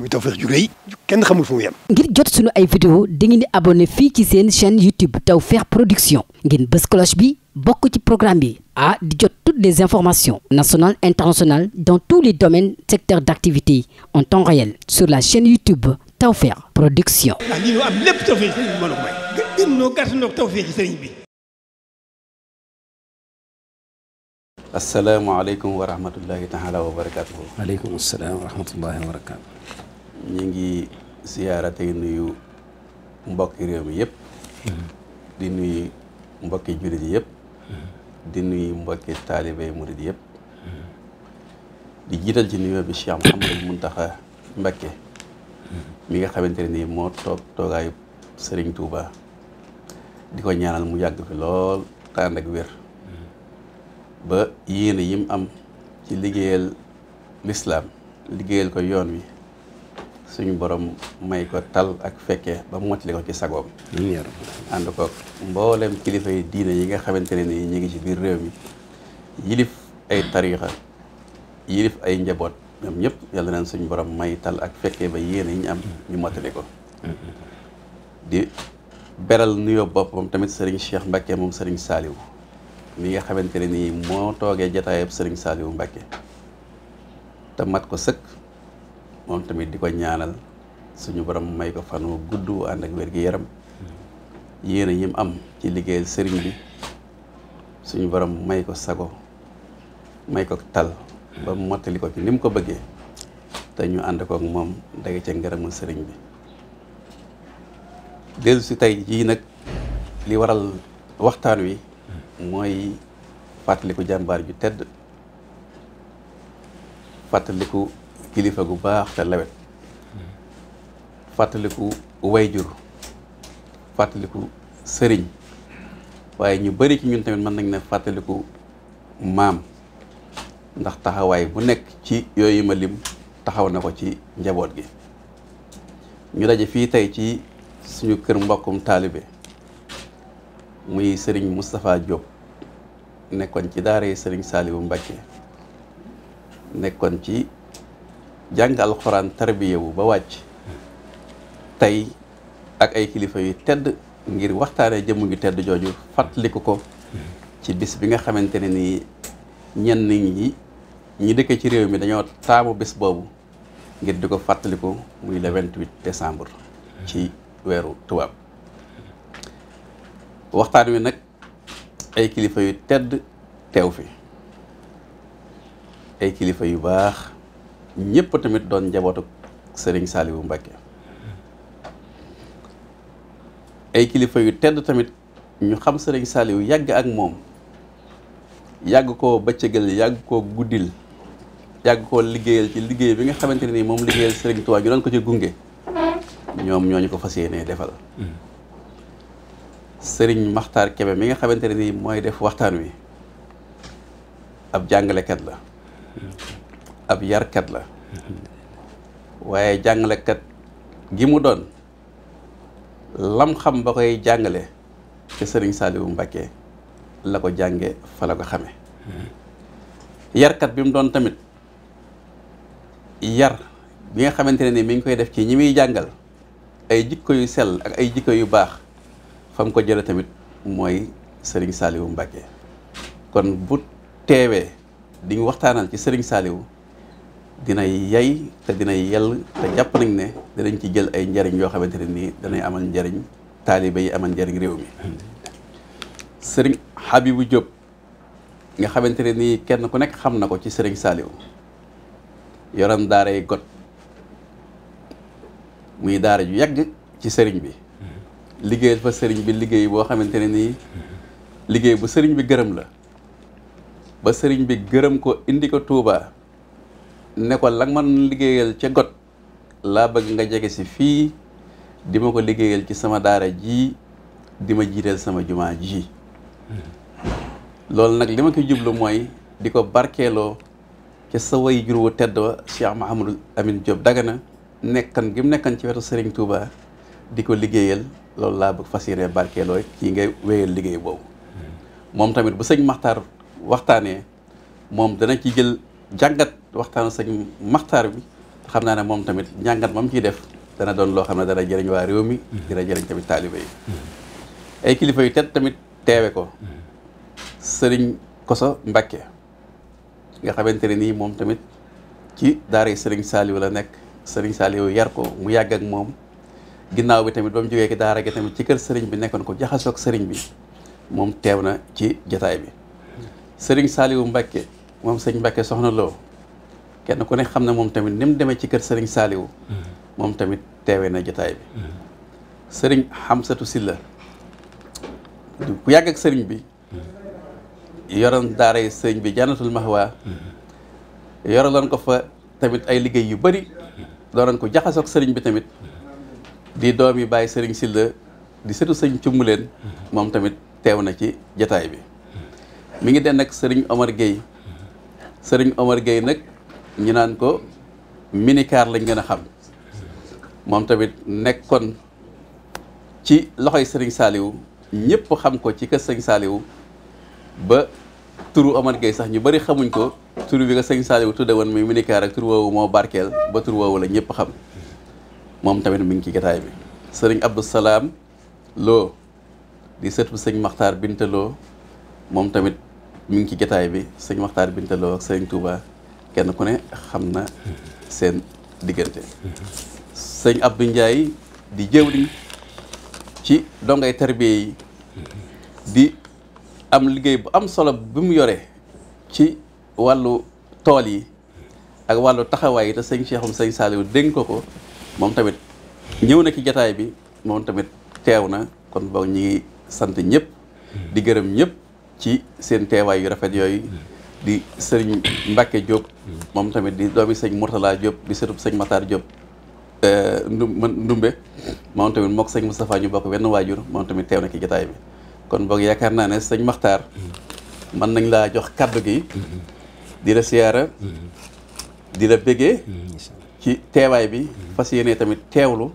muy Tawfekh ju rëy kenn ngir jot sunu ay vidéo dangeen di abonné fii ci seen chaîne YouTube Tawfekh Production ngeen bës bi bokk ci programme bi ah di jot toutes les informations nationales internationales dans tous les domaines secteurs d'activité en temps réel sur la chaîne YouTube Tawfekh Production. ah lii ñu am lépp Tawfekh sëriñ bi mën a may. gën bi. ñu ngi siyaara tey nuyu mbokki réew mi yëpp di nuyu mbokki jullit yëpp di nuyu mbokki taalibey murid yëpp di jiital ci nuyoo bi Cheikh Mouhamadou Mountakha Mbacké mi nga xamante ne nii moo toog toogaayu Serigne Touba di ko ñaanal mu yàgg fi lool tànd ak wér ba yéene yim am ci liggéeyal lislaam liggéeyal ko yoon wi suñu borom may ko tal ak fekkee ba mottali ko ci sagoom ànd ko mboolem kilifa yi diine yi nga xamante ne ni ñu ngi ci biir réew mi yilif ay tariixa yilif ay njaboot ñoom ñëpp yàlla neen suñu borom may tal ak fekke ba yéene yi ñu am ñu mottali ko di beral nuyoo boppam tamit sëriñ Cheikh Mbacke moom sëriñ saaliw mi nga xamante ne nii moo toogee jataayab sëriñ Saliou Mbacke te mat ko sëkk moom tamit di ko ñaanal suñu borom may ko fan gudd wu ànd ak wér gi yaram yéen yim am ci liggéeyal sëriñ bi suñu borom may ko sago may ko tal ba mottali ko ci ni mu ko bëggee te ñu ànd kook moom dagg ca ngërëmul sëriñ bi dellusi si tey jii nag li waral waxtaan wi mooy fàttaliku jàmbaar ju tedd kilifa gu baax te lawet fàttaliku wayjur fàttaliku sëriñ waaye ñu bari ci ñun tamit mën nañ ne fàttaliku maam ndax taxawaay bu nekk ci yooyu ma lim taxaw na ko ci njaboot gi ñu daje fii tey ci suñu kër mbokkum taalibe muy sëriñ Moustapha Diop nekkoon ci daara yi sëriñ Saliou Mbacké nekkoon ci jàng alxuraan tarbiyewu ba wàcc tey ak ay kilifa yu tedd ngir waxtaanee jëmm ngi tedd jooju fàttaliku ko ci bis bi nga xamante ne nii ñenn ñi ñi dëkk ci réew mi dañoo taamu bis boobu ngir di ko fàttaliku muy le 28 décembre ci weeru tubaab waxtaan wi nag ay kilifa yu tedd teew fi ay kilifa yu baax ñëpp tamit doon njabootu Serigne Saliou Mbacké ay kilifa yu tedd tamit ñu xam Serigne Saliou yàgg ak moom yàgg koo bëccëgal yàgg koo guddil yàgg koo liggéeyal ci liggéey bi nga xamante ne nii moom liggéeyal Serigne Touba ñu doon ko ci gunge ñoom ñoo ñu ko fa yéenee defal. sëriñ Makhtar Kébé mi nga xamante ne nii mooy def waxtaan wi ab jàngalekat la. ab yarkat la waaye jàngalekat gi mu doon lam xam ba koy jàngale ci sëriñ Saliou Mbacké la ko jànge fa la ko xame yarkat bi mu doon tamit yar bi nga xamante ne ni mi ngi koy def ci ñi muy jàngal ay jikko yu sell ak ay jikko yu baax fa mu ko jële tamit mooy sëriñ Saliou Mbacké kon bu teewee di waxtaanal ci sëriñ Saliou dina yay te dina yell te jàpp nañ ne dinañ ci jël ay njariñ yoo xamante ne nii danay amal njariñ taalibe yi amal njariñ réew mi sëriñ Habibou Diop nga xamante ne nii kenn ku nekk xam na ko ci sëriñ Saliou yoram daaray got muy daara ju yàgg ci sëriñ bi liggéeyal fa sëriñ bi liggéey boo xamante ne nii liggéey bu sëriñ bi gërëm la ba sëriñ bi gërëm ko indi ko Touba ne ko la man liggéeyal ca got laa bëgg nga jege si fii di ma ko liggéeyal ci sama daara ji di ma jiiteel sama jumaa ji loolu nag li ma ko jublu mooy di ko barkeeloo ca sa way jur tedd wa Cheikh Mahamadou Amine Diop Dagana nekkan gi mu nekkan ci wetu sëriñ Touba di ko liggéeyal loolu laa bëgg fas yéene barkeeloo kii ngay wéyal liggéey boobu moom tamit bu sëñ Maxtaar waxtaanee moom dana ci jël jàngat waxtaanu sëñ maxtaar bi xam naa ne moom tamit njàngat moom ciy def dana doon loo xam ne dana jëriñ waa réew mi dina jëriñ tamit taalibe yi ay kilifa yu tet tamit teewe ko sëriñ Koso Mbakke nga xamante ne nii moom tamit ci daara sëriñ Saliou la nekk sëriñ Saliou yar ko mu yàgg ak moom ginnaaw bi tamit ba mu jógee ki daara gi tamit ci kër sëriñ bi nekkoon ko jaxasoog sëriñ bi moom teew na ci jataay bi sëriñ Saliou Mbakke moom sëñ Mbakke soxna loo kenn ku ne xam na moom tamit ni mu demee ci kër sëriñ Saaliwu moom tamit teewee na jotaay mhm. sëriñ Xamsatu Silla ku yàgg ak sëriñ bi yoroon daaray bi jànnatul mahwa mhm. yoraloon tamit ay liggéey yu bari mhm. dooroon ko jaxasoog sëriñ bi tamit di doom yi bàyyi sëriñ Silla di setu sëriñ cumbuleen moom tamit teew na ci jataay bi mu ngi den nag sëriñ Omar géey sëriñ Omar géey nag ñu naan ko minicar lañ gën a xam moom tamit nekkoon ci loxoy sëriñ Saliou ñëpp xam ko ci kër Serigne Saliou ba turu Omar sax ñu bari xamuñ ko turu bi nga Serigne Saliou tudde woon muy minicar ak turu woowu moo barkeel ba turu woowu la ñëpp xam moom tamit mi ngi ci gataay bi sëriñ Abdou Salaam Lo di sët bu sëñ Maxtaar Bintaloo moom tamit mu ngi ci gataay bi sëñ Maxtaar Bintaloo ak Serigne Touba kenn ku ne xam na seen diggante sëñ ab njaay di jëwriñ ci dongay tarbiya yi di am liggéey bu am solo bi mu yore ci wàllu tool yi ak wàllu taxawaay yi te sëñ Cheikhoum sëñ Saliou dénk ko ko moom tamit ñëw na ci jataay bi moom tamit teew na kon boog ñi ngi sant ñëpp di gërëm ñépp ci seen teewaay yu rafet yooyu di sëriñ Mbacke Diop moom tamit di doomi sëñ Mourtala Diop di sëtub sëñ Matar Diop Ndumbe moom tamit mook sëñ Moustapha ñu bokk benn waajur moom tamit teew na ki jotaay bi kon boog yaakaar naa ne sëñ Makhtar mën nañ laa jox kàddu gi di la siyaara di bi fas yéene tamit teewlu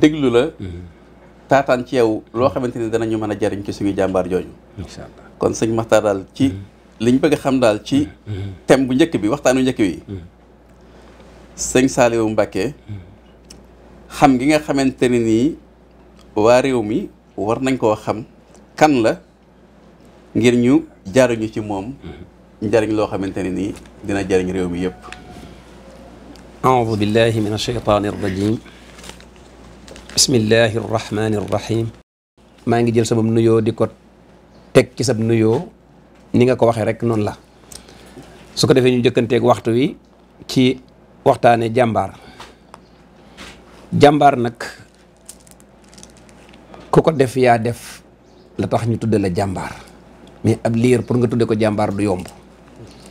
déglu la taataan ci yow loo xamante ni danañu mën a jariñ ci suñu jàmbaar jooju incha kon sëñ Makhtar ci liñ bëgg xam daal ci mm. thème bu njëkk bi waxtaanu njëkk bi mm. sëñ Saliou Mbacké xam gi nga xamante ne nii waa réew mi war nañ koo xam kan la ngir ñu jariñu ci moom mm. njariñ loo xamante ne nii dina jariñ réew mi yëpp aoudu billahi min ashaytaani arrajim bismillahi arrahmani arrahim maa ngi jël sama nuyoo di ko teg ci sab nuyoo ni nga ko waxee rek noonu la su ko defee ñu jëkkanteeg waxtu wi ci waxtaane jàmbaar jàmbaar nag ku ko def yaa def la tax ñu tudde la jàmbaar mais ab liir pour nga tudde ko jàmbaar du yomb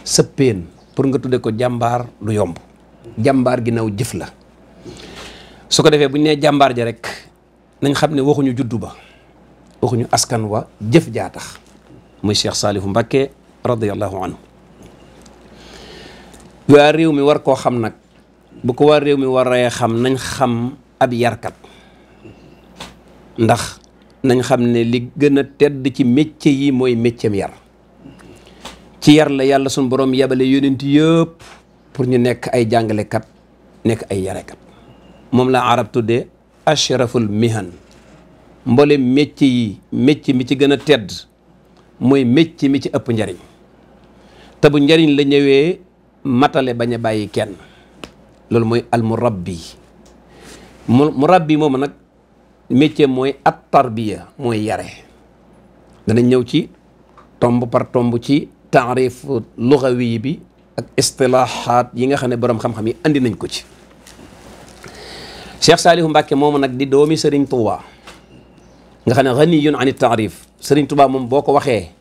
sëppeen pour nga tudde ko jàmbaar du yomb jàmbaar ginnaaw jëf la su ko defee bu ñu nee jàmbaar ja rek nañ xam ne waxuñu juddu ba waxuñu askan wa jëf jaa tax muy Cheikh salifu Mbakke radiyallahu anhu waa réew mi war koo xam nag bu ko waa réew mi waree xam nañ xam ab yarkat ndax nañ xam ne li gën a tedd ci métier yi mooy métieram yar ci yar la yàlla suñu borom yebale yonent yëpp pour ñu nekk ay jàngalekat nekk ay yarekat moom la arab tuddee ashraful mihan mbole métier yi métier mi ci gën a tedd mooy mécc mi ci ëpp njariñ te bu njariñ la ñëwee matale bañ a bàyyi kenn loolu mooy al murabbi mu murabbi moomu nag métier mooy at tarbiya mooy yare danañ ñëw ci tomb par tomb ci taarif lugawi bi ak istilaahaat yi nga xam ne boroom xam-xam yi indi nañ ko ci Cheikh Saalihu Mbàkke moomu nag di doomi Sëriñ Tuubaa nga xam ne ghaniyun ani taarif Sëriñ tubaab moom boo ko waxee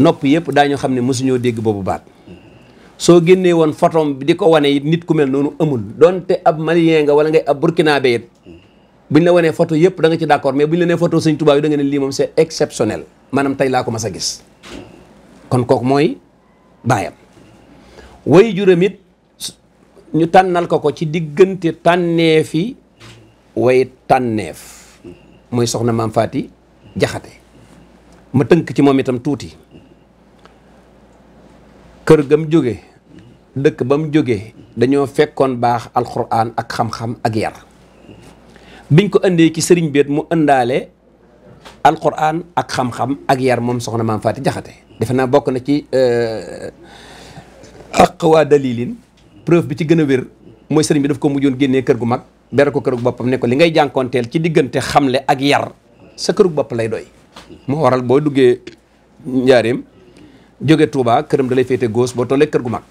nopp yëpp daañu xam ne mosuñoo dégg boobu baat soo génnee woon photom bi di ko wane it nit ku mel noonu amul donte ab malien nga wala ngay ab burkinabé it buñ la wanee photo yëpp da nga ci d'accord mais buñ la nee photo Sëriñ Tuubaa yi da nga ne lii moom c'est exceptionnel maanaam tey laa ko mas a gis kon kooku mooy baayam way juróom it ñu tànnal ko ko ci diggante tànneefi way tànneef muy soxna maam Faati Jaxate ma tënk ci moom itam tuuti kër ga mu jóge dëkk ba mu jógee dañoo fekkoon baax alxuraan ak xam ak yar biñ ko indee ci sëriñ beet mu ëndaale alxuraan ak xam-xam ak yar moom soxna maam Faati Jaxate defe naa bokk na ci euh, waa dalilin preuve bi ci gën a wér mooy sëriñ bi daf ko mujjoon génnee kër gu mag beral ko kërug boppam ne ko li ngay jànkoonteel ci diggante xamle ak yar sa kërug bopp lay doy moo waral boo duggee njaareem jóge Touba këram da lay féete góos kër gu mag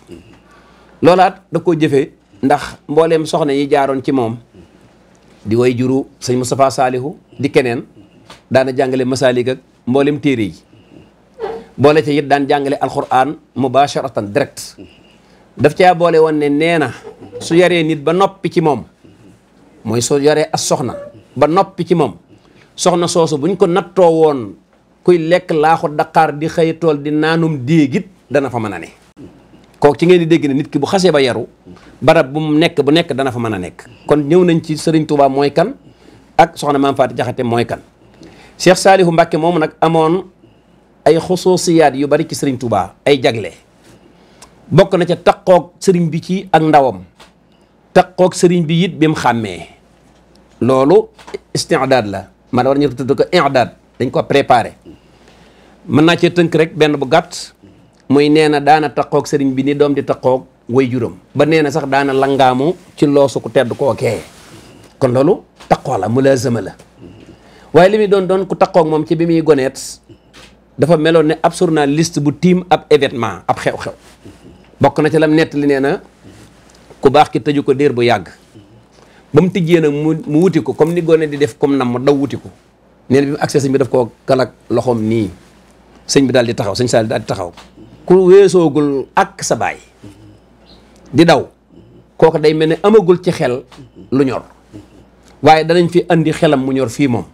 loolaat da koo jëfe ndax mbooleem soxna yi jaaroon ci moom di way juru sëñ Moustapha Saalihu di keneen daana jàngale masaalik ak mbooleem téere yi boole ca it daan jàngale alquran mubasharatan direct daf caa boole woon ne nee na su yaree nit ba noppi ci moom mooy soo yoree as soxna ba noppi ci moom soxna soosu buñ ko nattoo woon kuy lekk laaxu daqaar di xëy tool di naanum déegit dana fa mën a ne kooku ci ngeen di dégg ne nit ki bu xasee ba yaru barab bu nekk bu nekk dana fa mën a nekk kon ñëw nañ ci Serigne Touba mooy kan ak soxna maam Faati Jaxate mooy kan Cheikh Saalihu Mbàkke moomu nag amoon ay xusuusiyaat yu bari ci sëriñ Touba ay jagle bokk na ca taqoog sëriñ bi ci ak ndawam taqoog sëriñ bi it bi mu xàmmee loolu istidaad la man war ñu tudd ko idaad dañ ko préparé mën naa cee tënk rek benn bu gàtt muy nee na daana taqoog sëriñ bi ni doom di taqoog way juróom ba nee na sax daana langaamu ci loosu ku tedd kookee kon loolu taqoo la mulaazama la waaye li muy doon doon ku taqoog moom ci bi muy goneet dafa meloon ne ab list bu tiim ab événement ab xew-xew bokk na ca lam nett li nee na ku baax ki tëju ko diir bu yàgg ba mu tijjee nag mu mu wuti ko comme ni gone di def comme nam ma daw wuti ko nee bi mu accès sëñ bi daf koo kalak loxoom nii sëñ bi daal di taxaw sëñ Saal daal taxaw ku weesoogul ak sa baay di daw kooku day mel ne amagul ci xel lu ñor waaye danañ fi indi xelam mu ñor fii moom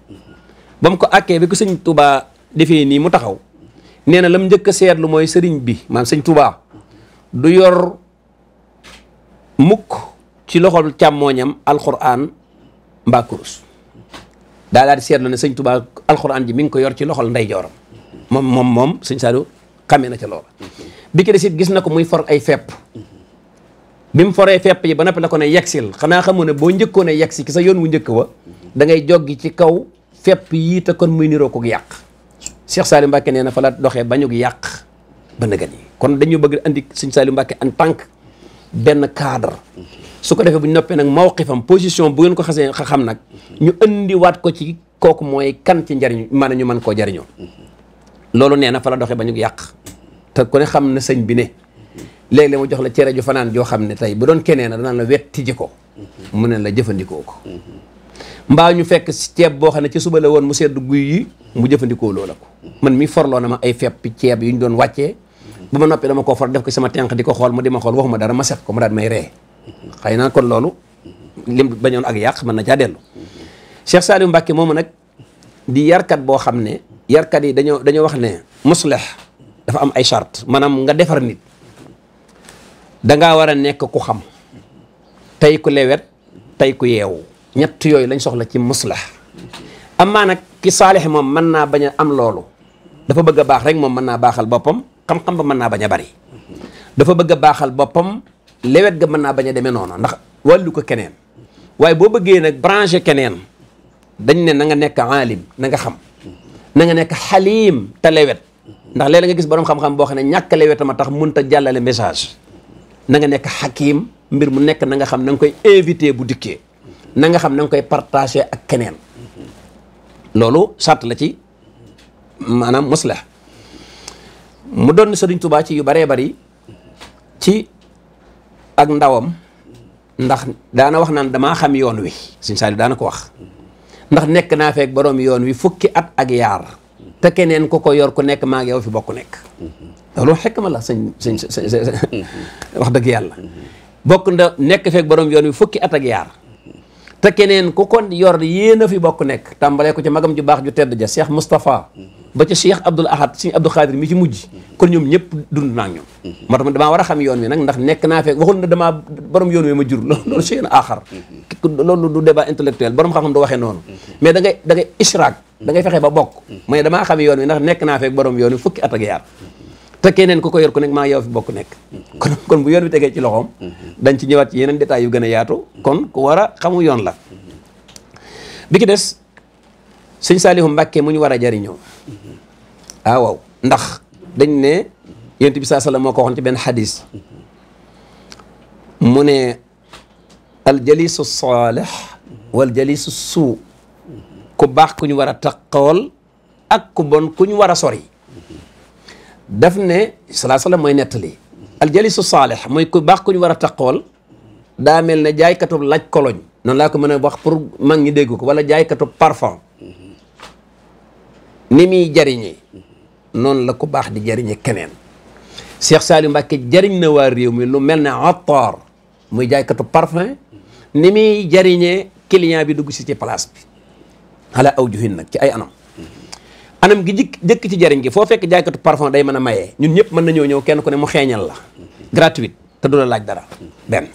ba mu ko àkkee bi ko sëñ Touba defee nii mu taxaw nee na lam njëkk a seetlu mooy sëriñ bi maanaam sëñ Touba du yor mukk ci loxol càmmooñam alxuraan mbaa kurus daa daal di seetlu ne sëñ tubaa alxuraan ji mi ngi ko yor ci loxol ndeyjooram moom moom moom sëñ Saliou xamee na ca loola bi ki des it gis na ko muy for ay fepp bi mu foree fepp yi ba noppi la ko ne yegsil xanaa xamu ne boo njëkkoo ne yegsi ci sa yoon wu njëkk wa da ngay joggi ci kaw fepp yii te kon muy niroo ko yàq Cheikh Saliou Mbacke nee na fa la doxee bañu yàq ba nëgan kon dañu bëgg andi sëñ Saliou Mbacke en benn cadre su ko defee bu ñu noppee nag mawqifam position bu ngeen ko xasee xam nag ñu indiwaat ko ci kooku mooy kan ci njariñ maanaam ñu man koo jariñoo loolu nee na fa la doxee ba ñu yàq te ko ne xam ne sëñ bi ne léeg-léeg mu jox la cere ju fanaan joo xam ne tey bu doon kenee na danaan la wetti ji ko mu ne la jëfandikoo ko mbaa ñu fekk ceeb boo xam ne ci suba la woon mu sedd guy yi mu jëfandikoo loola ko man mi forloo na ma ay fepp ceeb yu ñu doon wàccee bu ma noppee dama koo for def ko sama tenq di ko xool mu di ma xool waxuma dara ma seq ko mu daal may ree xëy na kon loolu lim bañoon ak yàq mën na caa dellu Cheikh Saliou Mbacke moomu nag di yarkat boo xam ne yarkat yi dañoo dañoo wax ne muslih dafa am ay charte maanaam nga defar nit dangaa war a nekk ku xam tey ku lewet tey ku yeewu ñett yooyu lañ soxla ci muslih amaa nag ki saalix moom mën naa bañ a am loolu dafa bëgga a baax rek moom mën naa baaxal boppam xam-xam ba mën naa bañ a bari dafa bëgg baaxal boppam lewet ga mën naa bañ a demee noonu ndax wàllu ko keneen waaye boo bëggee nag branché keneen dañ ne na nga nekk aalim na nga xam na nga nekk xaliim te lewet ndax léeg-léeg nga gis borom xam boo xam ne ñàkk lewetam tax mënut a jàllale message na nga nekk xakiim mbir mu nekk na nga xam na nga koy invité bu dikkee na nga xam na koy partagé ak keneen loolu sart la ci maanaam muslah mu doon sëriñ tubaa ci yu baree bari ci ak ndawam ndax daana wax naan damaa xam yoon wi sëñ Saaliw daana ko wax ndax nekk naa feek borom yoon wi fukki at ak yaar te keneen ku ko yor ku nekk maa ngi fi bokk nekk loolu xekk ma la sëñ sëñ wax dëgg yàlla bokk na nekk feek borom yoon wi fukki at ak yaar te keneen ku ko yor yéen a fi bokk nekk tàmbalee ko ci magam ju baax ju tedd ja Cheikh Moustapha ba ca Cheikh Abdoul Ahad Serigne Abdou Khadir mi ci mujj kon ñoom ñëpp dund naa ñoom mhm. moo tax damaa war a xam yoon wi nag ndax nekk naa fekk waxul na damaa borom yoon wi ma jur loolu seen aaxar mhm. loolu du débat intellectuel borom xam-xam du waxee noonu mhm. mais dangay ngay da ngay ishraak da ngay fexe ba bokk ma damaa xam yoon wi ndax nekk naa fekk borom yoon wi fukki at ak yaar te keneen ku ko yor ku nekk maa yow fi bokk nekk kon kon bu yoon wi tegee ci loxoom dañ ci ñëwaat ci yeneen détails yu gën a yaatu kon ku war a xamu yoon la ki des sëñ Saalihu Mbàkke mu ñu war a jariñoo ah waaw ndax dañ ne yonent bi saa sallam moo ko ci benn xadis mu ne al jalisu saalih wal jalisu suu ku baax ku ñu war a taqool ak ku bon ku ñu war a sori daf ne salaa sallam mooy nettali al jalisu saalih mooy ku baax ku ñu war a taqool daa mel ne jaaykatub laaj koloñ noon laa ko mën a wax pour mag ñi dégg ko wala jaaykatub parfum ni muy jariñe noonu la ku baax di jariñe keneen Cheikh Saliou Mbacké jariñ na waa réew mi lu mel ne attar muy jaaykatu parfum ni muy jariñee client bi dugg si ci place bi ala aw juhin nag ci ay anam anam gi jëkk jëkk ci jariñ gi foo fekk jaaykatu parfum day mën a mayee ñun ñëpp mën nañoo ñëw kenn ku ne mu xeeñal la gratuite te du la laaj dara benn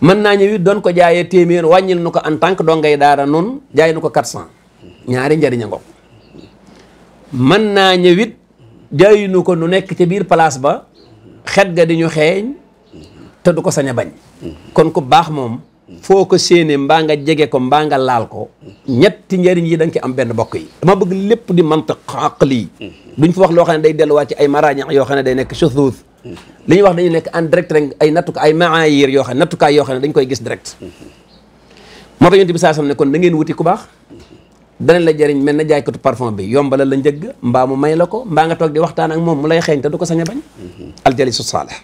mën naa ñëw it doon ko jaayee téeméer wàññil nu ko en tant que dongay daara noonu jaay nu ko quatre cent ñaari njariñ a mën naa ñëwit jaayinu ko nu nekk ca biir palaas ba xet ga di ñu xeeñ te du ko sañ a bañ kon ku baax moom foo ko séenee mbaa nga jege ko mbaa nga laal ko ñetti njariñ yi da nga ci am benn bokk yi dama bëgg lépp di mantiq lii duñ fa wax loo xam ne day delluwaat ci ay marañi yoo xam ne day nekk shuzuuz li ñuy wax dañu nekk en direct rek ay nattuka ay maayir yoo xam ne nattukaay yoo xam ne dañ koy gis direct moo tax yonent bi saa sam ne kon da wuti ku baax danañ la jariñ mel na jaaykatu parfum bi yombalal la njëgg mbaa mu may la ko mbaa nga toog di waxtaan ak moom mu lay xeeñ te du ko sañ a bañ mm-hmm. aljalisu saalih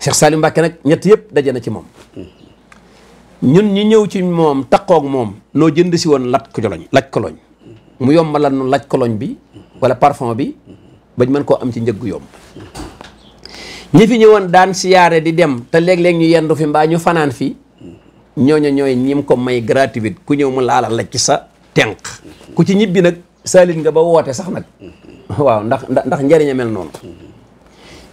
Cheikh Saliou Mbacké nag ñett yëpp daje na ci moom mm-hmm. ñun ñu ñëw ci moom taqoog moom noo jënd si woon laj joloñ laj koloñ mm-hmm. mu yombalal nu laj koloñ bi wala parfum bi bañ mën koo am ci njëggu yomb ñi fi ñëwoon daan siyaare di dem te léeg-léeg ñu yendu fi mbaa ñu fanaan fi ñooñu ñooy ñim ko may gratuite ku ñëw mu laala laj ci sa tenq ku ci ñibbi nag saalit nga ba woote sax nag waaw ndax ndax njariña mel noonu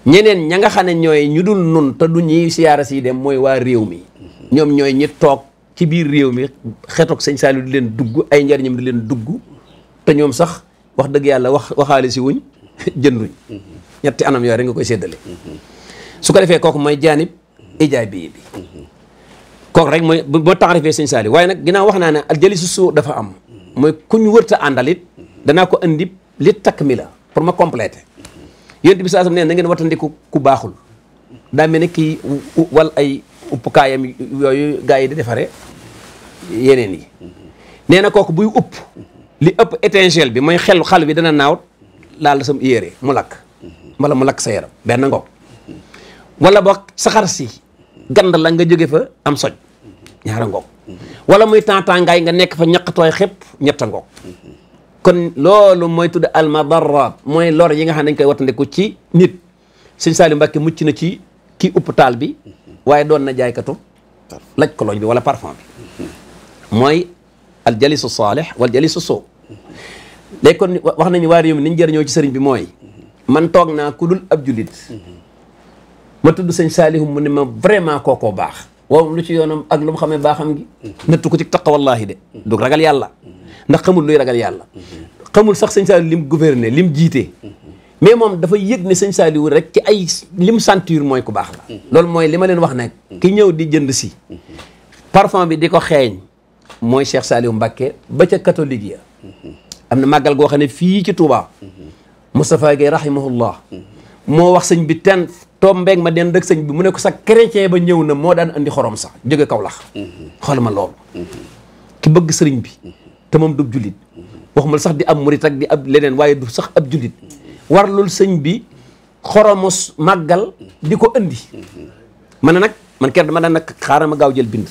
ñeneen ña nga xam ne ñooy ñu dul nun te du ñuy siyaara sii dem mooy waa réew mi ñoom ñooy ñi toog ci biir réew mi xetoog sëñ Saliou di leen dugg ay njariñam di leen dugg te ñoom sax wax dëgg yàlla wax waxaale wuñ jënduñ ñetti anam yooyu rek nga koy seddale su ko defee kooku mooy jaanib ijaabi bi kooku rek mooy boo taarifee sëñ Saliou waaye nag ginnaaw wax naa ne aljali su suur dafa am mooy ku ñu wërta àndal danaa ko andi li takk mila pour ma compléter yént bi saasam nee na ngeen watandiku ku baaxul daa mel ne kii wal ay uppkaayam yooyu gars yi di defare yeneen yi nee na kooku buy upp li ëpp étincelle bi mooy xel xal bi dana naaw laal sam yére mu lakk wala mu lakk sa yaram benn ngoog wala boog saxar si gand la nga jóge fa am soj ñaara ngoog wala muy temps tàngaay nga nekk fa ñaq tooy xëpp ñett ngoog kon loolu mooy tudd almadarra mooy lor yi nga xam ne dañ koy wattandiku ci nit sëñ Saliou Mbacké mucci na ci kii upp taal bi waaye doon na jaaykatu laj kolooñ bi wala parfum bi mooy aljalisu saalih wal jalisu soo léegi kon wax nañu waar réew mi jariñoo ci sëriñ bi mooy man toog naa ku dul ab julit ma tudd sëñ Saliou mu ne ma vraiment kookoo baax woowam lu ci yoonam ak lu mu xamee baaxam gi nattu ko ci taqawallaahi de du ragal yàlla ndax xamul luy ragal yàlla xamul sax sëñ Saliou lim gouverner lim jiite mais moom dafa yëg ne sëñ Saliou rek ci ay lim sentir mooy ku baax la loolu mooy li ma leen wax ne ki ñëw di jënd si parfum bi di ko xeeñ mooy Cheikh Saliou Mbacké ba ca catholique ya am na màggal goo xam ne fii ci Touba Moustapha Gueye rahimahullah moo wax sëñ bi ten tombeeg ma den rek sëñ bi mu ne ko sa chrétien ba ñëw na moo daan indi xorom sax jóge Kaolack xool ma loolu ki bëgg sëriñ bi te moom du jullit waxuma sax di ab murit ak di ab leneen waaye du sax ab jullit warlul sëñ bi xoromus màggal di ko andi ma ne nag man kenn dama daan nag xaaral ma gaaw jël bind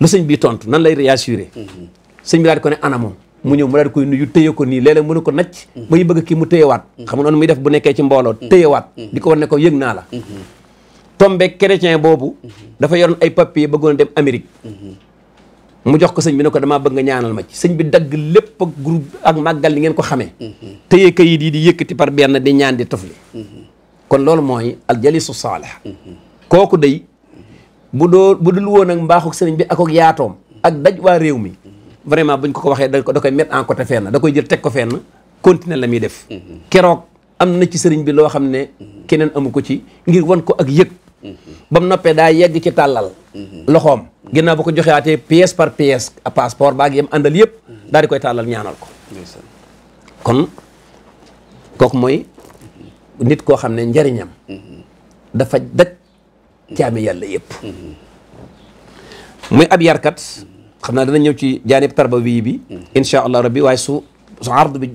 lu sëñ bi tontu nan lay réassuré sëñ bi daal di ko ne ana mu ñëw mu daal di koy nuyu téye ko nii léeg-léeg mënu ko nacc bay bëgg kii mu téyewaat xam nga noonu muy def bu nekkee ci mbooloo téyewaat di ko war ne ko yëg naa la tombe chrétien boobu dafa yoroon ay papier bëggoon dem Amérique mu jox ko sëñ bi ne ko damaa bëgg nga ñaanal ma ci sëñ bi dagg lépp ak ak màggal ni ngeen ko xamee téye kayit yi di yëkkati par benn di ñaan di tofli kon loolu mooy aljalisu saalih kooku day bu doo bu dul woon ak mbaaxu sëriñ bi ak yaatoom ak daj waa réew mi vraiment buñ ko ko waxee da koy mettre en côté fenn da koy jël teg ko fenn continuer la muy def mm-hmm. keroog am na ci sëriñ bi loo xam ne mm-hmm. keneen amu ko ci ngir wan ko ak yëg mm-hmm. ba mu noppee daa yegg ci tàllal loxoom ginnaaw bu ko joxee joxewaatee pièce par pièce a baa baag yam àndal yëpp daal di koy tàllal ñaanal ko kon kooku mooy nit koo xam ne njariñam dafa daj caami yàlla yëpp muy ab yarkat xam naa dana ñëw ci jaanib tarbawi bi incha allah rabbi waaye su su ardu bi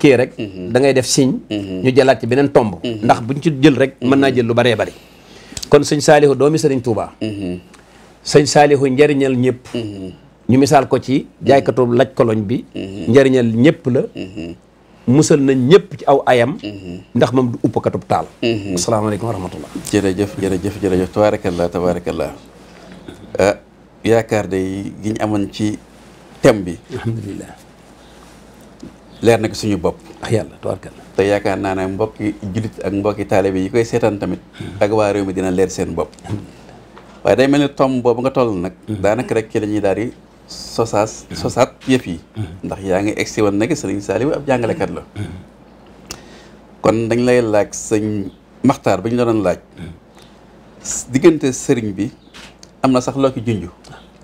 kii rek mhm. da ngay def signe mhm. ñu jalaat ci beneen tomb mhm. ndax buñ ci jël rek mën naa jël lu baree bari kon sëñ saalihu doomi sëriñ Touba sëñ saalihu njëriñal ñëpp ñu misaal ko ci jaaykatu laj koloñ bi njëriñal ñëpp la musal nañ ñëpp ci aw ayam ndax moom du uppkatub taal asalaamaaleykum wa rahmatullah jërëjëf jërëjëf jërëjëf tabarakallah tabarakallah euh, yaakaar day gi ñu amoon ci thème bi. leer nag suñu bopp. ah yàlla tubaarkalla. te yaakaar naa ne mbokki jullit ak mbokki bi yi koy seetaan tamit. Hmm. ak waa réew mi dina leer seen bopp. waaye day mel ni tom boobu nga toll nag. Hmm. daanaka rek ci la daal di sosaas hmm. sosaat yëpp yi. ndax yaa ngi egsi woon nag sëriñ Saliou ab jàngalekat la. kon dañ lay laaj sëñ Maxtaar bañ ñu la doon laaj. diggante sëriñ bi. am na sax loo ki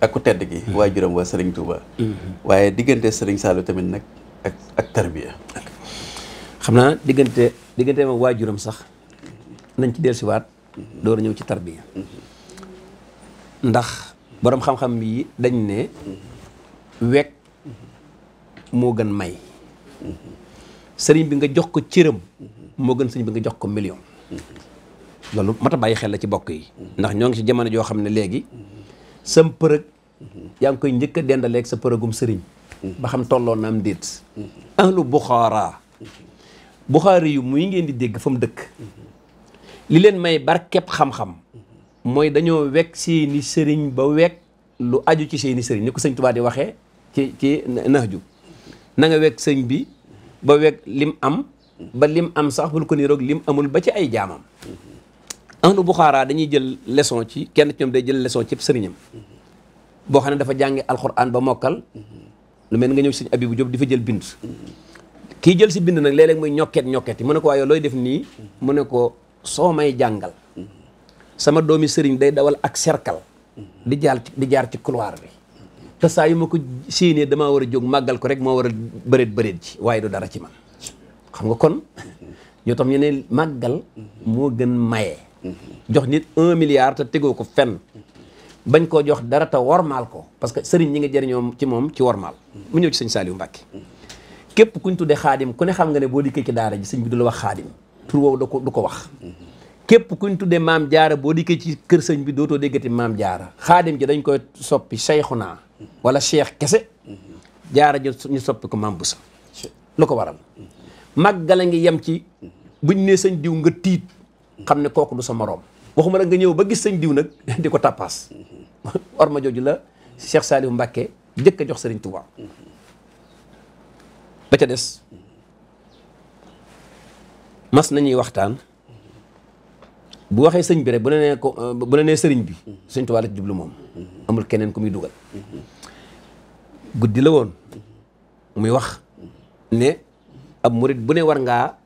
ak ku tedd gi waaye mm-hmm. waa Serigne Touba. Mm-hmm. waaye diggante Serigne Saliou tamit nag ak tarbiya xam naa diggante diggante moom waajuram sax nañ ci dellusiwaat mm-hmm. doo a ñëw ci tarbiya ndax boroom xam-xam yi dañ ne wekk moo gën may sëriñ bi nga jox ko cëram moo gën sëriñ bi nga jox ko million loolu mat a bàyyi xel la ci bokk yi ndax ñoo ngi ci jamono joo xam ne léegi sam përëg yaa ngi koy njëkk a dendaleeg sa përëgum sëriñ ba xam tolloo na am déet ahlu buxaari yu muy ngeen di dégg fa mu dëkk li leen may barkeb xam-xam mooy dañoo wekk seeni sëriñ ba wekk lu aju ci seeni sëriñ ni ko sëñ Tuubaa di waxee ci ci naaju na wekk sëñ bi ba wekk lim am ba lim am sax bul ko niroog lim amul ba ci ay jaamam ahlu buxaara dañuy jël lesson ci kenn ci ñoom day jël leçon ci sëriñam boo xam ne dafa jànge alxuraan ba mokkal lu mel ni nga ñëw sëñ Abibu Jóob di fa jël bind kii jël si bind nag léeg mooy muy ñokket ñokket yi mu ne ko waaye looy def nii mu ne ko soo may jàngal sama doomi sëriñ day dawal ak cercle di jaar di jaar ci couloir bi te saa yu ma ko séenee damaa war a jóg màggal ko rek moo war a bëreet bëreet ji waaye du dara ci man xam nga kon ñoo tax ñu màggal moo gën maye jox nit un milliard te tegoo ko fenn bañ koo jox dara te wormaal ko parce que sëriñ ñi nga jëriñoo ci moom ci wormaal mu ñëw ci sëñ Saliou Mbacke képp kuñ tuddee xaadim ku ne xam nga ne boo dikkee ci daara bi du la wax xaadim tur woowu du ko du ko wax képp kuñ tuddee maam jaara boo dikkee ci kër sañ bi dootoo déggati maam jaara xaadim ji dañ koy soppi cheikhuna wala cheikh kese jaara ji ñu soppi ko maam busa lu ko waral màggala ngi ci buñ ne sëñ diw nga tiit xam ne kooku du sa moroom waxuma la nga ñëw ba gis sëñ diw nag di ko tàppaas orma jooju la Cheikh Saliou Mbacké jëkk a jox Sëriñ Tuubaa ba ca des mas nañuy waxtaan bu waxee sëñ bi rek bu la nee ko bu la sëriñ bi Sëriñ Tuubaa la ci jublu moom amul keneen ku muy dugal guddi la woon muy wax ne ab murit bu ne war ngaa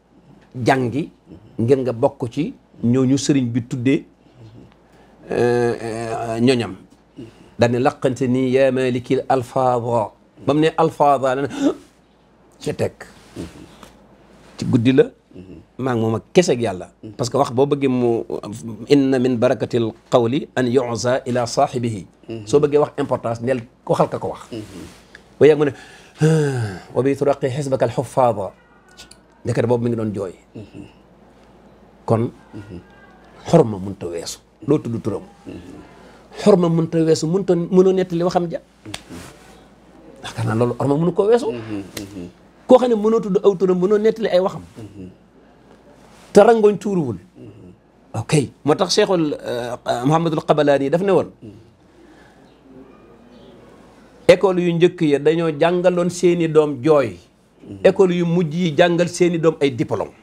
jàngi ngir nga bokk ci ñooñu sëriñ bi tuddee euh, euh, ñoñam daane laqante nii yaa malikil alfaada ne alfaada la teg ci guddi la maa ngi moom kese ak yàlla parce que wax boo bëggee mu inna min barakatil qawli an yuza ila saahibihi soo bëggee wax importance neel waxal ka ko wax ba yàgg mu ne wa bi turaqi xisbaka alxufaada boobu mi ngi doon jooy kon xorma mënta weesu loo tudd turam xorma mënta weesu mënta mënoo nettali waxam ja yaakaar naa loolu xorma ko weesu koo xam ne mënoo tudd aw turam mënoo nettali ay waxam te rangoñ tuuruwul ok moo tax cheikhul euh, Mouhamadul Qabalaani yi daf ne woon école yu njëkk yi dañoo jàngaloon seeni doom jooy école yu mujj yi jàngal seeni doom ay diplôme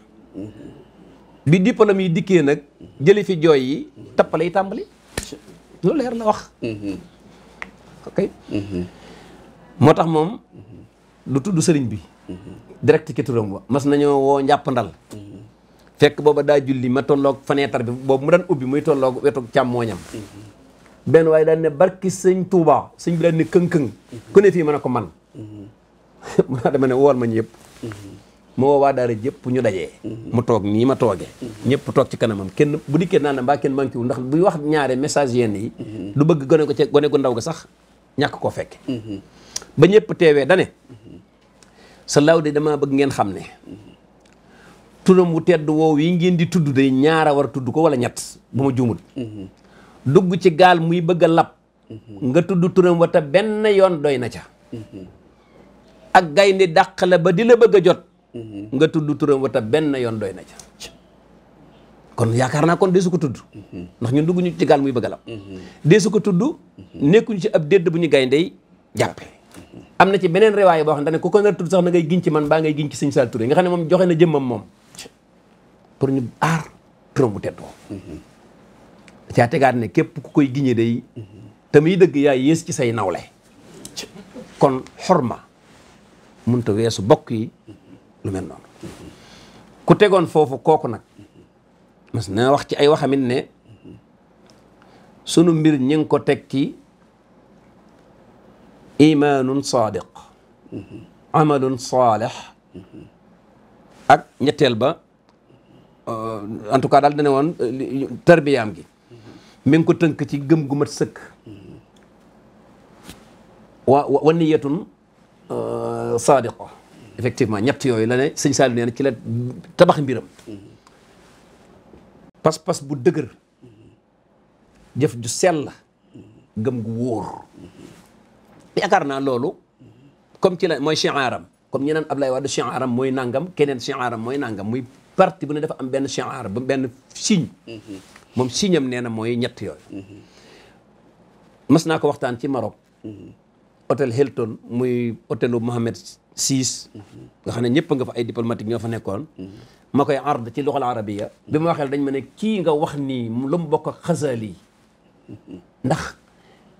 bi diplôme yi dikkee nag jëli fi jooy yi tappale yi tàmbali lu leer wax moo tax moom du tudd sëriñ bi direct ci turam wa mas nañoo woo njàppandal fekk booba daa julli ma tolloog fenêtre bi boobu mu daan ubbi muy tolloog wetoog càmmooñam benn waaye daan ne barki sëñ tuuba sëñ bi daan ne këng-këng ku ne fii mën a ko man mun naa dama ne wool ma yëpp mu woo waa daara jëpp ñu dajee mhm. mu toog nii ma toogee mhm. ñëpp toog ci kanamam kenn bu dikkee naan mbaa kenn manqué wul ndax buy wax ñaare message yenn yi mhm. du bëgg gone ko ca gone gu ndaw ga sax ñàkk ko fekke ba ñëpp teewee dane sa laaw de damaa bëgg ngeen xam ne turam wu tedd woow yi ngeen di tudd day ñaara war a tudd ko wala ñett bu ma juumul dugg ci gaal muy bëgg a lab nga tudd turam wa te benn yoon doy na ca ak gaynde dàq la ba di la bëgg a jot Mm-hmm. nga tudd turam wata benn yoon doy na ca kon yaakaar naa kon deesu ko tudd mm-hmm. ndax ñun dugg ñu ci gaal muy bëgg la mm-hmm. deesu ko tudd nekkuñu ci ab dédd bu ñu gayndey jàppe am na ci beneen rewaay boo xam ne ku ko nar tudd sax na ngay giñ ci man baa ngay giñ ci sëñ Sall Touré nga xam ne moom joxe na jëmmam moom pour ñu aar turam bu tedd caa tegaat ne képp ku koy giñe day te dëgg yaa yées ci say nawle kon xorma munta weesu bokk yi lu mel ku tegoon foofu kooku nag mas na wax ci ay waxamit ne sunu mbir ñi ngi ko teg ki imaanun saadiq amalun saalih ak ñetteel ba en tout cas daal ne woon euh, tarbiyaam gi mi ngi ko tënk ci gëm gu mat sëkk wa wa niyatun euh, effectivement ñett yooyu la ne sëñ Saliou nee na ci la tabax mbiram pas-pas bu dëgër jëf ju sell gëm gu wóor yaakaar naa loolu comme ci la mooy chiaram comme ab lay Ablaye Wade chiaram mooy nangam keneen chiaram mooy nangam muy parti bu ne dafa am benn chiar ba benn signe moom signe am nee na mooy ñett yooyu mas naa ko waxtaan ci Maroc mm-hmm. hôtel Hilton muy hôtelu Mohamed six nga xam ne ñëpp nga fa ay diplomatique ñoo fa nekkoon ma koy ard ci loxol arabiya bi ma waxee dañ ma ne kii nga wax nii lu mu bokk ak Xasaali ndax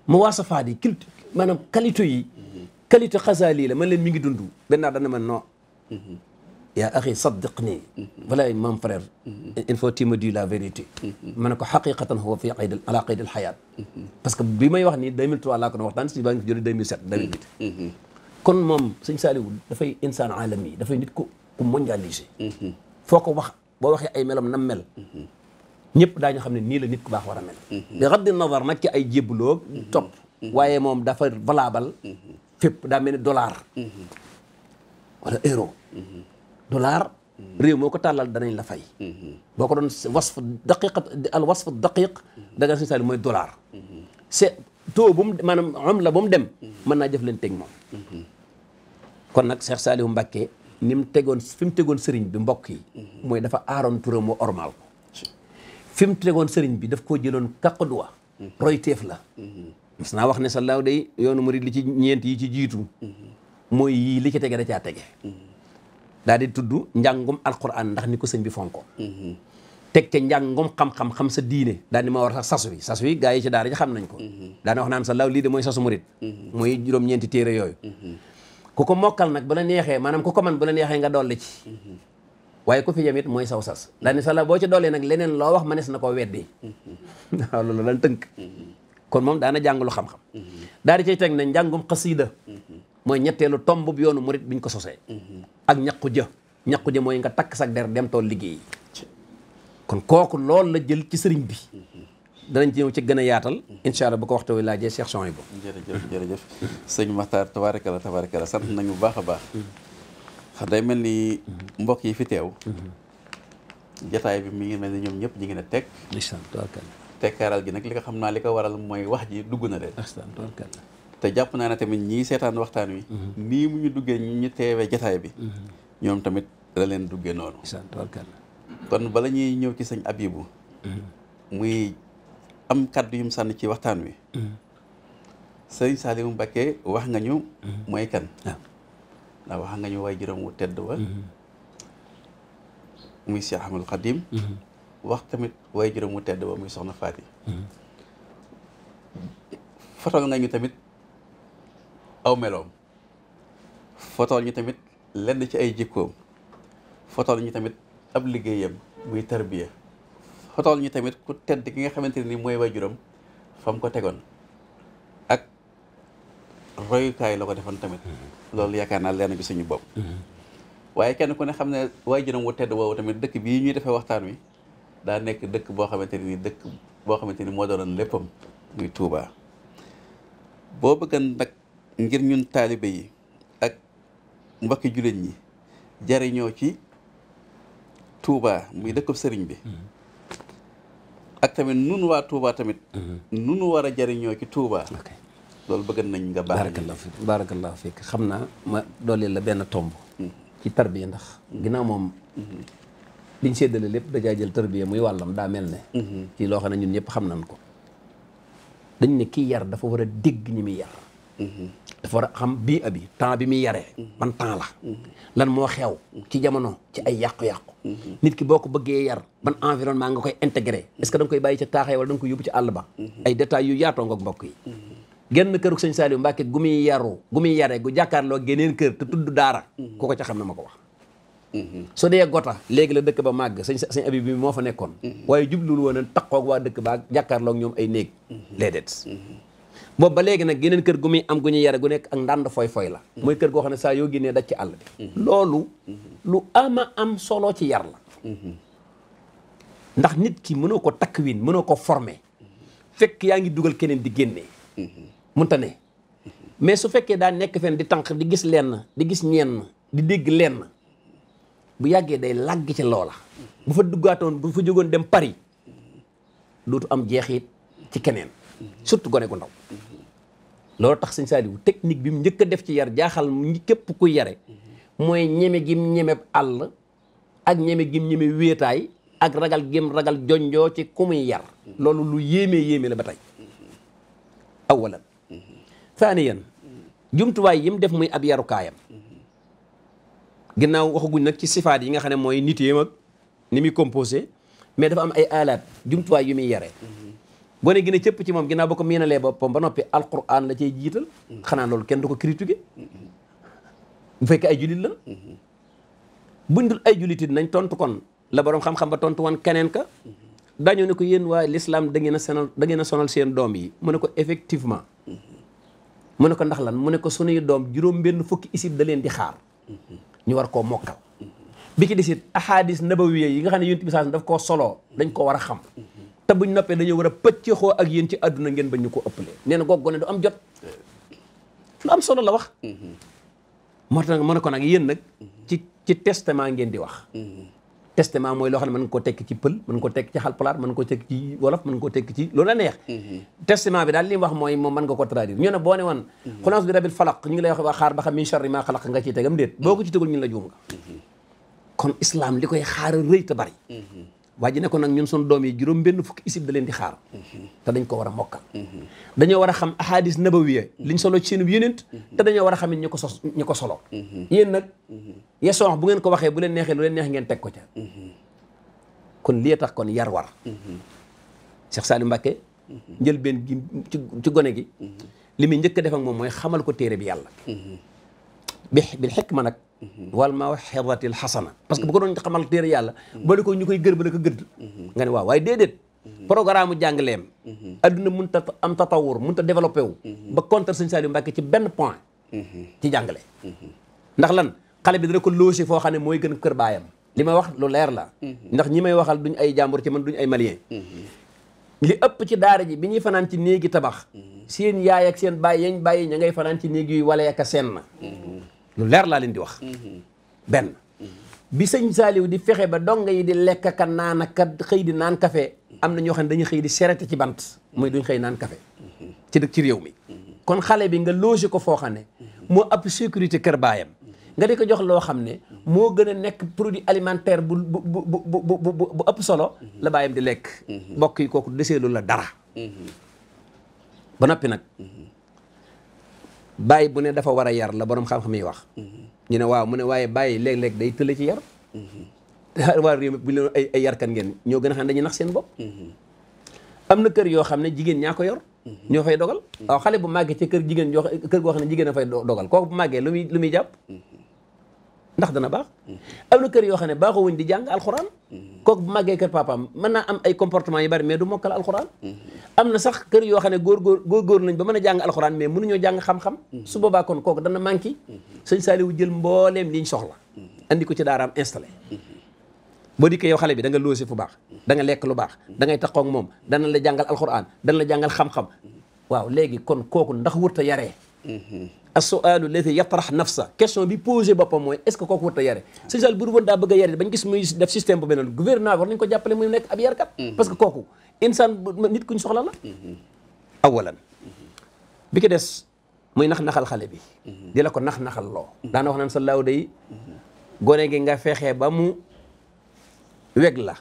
mu waasafaat yi culture maanaam qualité yi qualité Xasaali la man leen mi ngi dund benn naa man noo non yaa axi saddiq nii walaay mon frère il faut tu me dis ma ne ko xaqiqatan huwa fi qayd ala qayd al xayaat parce que bi may wax nii 2003 laa ko doon waxtaan si baa ngi fi jëlee 2007 2008 kon moom sëñ Saliou dafay insaan aalami yi dafay nit ku ku mondialisé mhm. foo ko wax boo waxee ay melam nam mel mhm. ñëpp daañu xam ne nii la nit ku baax war a mel mhm. bi xaddi nazar nag ci ay jébbaloo topp waaye moom dafa valable fépp daa mel ni dollar wala euro dollar réew moo ko tàllal danañ la fay boo ko doon wasf daqiq al wasf daqiq da nga mooy dollar c'est taux bu mu maanaam am la ba mu dem mën naa jëf leen teg moom kon nag Cheikh Saliou Mbacké ni mu tegoon fi mu tegoon sëriñ bi mbokk yi mhm. mooy dafa aaroon turam mu ormal ko tegoon sëriñ bi daf koo jëloon kaqaduwa mhm. roy teef la mhm. mas naa wax ne sa laaw day yoonu murid li ci ñeent yi ci jiitu mooy yii li ci tege da caa tege daal di tudd njàngum alquran ndax ni ko sëñ bi fonko teg ca njàngum xam-xam xam sa diine daal di ma war sax sasu wi sasu wi gaa yi ci daara ji xam nañ ko daana wax naan sa laaw lii de mooy sasu murid mooy juróom-ñeenti téere yooyu ku ko mokkal nag bu la neexee maanaam ku ko man bu la neexee nga dolli ci waaye ku fi yem it mooy saw sas daani sala boo ci dollee nag leneen loo wax manes na koo weddi la loolu kon moom daana jàng lu xam-xam daal teg ne njàngum xasiida mooy ñetteelu tomb yoonu murit biñ ko sosee ak ñaqu jë ñaqu jë mooy nga takk sag der dem tool liggéey kon kooku loolu la jël ci sëriñ bi danañ ci ñëw ci gën a yaatal incha allah bu ko waxtu wi laajee Cheikh Son bu jërëjëf jërëjëf sëñ Makhtar tabaarakala tabaarakala sant nañu bu baax a baax xam day mel ni mbokk yi fi teew jataay bi mi ngi mel ni ñoom ñëpp ñu ngi ne teg tekkaaral gi nag li nga xam naa li ko waral mooy wax ji dugg na leen te jàpp naa ne tamit ñii seetaan waxtaan wi mhm. nii mu ñu duggee ñu ñu teewee jataay bi mhm. ñoom tamit la leen duggee noonu kon bala ñuy ñëw ci sañ Abibu mhm. muy am kàddu yum mu sànni ci waxtaan wi. Mm-hmm. sëriñ Saliou Mbacké wax nga ñu. Mm-hmm. mooy kan. ndax wax nga ñu waay juróom wu tedd wa. Mm-hmm. muy Cheikh Ahmadou Khadim. wax tamit waay juróom wu tedd wa muy Soxna Faati. fotool nga ñu tamit aw meloom. fotool ñu tamit lenn ci ay jikkoom. fotool ñu tamit ab liggéeyam muy tarbiya. xotal ñi tamit ku tedd ki nga xamante ni mooy waajuram fa mu ko tegoon ak royukaay la ko defoon tamit mm-hmm. loolu yaakaar naa leen bi suñu bopp mm-hmm. waaye kenn ku ne xam ne waajuram wu tedd woowu tamit dëkk bii ñuy defee waxtaan wi daa nekk dëkk boo xamante ni dëkk boo xamante ni moo doonoon léppam muy Touba boo bëggan nag ngir ñun taalibe yi ak mbokki jullit ñi jariñoo ci Touba muy dëkkub sëriñ bi mm-hmm. ak tamit nun waa Touba tamit. Mhm. nun war a jariñoo ci Touba. loolu bëgg nañ nga. baarakallahu fiik baarakallahu fiik xam naa ma dooleel la benn tomb. Mhm. ci tarbiya ndax mhm. ginnaaw moom. liñ séddale lépp dajaa jël tarbiya muy wàllam daa mel ne. ci loo na ne ñun ñëpp xam nañ ko. dañ ne kii yar dafa war a dégg ñi muy yar. dafa war a xam bii abi temps bi muy yare ban temps la lan moo xew ci jamono ci ay yàqu-yàqu nit ki boo ko bëggee yar ban environnement nga koy intégré est que da nga koy bàyyi ca taaxee wala da nga koy ci àll ba ay détails yu yaatoo nga mbokk yi genn këruk sëñ Saliou Mbacke gu muy yaru gu muy yare gu jàkkaarloo geneen kër te tudd daara ko ko ca xam ne ma ko wax su dee gota léegi la dëkk ba màgg sëñ sëñ abi bi moo fa nekkoon waaye jublul woon a taqoog waa dëkk ba jàkkaarloo ak ñoom ay néeg léedeet boobu ba léegi nag geneen kër gu muy am gu ñu yare gu nekk ak ndànd foy foy la mooy mm-hmm. kër goo xam ne saa yoo génnee daj ci àll bi mm-hmm. loolu mm-hmm. lu ama am solo ci yar la ndax nit ki mënoo ko takk wiin mënoo ko former fekk yaa ngi dugal keneen di génnee munta tane mais su fekkee daa nekk fen di tànq di gis lenn di gis ñenn di dégg lenn bu yàggee day làgg ci loola bu fa duggaatoon bu fa jógoon dem Paris dootu am jeexit ci keneen surtout gone gu ndaw loolu tax sëñ Saaliwu technique bi mu njëkk a def ci yar jaaxal ñi képp ku yare mooy ñeme gim ñeme àll ak ñeme gim ñeme wéetaay ak ragal gim ragal jonjoo ci ku muy yar loolu lu yéeme yéeme la ba tey awalan thaniyan jumtuwaay yim def muy ab yarukaayam ginnaaw waxaguñ nag ci sifaat yi nga xam ne mooy nit yéem ni muy composé mais dafa am ay alaat jumtuwaay yu muy yare gone gi ne cëpp ci moom ginaa ba ko miinalee boppam ba noppi alquran la cee jiital xanaa loolu kenn du ko critiqué bu fekkee ay julit la buñ dul ay julitit nañ tontu kon la borom xam-xam ba tontu woon keneen ka dañoo ne ko yéen waaye lislaam da ngeen a sonal da a sonal seen doom yi mu ne ko effectivement mu ne ko ndax lan mu ne ko sunuy doom juróom benn fukki isib da leen di xaar ñu war koo mokkal bi ci desit ahadis nabawiya yi nga xam ne yonent bi daf koo soloo dañ ko war a xam te buñ noppee dañoo war a pëccëxoo ak yéen ci àdduna ngeen bañ ñu ko ëppalee nee na goog gone du am jot am solo la wax mm-hmm. moo tax mën a ko nag yéen nag ci ci testament ngeen di wax mm-hmm. testament mooy loo xam nga ko tekk ci pël mën nga ko tekk ci xalpulaar mën nga ko tekk ci wolof mën nga ko tekk ci loolu la neex mm-hmm. testament bi daal li wax mooy moom mën nga ko traduire ñu ne boo ne woon xulaas bi rabil falaq ñu ngi lay wax waa xaar ba xam min sharri ma xalaq nga ciy tegam déet boo ko ci tegul ñu la juum nga kon islam li koy xaar rëy te bari waa ji ne ko nag ñun suñu doom yi juróom benn fukki isib da leen di xaar te dañ ko war a mokkal dañoo war a xam ahadis nabawiya liñ solo ci seen yonent te dañoo war a xam it ñi ko sos ñi ko solo yéen nag yeson bu ngeen ko waxee bu leen neexee lu leen neex ngeen teg ko ca kon lii tax kon yar war Cheikh Saliou Mbacké njëlbeen gi ci gone gi li muy njëkk a def moom mooy xamal ko téere bi yàlla bi bil xikma nag wal mawxidatil xasana parce que bu ko doon xamal téere yàlla bali ko ñu koy gër bala ko gëdd nga ne waaw waaye déedéet programme jàngaleem adduna mun ta am tatawur mun ta développé wu ba contre sëñ Saliou Mbacke ci benn point ci jàngale ndax lan xale bi dana ko logé foo xam ne mooy gën kër baayam li ma wax lu leer la ndax ñi may waxal duñ ay jàmbur ci man duñ ay malien li ëpp ci daar ji bi ñuy fanaan ci néegi tabax seen yaay ak seen baay bàyyi ña ngay fanaan ci néeg yuy wale ak seen na lu leer laa leen di wax. benn bi sëñ Saaliw di fexe ba donga yi di lekk ka naan ak xëy di naan kafe am na ñoo xam ne dañuy xëy di serete ci bant mooy duñ xëy naan kafe ci dëkk ci réew mi. kon xale bi nga loger ko foo xam ne moo ëpp sécurité kër baayam nga di ko jox loo xam ne moo gën a nekk produit alimentaire bu bu bu bu bu ëpp solo la baayam di lekk. Mhm. mbokk yi kooku deseelu la dara. ba noppi nag. bàyyi bu ne dafa war a yar la boroom xam-xam yi wax. ñu ne waaw mu ne waaye bàyyi léeg-léeg day tële ci yar. waa réew mi bu leen ay ay yarkan ngeen ñoo gën a xam dañuy nax seen bopp. am na kër yoo xam ne jigéen ñaa ko yor. ñoo fay dogal. waaw xale bu màggee ci kër jigéen joo kër goo xam ne jigéen a fay dogal kooku bu màggee lu muy lu muy jàpp. ndax dana baax am na kër yoo xam ne baaxoo wuñ di jàng alxuraan kooku bu màggee kër papaam mën naa am ay comportement yu bari mais du mokkal alxuraan am na sax kër yoo xam ne góor góor góor góor nañ ba mën a jàng alxuraan mais mënuñoo jàng xam-xam su boobaa kon kooku dana manqué sëñ Saliou jël mbooleem liñ soxla andi ko ci daaraam installé boo dikkee xale bi da nga loosi fu baax da nga lekk lu baax da ngay taxaw ak moom dana la jàngal alxuraan dana la jàngal xam waaw léegi kon kooku ndax wurta yare as-su'aalu alladi yatrax nafsa question bi posé boppam mooy est-ce que kooku warut a yare sëñ Sall bu dul woon daa bëgg a yare bañ gis muy def système bu beneen gouvernement bi war nañu ko jàppale muy nekk ab yarkat mhm. parce que kooku insaan nit kuñ soxla la mhm. awalan mhm. bi ki des muy nax-naxal xale bi di la ko nax-naxal loo daana wax na sa laaw day gone gi nga fexe ba mu weg la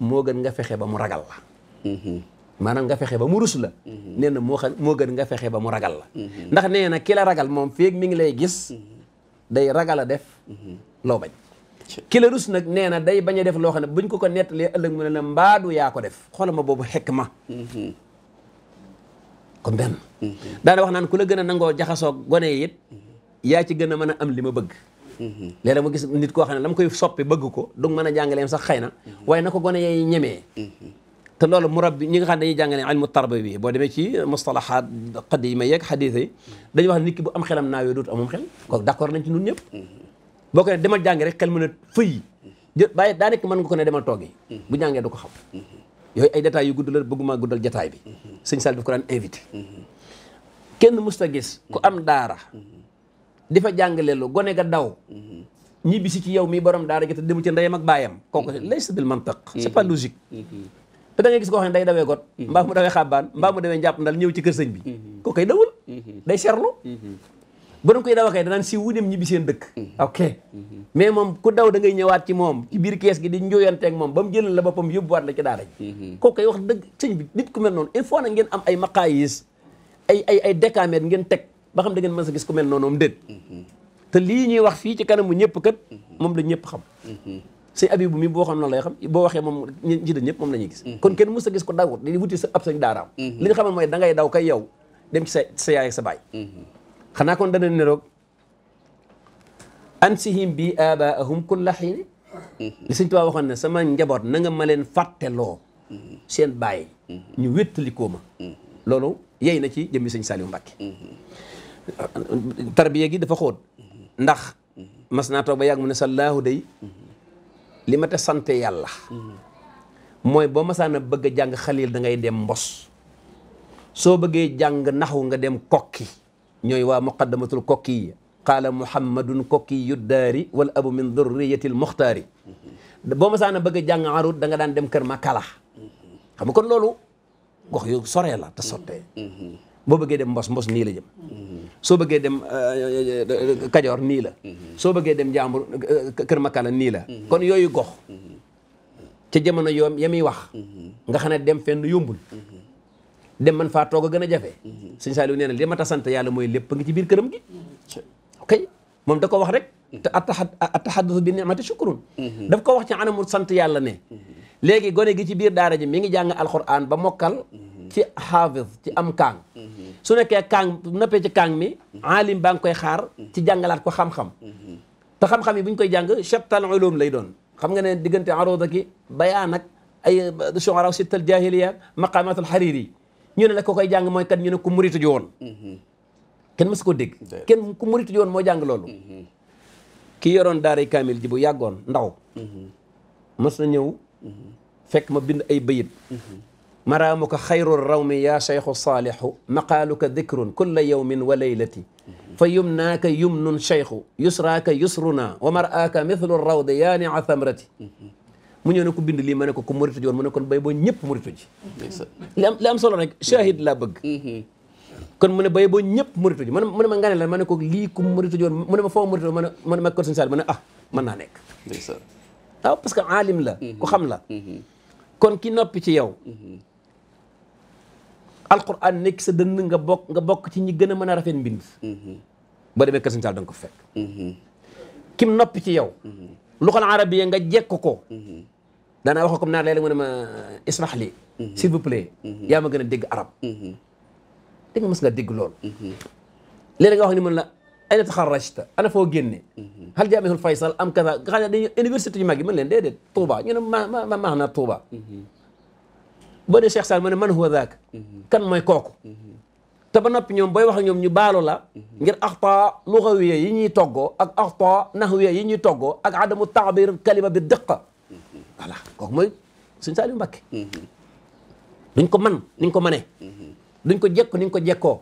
moo gën nga fexe ba mu ragal la maanaam nga fexe ba mu rus la mhm. nee na moo xam moo gën nga fexe ba mu ragal la mhm. ndax nee na ki ragal moom feeg mi ngi lay gis mhm. day ragal a def loo bañ ki rus nag nee na day bañ a def loo xam ne buñ ko ko nettalee ëllëg mu ne la yaa ko def xoolal ma boobu xekk ma wax naan ku la gën a nangoo jaxasoo gone it yaa ci gën a mën a am li ma bëgg léeg-léeg mu gis nit koo xam ne la koy soppi bëgg ko du mën a jàngaleem sax xëy na waaye na ko gone yee ñemee te loolu murabbi ñi nga xam ne dañuy jàngale ilmu tarbiya bi boo demee ci mustalahaat qadiima ma xadiis yi dañuy wax nit ki bu am xelam naawee dootu amum xel kooku d'accord nañ ci ñun boo ko ne demal jàngi rek mën a fëy jë mën nga ko ne demal toogi bu jàngee du ko xam yooyu ay détails yu gudd la bëgguma guddal jataay bi sëñ Sall ko daan invité kenn musta gis ku am daara di fa jàngaleelu gone ga daw ñibbisi ci yow mi borom daara gi dem demu ci ndeyam ak baayam kooku laysa bil mantiq c'est pas logique te da ngay gis koo xam ne day dawee got mhm. mbaa mu dawee xàbbaan mhm. mbaa mu dawee njàpp ndal ñëw ci kër sëñ bi ko mhm. koy dawul day serlu ba doon koy daw akay danaan si wu dem ñibbi seen dëkk ok mais moom ku daw da ngay ñëwaat ci moom ci biir kees gi di njóyanteeg moom ba mu jëlal la boppam yóbbuwaat la ci daara ji kooku koy wax dëgg sëñ bi nit ku mel noonu il faut nag ngeen am ay maqaayis ay ay ay décamètre ngeen teg ba xam da ngeen mën sa gis ku mel noonu moom déet te lii ñuy wax fii ci kanamu ñëpp kat moom la ñëpp xam sëñ Abibu mi boo xam noonu lay xam boo waxee moom njida ñëpp moom la mm-hmm. kon kenn mës a gis ko dawut di wuti sa ab sañ daaraam mm-hmm. li ñu xamal dem sa sa yaay sa baay mm-hmm. xanaa kon dana niroog ansihim bi abaahum kulla xiini sëñ Tuubaa waxoon ne sama njaboot na ma leen fàtteloo seen baay ñu wéttalikoo ma loolu yey na ci jëmmi sëñ Saliou Mbacke tarbiya gi dafa xóot ndax mas naa toog ba yàgg mu ne sallaahu day li ma te sante yàlla mooy boo masaana bëgg a jàng xalil dangay dem mbos soo bëggee jàng naxu nga dem kokki ñooy waa muqaddamatul kokki yi qaala muhammadun kokki yu daari wal abu min durriyatil muxtaari boo masaana bëgg a jàng arut da daan dem kër ma kala xam nga loolu gox yu soree te sottee boo bëggee dem mbos mbos nii la jëm soo bëggee dem euh, euh, euh, kajoor nii la soo bëggee dem jàmbur kër makala nii la kon yooyu gox ca jamono yoom ya muy wax nga xam ne dem fenn yombul dem man faa toog a gën a jafe sëñ Saliou nee na li ma ta sant yàlla mooy lépp nga ci biir këram gi kay moom da ko wax rek te ataxaddus bi ni'mati shukrun daf ko wax ci anamul sant yàlla ne léegi gone gi ci biir daara ji mii ngi jàng alxuraan ba mokkal ci xaafis ci am kaang su nekkee kaang neppee ci kaang mi aalim baa ngi koy xaar ci jàngalaat ko xam-xam te xam-xam yi bu ñu koy jàng chattal ulum lay doon xam nga ne diggante aroda ki bayaan ak ay euh, shuara sittal jahiliya maqaamatul xariri ñu ne la ko koy jàng mooy kat ñu ne ku muritu ji woon kenn mas ko dégg kenn ku muritu ji woon moo jàng loolu ki yoroon daaray kaamil ji bu yàggoon ndaw mas na ñëw fekk ma bind ay bayit maraamuka xayru rawmi yaa cheikhu saalixu maqaaluka dikrun kulla yawmin wa laylati fa yumnaaka yumnun cheikhu yusraaka yusruna wa maraaka mithlu rawdi yaa nia thamrati mu ñëw ne ko bind lii ma ne ko ku muritu ji woon mu ne kon bay boo ñëpp muritu ji li am li am solo rek shahid laa bëgg kon mu ne bay boo ñëpp muritu ji man mu ne ma nga ne la ma ne ko lii ku muritu ji woon mu ne ma foo muritu ma ne ma ne ma ko sëñ Saaliw ma ne ah mën naa nekk waaw parce que aalim la ku xam la mhm. kon ki noppi ci yow mhm. alquran nekk sa dënn nga bokk nga bokk ci ñi gën a mën a rafet mbind boo demee kër Sëñ Saal da ko fekk kim nopp ci yow luxal arabiya nga jekk ko daanaa wax comme naar léeg-léeg mu ne ma ismax li s'il vous plaît yaa ma gën a dégg arab dégg nga mës nga dégg loolu léeg nga wax ni mën la ayna taxarrajta ana foo génne hal jaamihul faysal am kaza nga xam ne dañu université yu mag yi mën leen déedéet Touba ñu ne ma ma ma maax boo ne Cheikh Sall ne man huwa daak mhm. kan mooy kooku mhm. te ba noppi ñoom booy wax ñoom ñu baalu la mhm. ngir axta luxawiya yi ñuy toggoo ak axta naxwiya yi ñuy toggoo ak adamu taabir kalima bi dëqa voilà kooku mooy Sëñ Saliou Mbacké duñ ko man ni nga ko mënee duñ ko jekk ni nga ko jekkoo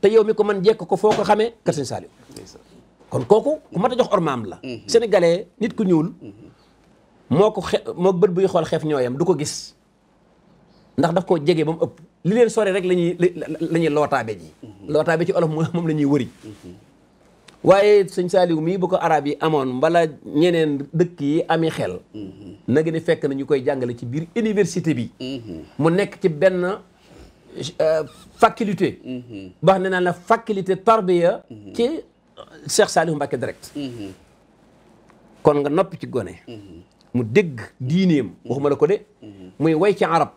te yow mi ko mën jekk ko foo ko xamee kër kon kooku ku mat a jox ormaam la sénégalais nit ku ñuul moo ko xe moo bët buy xool xeef ñooyam du ko gis ndax daf ko jege moom mu li leen sore rek la ñuy la lootaabe ji mhm. lootaabe ci olof moom la ñuy wëri waaye sëñ Saaliw mii ba ko arab yi amoon mbala ñeneen dëkk yi ami xel mhm. nag ni fekk nañu ñu koy jàngale ci biir université bi mhm. mu nekk ci benn euh, faculté baax ne naa la faculté tarbiya ci Cheikh Saalihu Mbacke direct kon nga noppi ci gone mu dégg diineem waxuma ko de muy way ci arab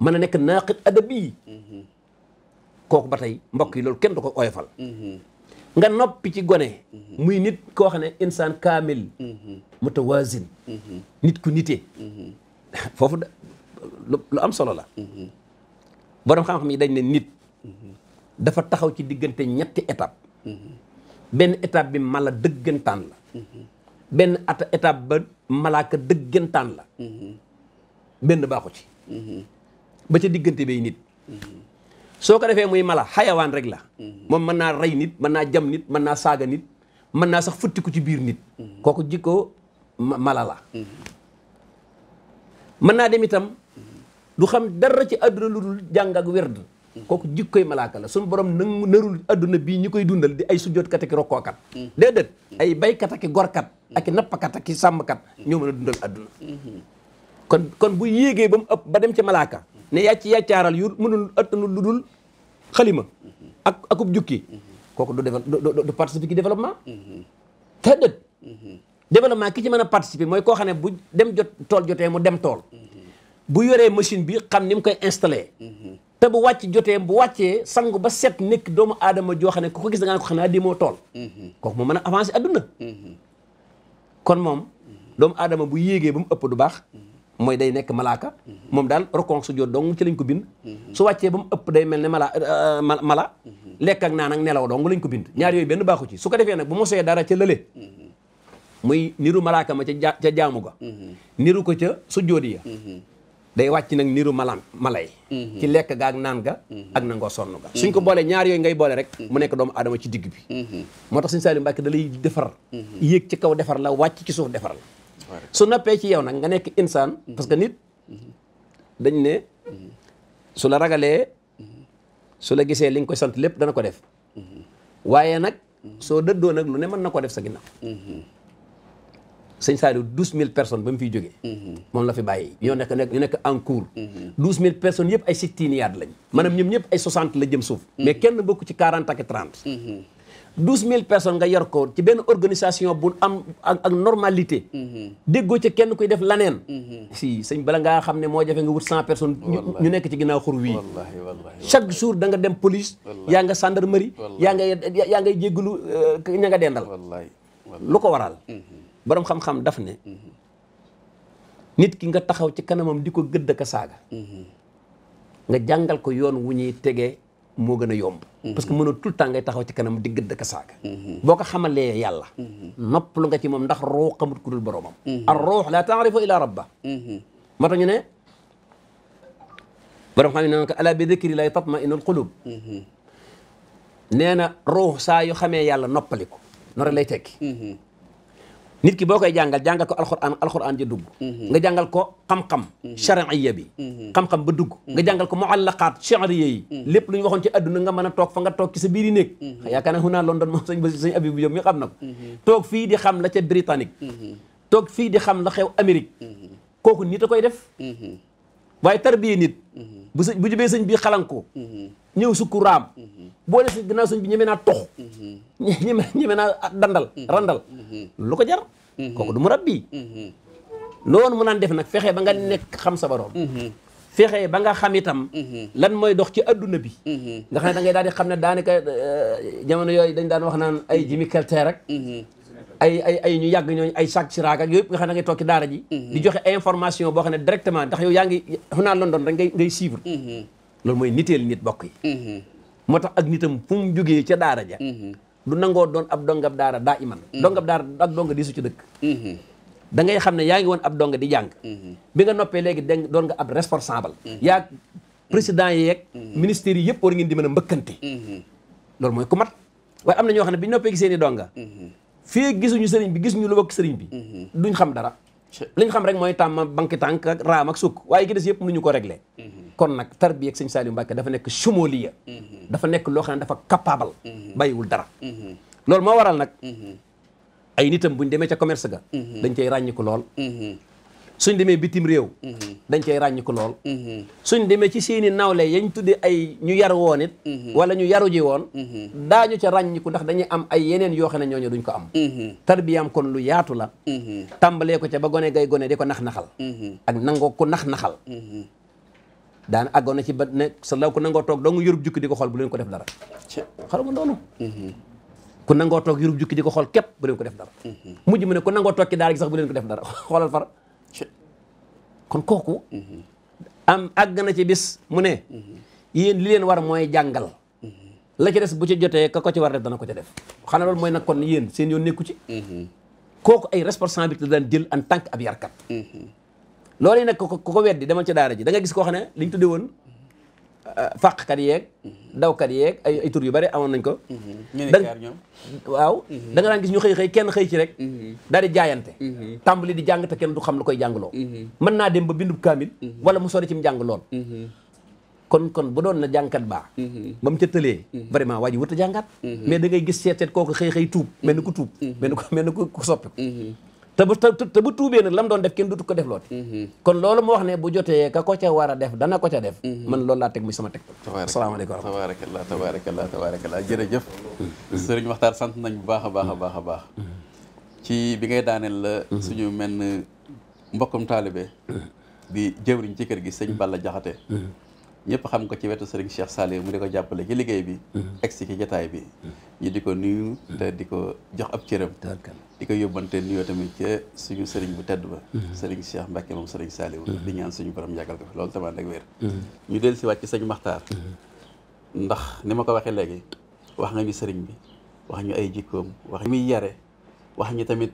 mën a nekk naaqid adabi mhm. kooku ba tey mbokk yi loolu kenn du ko oyofal mhm. nga noppi ci gone mhm. muy nit koo xam ne insaan kaamil mutawazin nit ku nite foofu lu am solo la borom xam-xam yi dañ ne nit dafa taxaw ci diggante ñetti étape benn étape bi mala dëggantaan la benn ata étape ba malaaka dëggantaan la benn baaxu ci ba ca diggante bay nit soo ko defee muy mala xayawaan rek la moom mën naa rey nit mën naa jam nit mën naa saaga nit mën naa sax futti ko ci biir nit kooku jikko mala la naa dem itam du xam dara ci àdduna lu dul jàng ak werd kooku jikkoy malaaka la suñu borom nangu narul àdduna bii ñi koy dundal di ay sujjootkat ak rokkookat déedéet ay baykat ak gorkat ak nappkat ak sàmmkat ñoo mën a dundal àdduna kon kon bu yéegee ba mu ëpp ba dem ci malaaka ne yàcc yàccaaral yu mënul ëttanul lu dul xalima ak akub jukki kooku du defal du participer ci développement te ki ci mën a participer mooy koo xam ne bu dem jot tool jotee mu dem tool bu yoree machine bi xam ni mu koy installé te bu wàcc jotee bu wàccee sangu ba set nekk doomu aadama joo xam ne ku ko gis da ngaa ko xanaa di moo tool kooku moo mën a avancé adduna mm-hmm. kon moom doomu aadama bu yéegee ba mu ëpp du baax mooy day nekk malaaka moom daal rokon su jot dong ci lañ ko bind su wàccee ba mu ëpp day mel ne mala euh, mala lekk ak naan ak nelaw dong lañ ko bind ñaar yooyu benn baaxu ci su defee nag bu mosee dara ca lële muy niru malaaka ma ca ca jaamu ga niru ko ca su jóodi ya day wàcc nag niru malaan malay ci lekk ga ak naan ga ak nangoo sonn ga suñ ko boolee ñaar yooyu ngay boole rek mu nekk doomu aadama ci digg bi moo tax suñ Saliou Mbacke da lay defar yéeg ci kaw defar la wàcc ci suuf defar la su nappee ci yow nag nga nekk insaan parce que nit dañ ne su la ragalee su la gisee li nga koy sant lépp dana ko def waaye nag soo dëddoo nag lu ne mën na ko def sa ginnaaw sëñ Saliou douze mille personnes ba mu fiy moom la fi bàyyi ñoo nekk nekk ñu nekk en cours douze mille personnes yëpp ay sixtiiniyaat lañ maanaam ñoom ñëpp ay soixante la jëm suuf mais kenn bokk ci quarante ak trente douze mille personnes nga yor ci benn organisation bu am ak ak normalité. Mhm. déggoo ca kenn kuy def laneen. Mhm. si sëñ bala ngaa xam ne moo jafe nga wut cent personnes. ñu nekk ci ginnaaw xur wii. chaque jour da nga dem police. yaa nga gendarmerie. yaa yaa ngay jéggalu euh, ña nga dendal. lu ko waral. Mhm. borom xam-xam daf ne. nit ki nga taxaw ci kanamam di ko gëdd ka saaga. nga jàngal ko yoon wu ñuy tegee. moo gën a yomb. Mhm. parce que mënoo tout le temps ngay taxaw ci kanam di gëdd ka saaga. Mhm. boo ko xamalee yàlla. Mhm. noppalu nga ci moom ndax ruux xamut ku boro boroomam. ar ruux la taarifu ila rabba. moo tax ñu ne borom xam ne ko ala bi dikri lay tatma inul qulub. nee na ruux saa yu xamee yàlla noppaliku. noonu lay tekki. nit ki boo koy jàngal jàngal ko alxuraan alxuraan ja dugg mhm. nga jàngal ko xam-xam charia mhm. bi mhm. xam-xam ba dugg nga jàngal ko muallaqaat charia yi lépp lu ñu waxoon ci àdduna nga mën a toog fa nga toog ci sa biiri néeg yaakaar naa xunaa London moom sañ ba sañ abi bu jom mi xam na toog fii di xam la ca Britannique toog fii di xam la xew Amérique kooku nit a koy def waaye tarbiye nit bu sëñ bu jubee sëñ bi xalan ko ñëw sukku raam boole si gannaaw sëñ bi ñeme naa tox ñeme ñeme naa dandal randal lu ko jar kooku du mu rabbi loolu mu naan def nag fexe ba nga nekk xam sa borom fexe ba nga xam itam lan mooy dox ci adduna bi nga xam ne da ngay daal di xam ne daanaka euh, jamono yooyu dañ daan wax naan ay jimi kelte rek ay ay ay ñu yàgg ñooñu ay sàcc ci raak ak yooyu nga xam ne da ngay toog daara ji di joxe information boo xam ne directement ndax yow yaa ngi xunaa London rek ngay ngay suivre loolu mooy niteel nit bokk yi moo tax ak nitam fu mu jógee ca daara ja mhm. du nangoo doon ab dongab daara daa iman mhm. dongab daara ak donga di su ci dëkk mhm. da ngay xam ne yaa ngi woon ab donga di jàng bi nga noppee léegi dégg doon nga ab responsable yaa président yeeg ministères yëpp war ngeen di mën a mbëkkante loolu mooy ku mat waaye am na ñoo xam ne bi ñu noppee gisee donga fii gisuñu sëriñ bi gisuñu lu bokk sëriñ bi duñ xam dara li ñu xam rek mooy tàmm banque tànk ak raam ak sukk waaye ki des yëpp mënuñu ko réglé kon nag tarbiya ak sëñ Saliou Mbacke dafa nekk chumoliya mhm. dafa nekk loo xam ne dafa capable mhm. bàyyiwul dara mhm. loolu moo waral nag ay nitam buñ demee ca commerce ga dañ cay ràññiku lool suñ demee bitim réew dañ cay ràññiku lool suñ demee ci seeni nawle yañ tudde ay ñu yar woon it wala ñu yaru ji woon daañu ca ràññiku ndax dañuy am ay yeneen yoo xam ne ñooñu duñ ko am tarbiyaam kon lu yaatu la tàmbalee ko ca ba gone gay gone de ko nax-naxal ak nangoo ko nax-naxal daana àggoon na ci ba ne sa law ku nangoo doo dong yurub jukki di ko xool bu leen ko def dara xala nga noonu mm-hmm. ku nangoo toog yurub jukki di ko xool képp bu ko def dara mm-hmm. mujj mu ne ku nangoo toog ci daara gi sax bu xoolal far kon kooku mm-hmm. am àgg na ci bis mu ne yéen li leen war mooy jàngal la ci des bu ci jotee ka ko ci war def dana ko ci def xanaa loolu mooy nag kon yéen seen yoon nekku ci kooku ay responsabilité daan jël en tant ab yarkat loolu yi nag ku ko weddi demal ca daara ji da nga gis koo xam ne li ñu tuddee woon euh, fàqkat yeeg dawkat kat ay ay tur yu bari amoon nañ ko mm-hmm. waaw mm-hmm. danga nga gis ñu xëy xëy kenn xëy ci rek mm-hmm. daal di jaayante tàmbali di jàng te kenn du xam lu koy jàngloo mën naa dem ba bindub kaamil wala mu sori ci mu jàng lool kon kon bu doon na jàngkat baa ba mu ca tëlee vraiment waa ji wut a jàngat mais da ngay gis seet seet kooku xëy xëy tuub mel ni ku tuub mel ni ku mel ni ku soppi ko te bu te bu tuubee nag lam doon def kenn dutu ko def looti mm-hmm. kon loolu mu wax ne bu jotee ka ko war a def dana ko ca def mm-hmm. man loolu laa teg muy sama teg asalaamaaleykum tabarakallah tabarakallah tabarakallah jërëjëf sëriñ Maxtaar sant nañ bu baax a a baax a baax mm-hmm. ci bi ngay daaneel la suñu menn mbokkum taalibe di jëwriñ ci kër gi sëñ Balla Jaxate ñëpp xam ko ci wetu sëriñ Cheikh Saliou mu di ko jàppale ci liggéey bi egsi ci jataay bi ñu di ko nuyu te di ko jox ab cëram di ko yóbbante nuyoo tamit ca suñu sëriñ bu tedd ba mm-hmm. sëriñ Cheikh Mbacke moom sëriñ Saliou mm-hmm. di ñaan suñu borom yàggal ko fi loolu tamit ak mm-hmm. ñu del si wàcc sëñ Maxtaar ndax ni ma ko waxee léegi wax nga sëriñ bi wax ñu ay jikkoom wax ni muy wax ñu tamit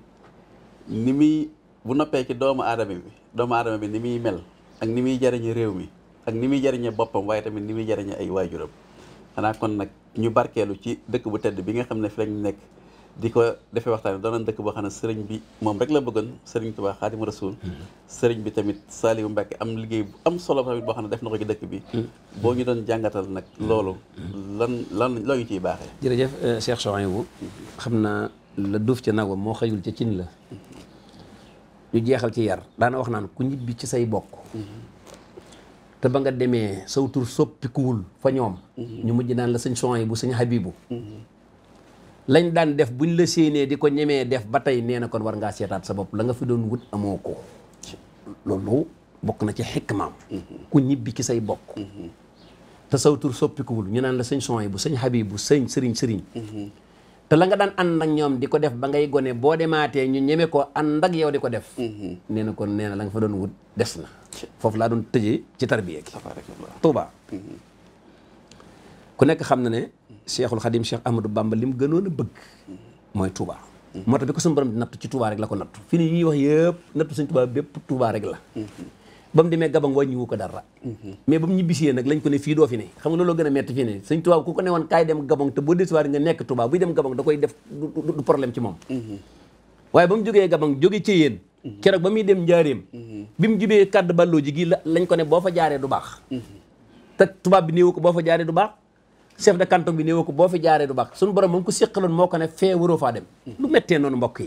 ni muy bu noppee ci doomu aadama bi doomu aadama bi ni muy mel ak ni muy jariñe réew mi ak ni muy jariñe boppam waaye tamit ni muy jariñe ay waajuram xanaa kon nag ñu barkeelu ci dëkk bu tedd bi nga xam ne fi lañ nekk di ko defee waxtaan bi doonoon dëkk boo xam ne sëriñ bi moom rek la bëggoon sëriñ Tuubaa Xaadimu Rasuul hmm. sëriñ bi tamit Saaliwu Mbàkke am liggéey bu am solo tamit xam ne def na ko ci dëkk bi hmm. boo ñu doon jàngatal nag hmm. loolu lan lan loo ciy baaxee jërëjëf euh, Cheikh Souhaïbou xam na la ci nag moo xëyul ci cin la ñu jeexal ci yar daana wax naan ku ñibbi ci say bokk te ba nga demee saw tur soppikuwul fa ñoom ñu mujj naan la sëñ Souhaïbou sëñ Habibou lañ daan def bu buñ la séenee di ko ñemee def ba tey nee na kon war ngaa seetaat sa bopp la nga fi doon wut amoo ko loolu bokk na ci xikmaam ku ñibbi ci say bokk te saw tur soppikuwul ñu naan la sëñ son bu sëñ bu sëñ sëriñ sëriñ te la nga daan ànd ak ñoom di ko def ba ngay gone boo demaatee ñu ñeme ko ànd ak yow di ko def nee na kon nee na la nga fa doon wut des na foofu laa doon tëje ci tarbiya gi Tuuba ku nekk xam ne cheikhul xadim cheikh ahmadou bamba li mu gënoon a bëgg mooy Touba. moo tax bi ko suñu di nattu ci Touba rek la ko nattu fii nii ñuy wax yëpp nattu suñ Touba bépp Touba rek la ba mu demee gabang wàññiwu ko dara mais ba mu ñibbisee nag lañ ko ne fii doo fi ne xam nga looloo gën a metti fii ne suñ Touba ku ko ne woon kaay dem gabang te boo desuwaar nga nekk Touba buy moom waaye ba jogee jógee gabang joge ci yéen keroog ba muy dem njaareem bi mu jubee kàdd balloo ji gi lañ ko ne boo fa jaaree du baax te tubaab bi néewu ko boo fa jaaree du chef de canton bi néew ko boo fi jaaree du baax suñu borom moom ko séqaloon moo ko ne fee waroo dem lu méttee noonu mbokk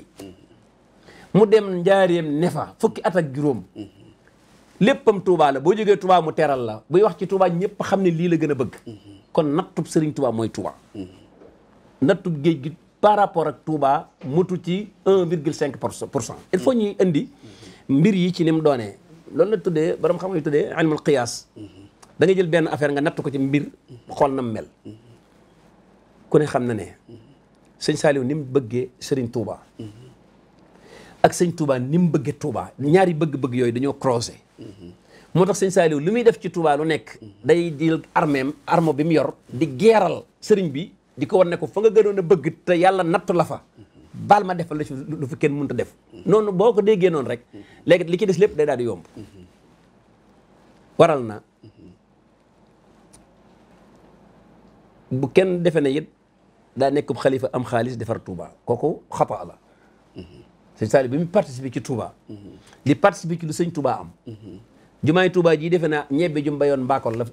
mu dem njaareem ne fukki at ak juróom léppam Touba la boo jógee Touba mu teral la buy wax ci Touba ñëpp xam ne lii la gën a bëgg kon nattub Serigne Touba mooy Touba nattub géej gi par rapport ak Touba mutu ci un virgule pour cent il faut indi mbir yi ci ni mu doonee loolu la tuddee borom xam nga tuddee ilmul qiyaas da jël benn affaire nga natt ko ci mbir xool na mel ku ne xam na ne sëñ Saliou ni bëggee sëriñ Touba ak sëñ Touba ni mu bëggee Touba ñaari bëgg-bëgg yooyu dañoo croisé moo tax sëñ saaliw lu muy def ci Touba lu nekk day jël armeem arme bi mu yor di geeral sëriñ bi di ko war ne ko fa nga gënoon a bëgg te yàlla nattu la fa bal ma defal la ci lu fi kenn mënut a def noonu boo ko déggee noonu rek léegi li ci def lépp day daal di yomb waral na bu kenn defe na it daa nekk xalifa am xaalis defar Touba kooku xataa la sëñ Saliou bi mu participer ci Touba li participer ci lu sëñ Touba am jumaay Touba jii defe naa ñebbe jum bayoon mbaakol la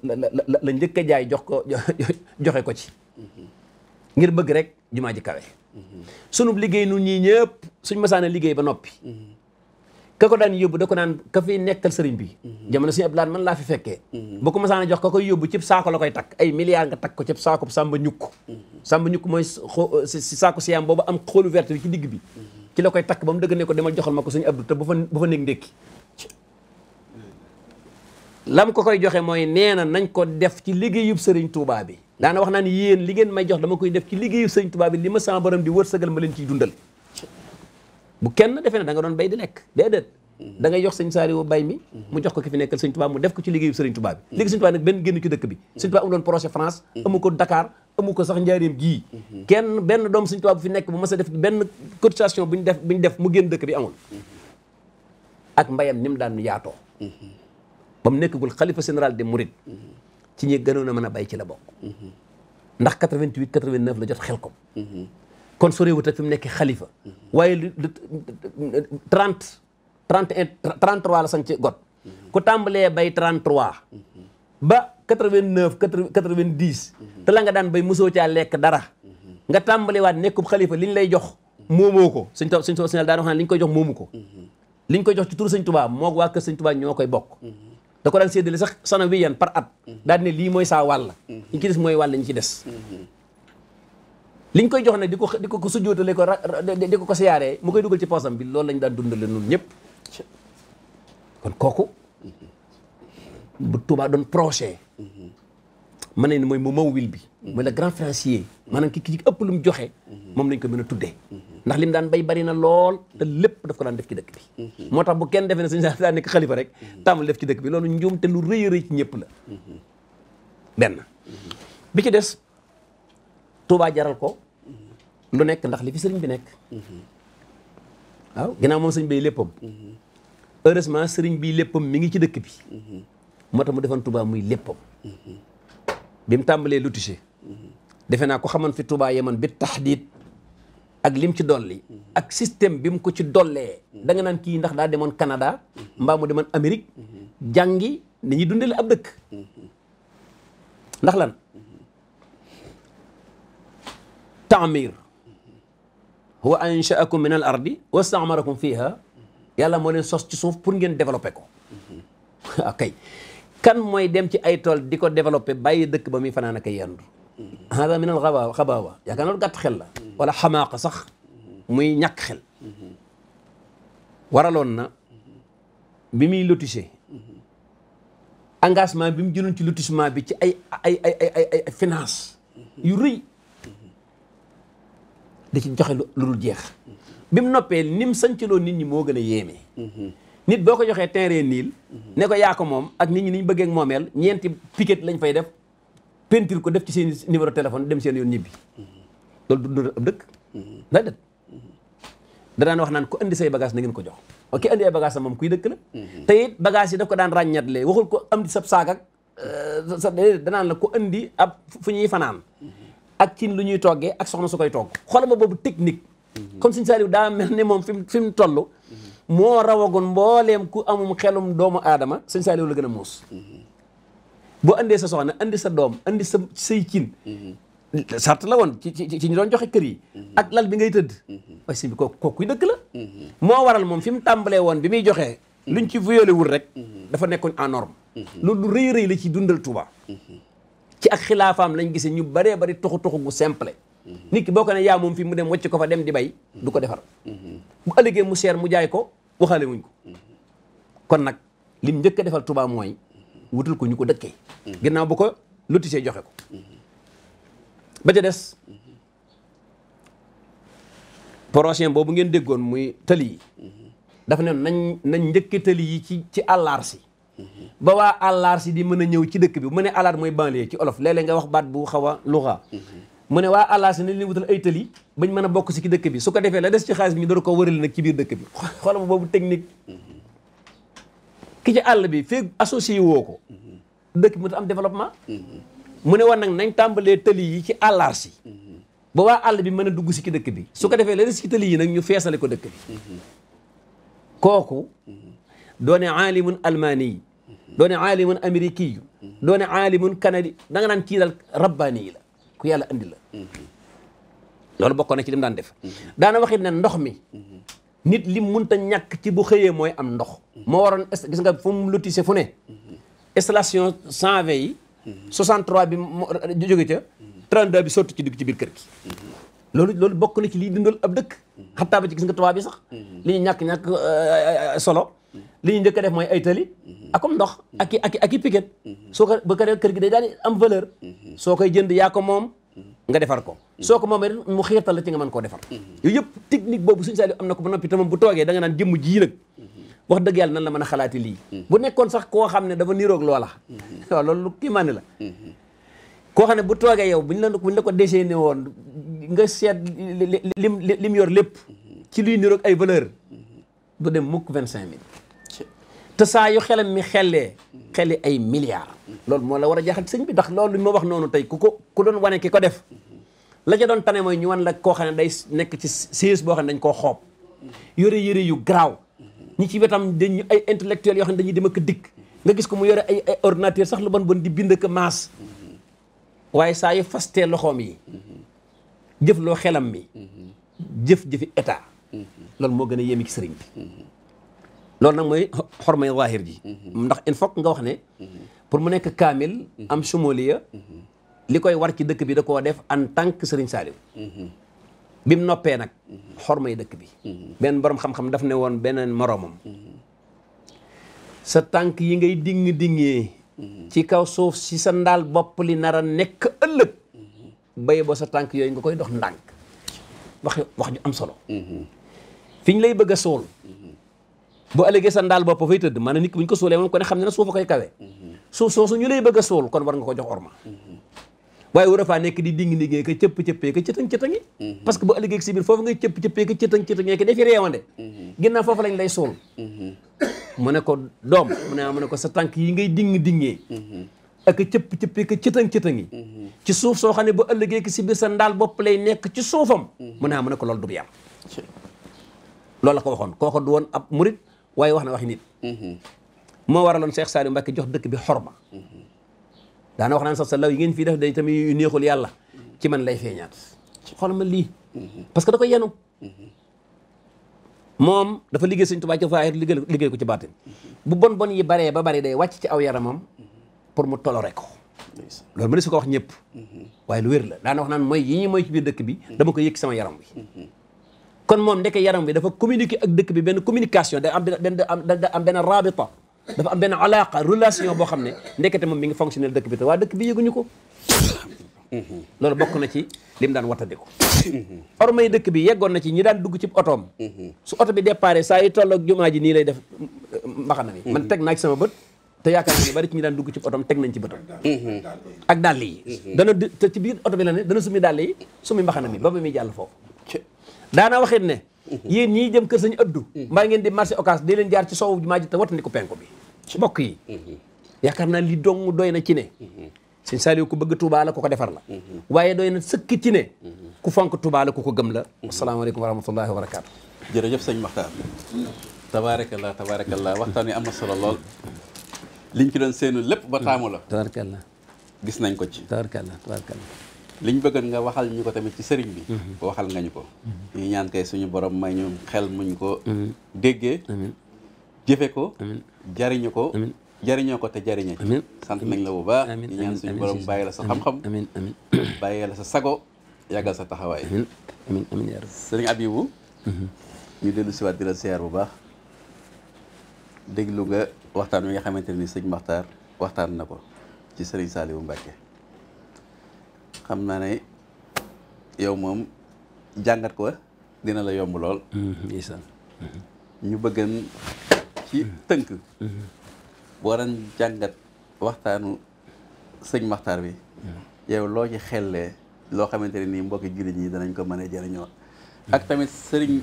la njëkk a jaay jox ko joxe ko ci ngir bëgg rek jumaa ji kawe mhm. sunub liggéey nun ñii ñëpp suñ masaana liggéey ba noppi mhm. ka ko daan yóbbu da ko naan ka fi nekkal sëriñ bi mhm. jamono suñu abdulaat man laa fi fekkee mhm. bu ko masaana jox ka ko yóbbu cib saako la koy takk ay milliards nga takk ko cib saako sàmba ñukk mhm. sàmba ñukk mooy euh, si saako siyaam boobu am xoolu verte ci digg bi ci la koy takk ba dëgg ne ko demal joxal ko suñu abdu te bu fa bu fa nekk ndékki lam ko koy joxe mooy nee na nañ ko def ci liggéeyub sëriñ Touba bi daana wax naa yéen li ngeen may jox dama koy def ci liggéeyub sëriñ Touba bi li ma sama borom di wërsëgal ma leen ciy dundal bu kenn defee ne danga nga doon bay di lekk déedéet da ngay jox sëñ Saaliwu bay mi mu jox ko ki fi nekkal sëñ Tuubaa mu def ko ci liggéeyu sëriñ Tuubaa bi mm-hmm. liggéey sëñ Tuubaa nag benn génn ci dëkk bi mm-hmm. sëñ Tuubaa mm-hmm. ko Dakar amu ko sax njaareem gii kenn benn doom sëñ Tuubaa bu fi nekk bu mas a def benn cotisation bu ñu def bu ñu def mu génn dëkk bi amul ak mbayam ni mu daan yaatoo ba mu nekkagul xalifa général des Mourides ci ñi gënoon a mën a bay ci la bokk ndax 88 89 la jot xel ko kon sorewut ak fi mu nekk xalifa waaye lu trente trente et trois la sañ ci got ku tàmbalee bay trente trois ba quatre vingt neuf quatre vingt dix te la nga daan bay mosoo caa lekk dara nga tàmbalewaat nekkub xalifa liñ lay jox moomoo ko suñ to suñ to sinal daan wax ne liñ koy jox moomu ko liñ koy jox ci turu sañ tubaa moog waa kër sëñ Tuubaa ñoo koy bokk da ko daan séddale sax sana wiyan par at daal ne lii mooy saa wàll ñi ci des mooy wàll ñi ci des liñ koy jox nag di ko di ko ko sujjóotale ko di ko ko siyaaree mu koy dugal ci poosam bi loolu lañ daan dundale nun ñëpp kon kooku bu Touba doon projet man nañ ne mooy mu mawwil bi mooy le grand financier maanaam ki ki ëpp lu joxe moom lañ ko mën a tuddee ndax lim daan bay bari na lool te lépp daf ko daan def ci dëkk bi moo tax bu kenn defee ne suñu daan nekk xalifa rek tàmmal def ci dëkk bi loolu njuum te lu rëy a rëy ci ñëpp la benn bi ci des Touba jaral ko lu nekk ndax li fi sëriñ bi nekk waaw ginnaaw moom sëriñ bi léppam heureusement sëriñ bi léppam mi ngi ci dëkk bi moo tax mu defoon Touba muy léppam bi mu tàmbalee lotissé defe naa ko xaman fi Touba yeman bi taxdiit ak lim ci dolli ak système bi mu ko ci dollee da nga naan kii ndax daa demoon Canada mbaa mu demoon Amérique jàngi ni ñuy dundale ab dëkk ndax lan taamir huwa anshaakum min al ardi fii fiha yàlla moo leen sos ci suuf pour ngeen développé ko ok kan mooy dem ci ay tool di ko développé bàyyi dëkk ba muy fanaan ak yendu hada min al xabaawa xabaawa yaakaar naa loolu gàtt xel la walla xamaaqa sax muy ñàkk xel waraloon na bi muy lotissé engagement bi mu jëloon ci lotissement bi ci ay ay ay finance yu rëy di ci joxe lu dul jeex bi mu noppee ni mu sancaloo nit ñi moo gën a yéeme mm-hmm. nit boo ko joxee terrain niil mm-hmm. nekko ko moom ak nit ñi ni ñu bëggee moomeel ñeenti piquet lañ fay def peinture ko def ci seen numéro téléphone dem seen yoon ñibbi mm-hmm. loolu du ab dëkk da wax naan ku indi say bagage na ngeen ko jox ok indi ay bagage sa moom kuy dëkk na te it bagage yi daf ko daan ràññatle waxul ko am di sab saak ak euh, sa danaan la ko indi ab fu ñuy fanaan ak cin lu ñuy toggee ak soxna su koy togg xoolal ma boobu technique comme Sëñ Saaliw daa mel ni moom fi mu fi mu toll moo rawagoon mbooleem ku amum xelum doomu aadama Sëñ Saaliw la gën a moos boo andee sa soxna andi sa doom andi sa say cin sart la woon ci ci ci ñu doon joxe kër yi ak lal bi ngay tëdd waaye sëñ bi kooku kooku dëkk la moo waral moom fi mu tàmbalee woon bi muy joxee luñ ci violé wul rek dafa nekkoon en norme loolu lu rëy rëy la ci dundal Touba ci ak xilaafaam lañ gisee ñu baree bari tuxu tuxu gu simple nit ki boo ko ne yaa moom fii mu dem wacc ko fa dem di bay du ko defar bu ëllëgee mu seer mu jaay ko waxaale wuñ ko kon nag lim njëkk a defal Touba mooy wutal ko ñu ko dëkkee ginnaaw bu ko lotissé joxe ko ba ca des prochain boobu ngeen déggoon muy tali yi dafa ne nañ nañ njëkke tali yi ci ci àllaar si ba waa àllaar si di mën a ñëw ci dëkk bi mu ne àllaar mooy banlieue ci olof léeg-léeg nga wax baat bu xaw a luxa mu ne waa àllaar si leen wutal ay tali bañ mën a bokk si ci dëkk bi su ko defee la des ci xaalis bi ñu door ko wërale nag ci biir dëkk bi xoolal ma ci àll bi fii associé woo ko dëkk bi mu développement mu ne woon nag nañ tàmbalee tali yi ci àllaar si ba àll bi mën a dugg si ci dëkk bi su ko defee la des ci tali yi nag ñu feesale ko dëkk bi kooku doone aalimun almaani doone aalimun amérique yu doone aalimun kanadi da nga naan kii daal rabbaani yi la ku yàlla andi la loolu bokkoon ci li daan def daana waxit ne ndox mi nit lim munta ñàkk ci bu xëyee mooy am ndox moo waroon gis nga fu mu lotissé fu ne installation cent vingt yi soixante trois bi jóge ca trente bi sotti ci digg ci biir kër gi loolu loolu bokk na ci liy dundal ab dëkk xattaa ba ci gis nga tubaab bi sax li ñu ñàkk-ñàkk euh, euh, solo li ñu njëkk def mooy ay tali mhm. akum ndox ak i ak ak i piquet mhm. soo ko ba kër gi day daal di am valeur mhm. soo koy jënd yaa ko moom nga defar ko soo ko moomee mu xiirtal la ci nga mën koo defar yooyu yëpp technique boobu suñu saali am na ko ba noppi te moom bu toogee da nga naan jëmm ji nag wax dëgg yàlla nan la mën a xalaati lii bu nekkoon sax koo xam ne dafa niroog loola waaw loolu man kiimaane la koo xam ne bu toogee yow bu ñu buñ la ko desee dessiné woon nga seet lim lim yor lépp ci luy niroog ay valeur bu dem mukk vingt cinq mille te saa yu xelam mi xellee xeli ay milliards loolu moo la war a jaaxal sëñ bi ndax loolu li ma wax noonu tey ku ko ku doon wane ki ko def la ca doon tane mooy ñu wan la koo xam ne day nekk ci siis boo xam ne dañ koo xoob yore yëre yu garaaw ñi ci wetam dañu ay intellectuels yoo xam ne dañuy dem ak dikk nga gis ko mu yore ay ay ordinateur sax lu bon bon di bind ak maas waaye saa yu fastee loxoom yi jëf loo xelam mi jëf-jëfi état loolu moo gën a yéemi ci sëriñ bi loolu nag mooy xormay zahir ji mhm. ndax il faut nga wax ne mhm. pour mu nekk kaamil am mhm. sumuliya li koy war ci dëkk bi da koo def en tànk sëriñ Serigne Saliou mu noppee nag yi dëkk bi benn borom xam-xam daf ne woon beneen moroomam sa tànk yi ngay ding-dingee ci kaw suuf si sa ndaal bopp li nara nekk ëllëg bay boo sa tànk yooyu nga koy dox ndànk wax wax ju am solo fi lay bëgg a suul boo ëllëgee sa ndaal bopp fay tëdd maanaam nit ki bu ñu ko suulee moom ko ne xam ne na suufa koy kawe suuf soosu ñu lay bëgg suul kon waaye war faa nekk di dingi ndigee ka cëpp-cëppee ka cëtang cëtangi parce que boo ëllëgee si biir foofu ngay cëpp-cëppee ka cëtang cëtangee ki lay suul mu ne ko doom mu ne mu ne ko sa tànk yi ngay ding dingee ak cëpp-cëppee ka cëtang cëtangi ci suuf soo xam ne bu ëllëgee si sa ndaal bopp lay nekk ci suufam mu ne mu ne ko loolu du yar loolu la ko waxoon kooko du woon a murit waaye wax na waxi nit mm-hmm. moo waraloon Cheikh Saliou Mbacké jox dëkk bi xorma mm-hmm. daana wax naan sax sa law yi ngeen fii def day tamit yu neexul yàlla mm-hmm. ci man lay feeñaat xool ma lii parce que da koy yenu moom dafa liggéey sëñ Tuubaa ci liggéey ko ci baatin bu bon bon yi baree ba bari day wàcc ci aw yaramam pour mu tolore ko loolu ma ne ko wax ñëpp waaye lu wér la daana wax naan mooy yi ñu mooy ci biir dëkk bi dama ko yëg sama yaram wi kon moom ndeke yaram bi dafa communiquer ak dëkk bi benn communication day am benn da am benn rabita dafa am benn alaqa relation boo xam ne ndekete moom mi ngi fonctionner dëkk bi te waa dëkk ko loolu bokk na ci lim daan wattandiku ormay dëkk bi yeggoon na ci ñi daan dugg ci otoom mm-hmm. su oto bi déparé saa yu toll ak jumaa ji nii lay def mm, mbaxana mi man mm-hmm. teg naa ci bët te yaakaar naa ne bari ci ñi daan dugg ci otoom teg nañ ci bëtam mm-hmm. ak dàll yi dana te ci biir oto bi la ne dana sumi dàll yi sumi mbaxana mi ba ba muy jàll foofu daana waxit ne mhm. yéen ñii jëm kër sañu ëddu mhm. mbaa ngeen di marché occasion di leen jaar ci soow jumaa ji te watandi ko penku bi bokk yi mhm. yaakaar naa li dong doy na ci ne sëñ Saliou ko bëgg Touba la ku ko defar la waaye doy na sëkk ci ne ku fonk Touba la ku ko gëm la asalaamaaleykum wa rahmatullahi wa barakaatu jërëjëf sëñ Makhtar tabaarakallah tabaarakallah waxtaan wi am na solo lool liñ ci doon seenu lépp ba taamu la tabaarakallah gis nañ ko ci tabaarakallah tabaarakallah liñ bëggoon nga waxal ñu ko tamit ci sëriñ bi mhm. waxal nga ñu ko ñu ñaan suñu borom may ñu xel muñ ko déggee jëfe ko jariñu ko jariñoo ko te jariñe sant nañ la bu baax ñu bàyyi la sa xam-xam la sa sago yàggal sa taxawaay amiin Abibu mhm. ñu dellu siwaat di la siyaar bu baax déglu nga waxtaan wi nga xamante ni sëñ Maxtaar waxtaan na ko ci sëriñ Saliou Mbacke xam naa ne yow moom jàngat ko dina la yomb lool. Mm-hmm. incha mm-hmm. ñu bëggan ci tënk. boo mm-hmm. daan jàngat waxtaanu sëñ Maxtaar bi. yow loo ci xellee loo xamante ne nii mbokki jullit ñi danañ ko mën a jëriñoo. ak tamit sëriñ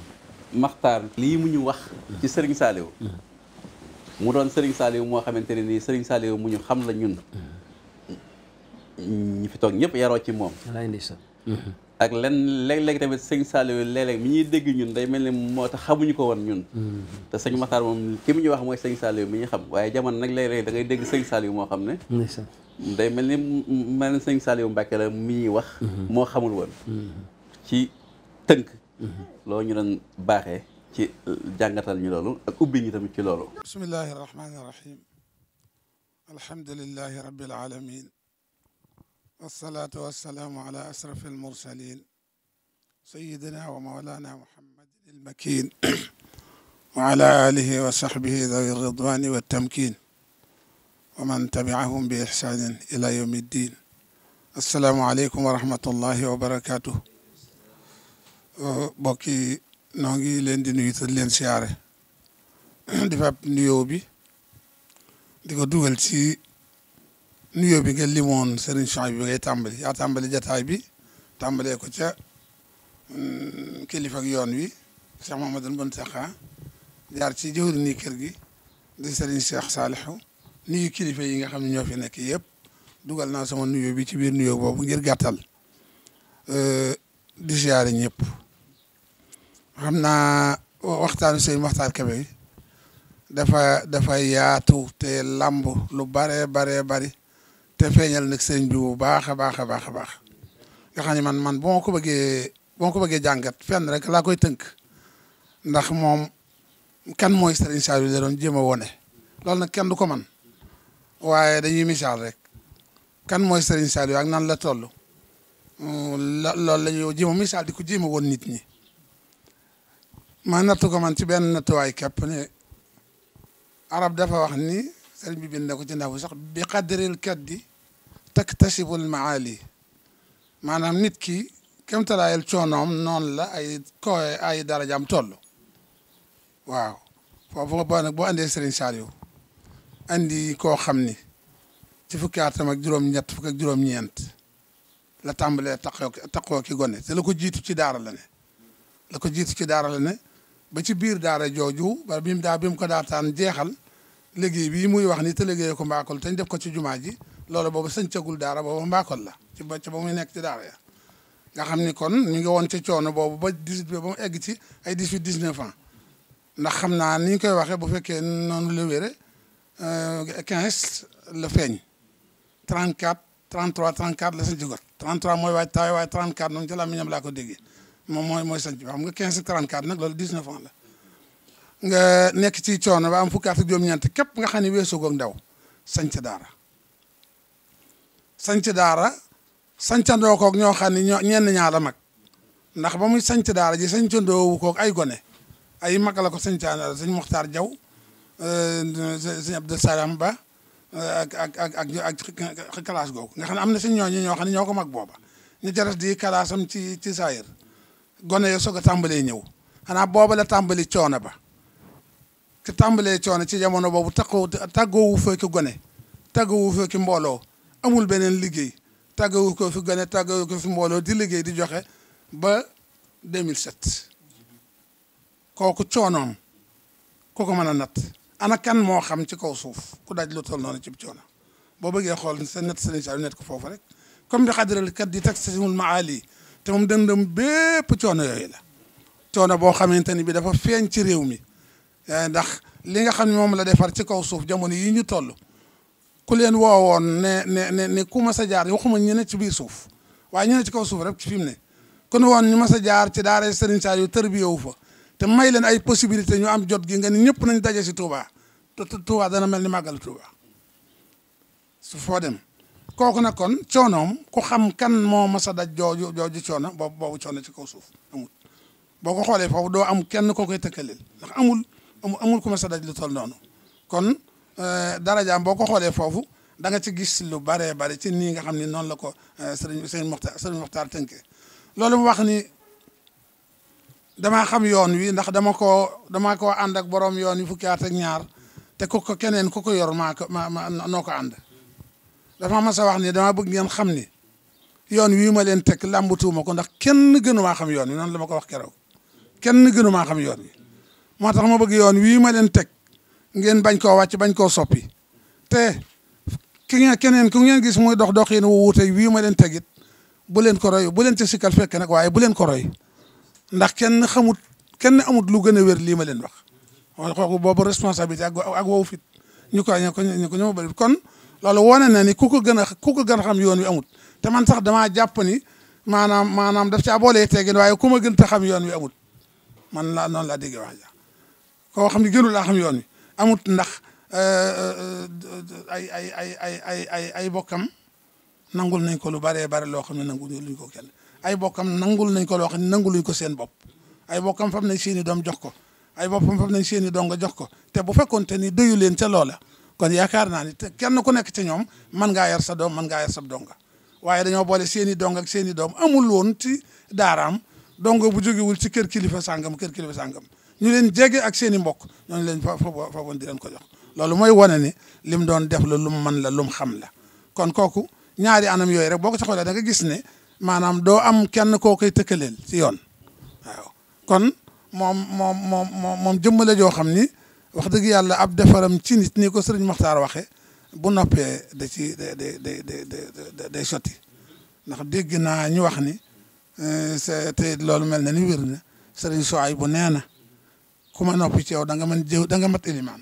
Maxtaar lii mu ñu wax. ci sëriñ Saliou. mu doon sëriñ Saliou moo xamante ne nii sëriñ Saliou mu ñu xam la ñun. ñi fi toog ñëpp yaroo ci moom mhm. ak lenn léeg-léeg tamit sëñ Saliou léeg-léeg ñuy dégg ñun day mel ni moo tax xamuñu ko woon ñun mhm. te sëñ Matar moom ki mu ñu wax mooy sëñ Saliou mi ñu xam waaye jamono nag léeg-léeg da dégg sëñ Saliou moo xam ne day mel ni mel ni sëñ Saliou Mbacke la mi ñuy wax mhm. moo xamul woon ci tënk loolu ñu doon baaxee ci jàngatal ñu loolu ak ubbi ñu tamit ci loolu bismillahi rahmaani rahim alhamdulillahi rabbil alamin wasalaatu wasalaamu ala ashraf almursalin sayidina wa maolana muhammadin almakin wa ala alihi wa sahbihi dawi ridwani wattamkin wa man tabiahum bi ihsanin ila yawmi ddin assalaamu aleykum wa rahmatullahi wa barakatuh mbokk yi noo ngi leen di nuyu te leen siyaare di fab nuyoo bi di ko dugal ci nuyoo bi nga limoon Serigne Cheikh bi ngay tàmbali yaa tàmbali jataay bi tàmbalee ko ca mm, kilifa ak yoon wi Cheikh Mouhamadou Mountakha jaar ci jëwri nii kër gi di Serigne Cheikh Salihu nuyu kilifa yi nga xam ne ñoo fi nekk yëpp dugal naa sama nuyoo bi ci biir nuyoo boobu ngir gàttal euh, di ziare ñëpp xam naa waxtaanu seen waxtaan Kébé dafa dafa yaatu te làmb lu bare bare bari te feeñal nag sëriñ bi bu baax a baax a baax a baax nga xam ne man man boo ko bëggee boo ko bëggee jàngat fenn rek laa koy tënk ndax moom kan mooy sëriñ Saliou la doon jéem a wone loolu nag kenn du ko man waaye dañuy misaal rek kan mooy sëriñ Saliou ak nan la toll mm, la loolu la ñuy jéem a misaal di ko jéem a woon nit ñi ma nattu ko man ci benn nattuwaay képp ne arab dafa wax ni sëriñ bi bind na ko ci ndax sax bi xaddiril kat taktasibu al maali maanaam nit ki kemtalaayal coonoom noon la ay koowe ay darajaam toll waaw foofu ba nag boo andee Serigne Saliou andi koo xam ni ci fukki atam ak juróom-ñett fukk ak juróom-ñeent la tàmbalee taqoo taqoo ki gone te la ko jiitu ci daara la ne la ko jiitu ci daara la ne ba ci biir daara jooju ba bi mu daa bi mu ko daataan jeexal liggéey bii muy wax ni te liggéey ko mbaakol te ñu def ko ci jumaa ji loolu boobu sëncagul daara boobu mbaakoon la ci ba ci ba muy nekk ci daara nga xam ni kon ñu ngi woon ci coono boobu ba 18 ba mu egg ci ay 18 19 ans ndax xam naa ni ñu koy waxee bu fekkee noonu la wére 15 euh, la feeñ 34 33 34 la sënci got 33 mooy waay taay waay 34 noonu ci làmmiñam laa ko déggee moom mooy mooy sënci ba xam nga 15 34 nag loolu 19 ans la nga nekk ci coono ba am fukki at ak juróom-ñeent képp nga xam ne weesoo goog ndaw sañc daara sanc daara sancandoo koog ñoo xam ne ñoo mag ndax ba muy sanc daara ji sancandoowu koog ay gone ay mag la ko sancaane sëñ Moxtaar Jaw euh, sëñ Abdou Salam Ba euh, ak ak ak ak ak classe nga xam ne am na si ñooñu ñoo xam ne ñoo ko mag booba ñu jaras di kalaasam ci ci saayir gone yo soog a tàmbalee ñëw xanaa booba la tàmbali coono ba te tàmbalee coono ci jamono boobu taqoo tàggoowu fekki gone tàggoowu fekki mbooloo amul beneen liggéey tàggawu ko fi gane tàggawu ko fi mbooloo di liggéey di joxe ba 2007 kooku coonoom ku ko mën a natt ana kan moo xam ci kaw suuf ku daaj lu toll noonu ci coono boo bëggee xool sa net sëriñ Saliou net ko foofu rek comme bi xadiral kat di taxsimul maali te moom dëndam bépp coono yooyu la coono boo xamante ni bi dafa feeñ ci réew mi eh, ndax li nga xam ne moom la defar ci kaw suuf jamono yi ñu toll ku leen woowoon ne ne ne ne ku mas a jaar waxuma ñu ne ci biir suuf waaye ñu ne ci kaw suuf rek ci fi mu ne ku ne woon ñu mas a jaar ci daara Serigne Saliou tërbiye wu fa te may leen ay possibilité ñu am jot gi nga ni ñëpp nañu daje si Touba te dana mel ni màggal Touba su foo dem kooku nag kon coonoom ku xam kan moo mas a daj jooju jooju coono boobu boobu coono ci kaw suuf amul boo ko xoolee foofu doo am kenn koo koy tëkkalil ndax amul amul ku mas daj lu toll noonu Euh, darajaam boo ko xoolee foofu da nga ci gis lu baree bare ci nii nga xam ni noon la ko euh, sëriñ sëriñ Muxtaar sëriñ Muxtaar tënkee loolu mu wax ni damaa xam yoon wi ndax dama ko dama koo ànd ak borom yoon wi fukki at ak ñaar te ku ko keneen ku ko yor maa ko ma ma noo ko ànd dafa mas a wax ni dama bëgg ngeen xam ni yoon wii ma leen teg làmbatuuma ko ndax kenn gënu maa xam yoon wi noonu la ma ko wax keroog kenn gënu maa xam yoon wi moo tax ma bëgg yoon wii ma leen teg ngeen bañ koo wàcc bañ koo soppi te ki keneen ku ngeen gis muy dox dox yéen wu wuute wii ma leen tegit bu leen ko roy bu leen ci sikkal fekk nag waaye bu leen ko roy ndax kenn xamut kenn amut lu gën a wér lii ma leen wax wax kooku boobu responsabilité ak ak woowu fit ñu ko ñu ko ñu ma kon loolu wane na ni ku ko gën ku ko gën a xam yoon wi amut te man sax damaa jàpp ni maanaam maanaam daf caa boolee waaye ku ma gën xam yoon wi amut man laa noonu laa déggee wax ja koo xam ne gënu laa xam yoon wi amut ndax ay euh, euh, euh, ay ay ay ay ay ay bokkam nangul nañ ko lu baree bare loo xam ne nangul luñ ko kenn ay bokkam nangul nañ ko loo xam ne nanguluñ ko seen bopp ay bokkam fam nañ seeni doom jox ko ay boppam fam nañ seeni doom nga jox ko te bu fekkoon te ni doyu leen ca loola kon yaakaar naa ni te kenn ku nekk ci ñoom mën ngaa yar sa doom mën ngaa yar sa donga waaye dañoo boole seeni dong ak seeni doom amul woon ci daaraam dongo bu jógewul ci kër kilifa sàngam kër kilifa sàngam ñu leen jege ak seen i mbokk ñooñu leen fa foogoon di leen ko jox loolu mooy wane ne lim doon def la lum man la lum xam la kon kooku ñaari anam yooyu rek boo ko ci xoolee da nga gis ne maanaam doo am kenn koo koy tëkkaleel ci yoon waaw kon moom moom moom moom moom jëmm la joo xam ni wax dëgg yàlla ab defaram ci nit ni ko sëriñ Maxtaar waxe bu noppee da ci da da da day sotti ndax dégg naa ñu wax ni euh, c'est te loolu mel na ni wér na sëriñ Soay bu nee na ku ma noppi ci yow da nga mën jëw da mat ilimaan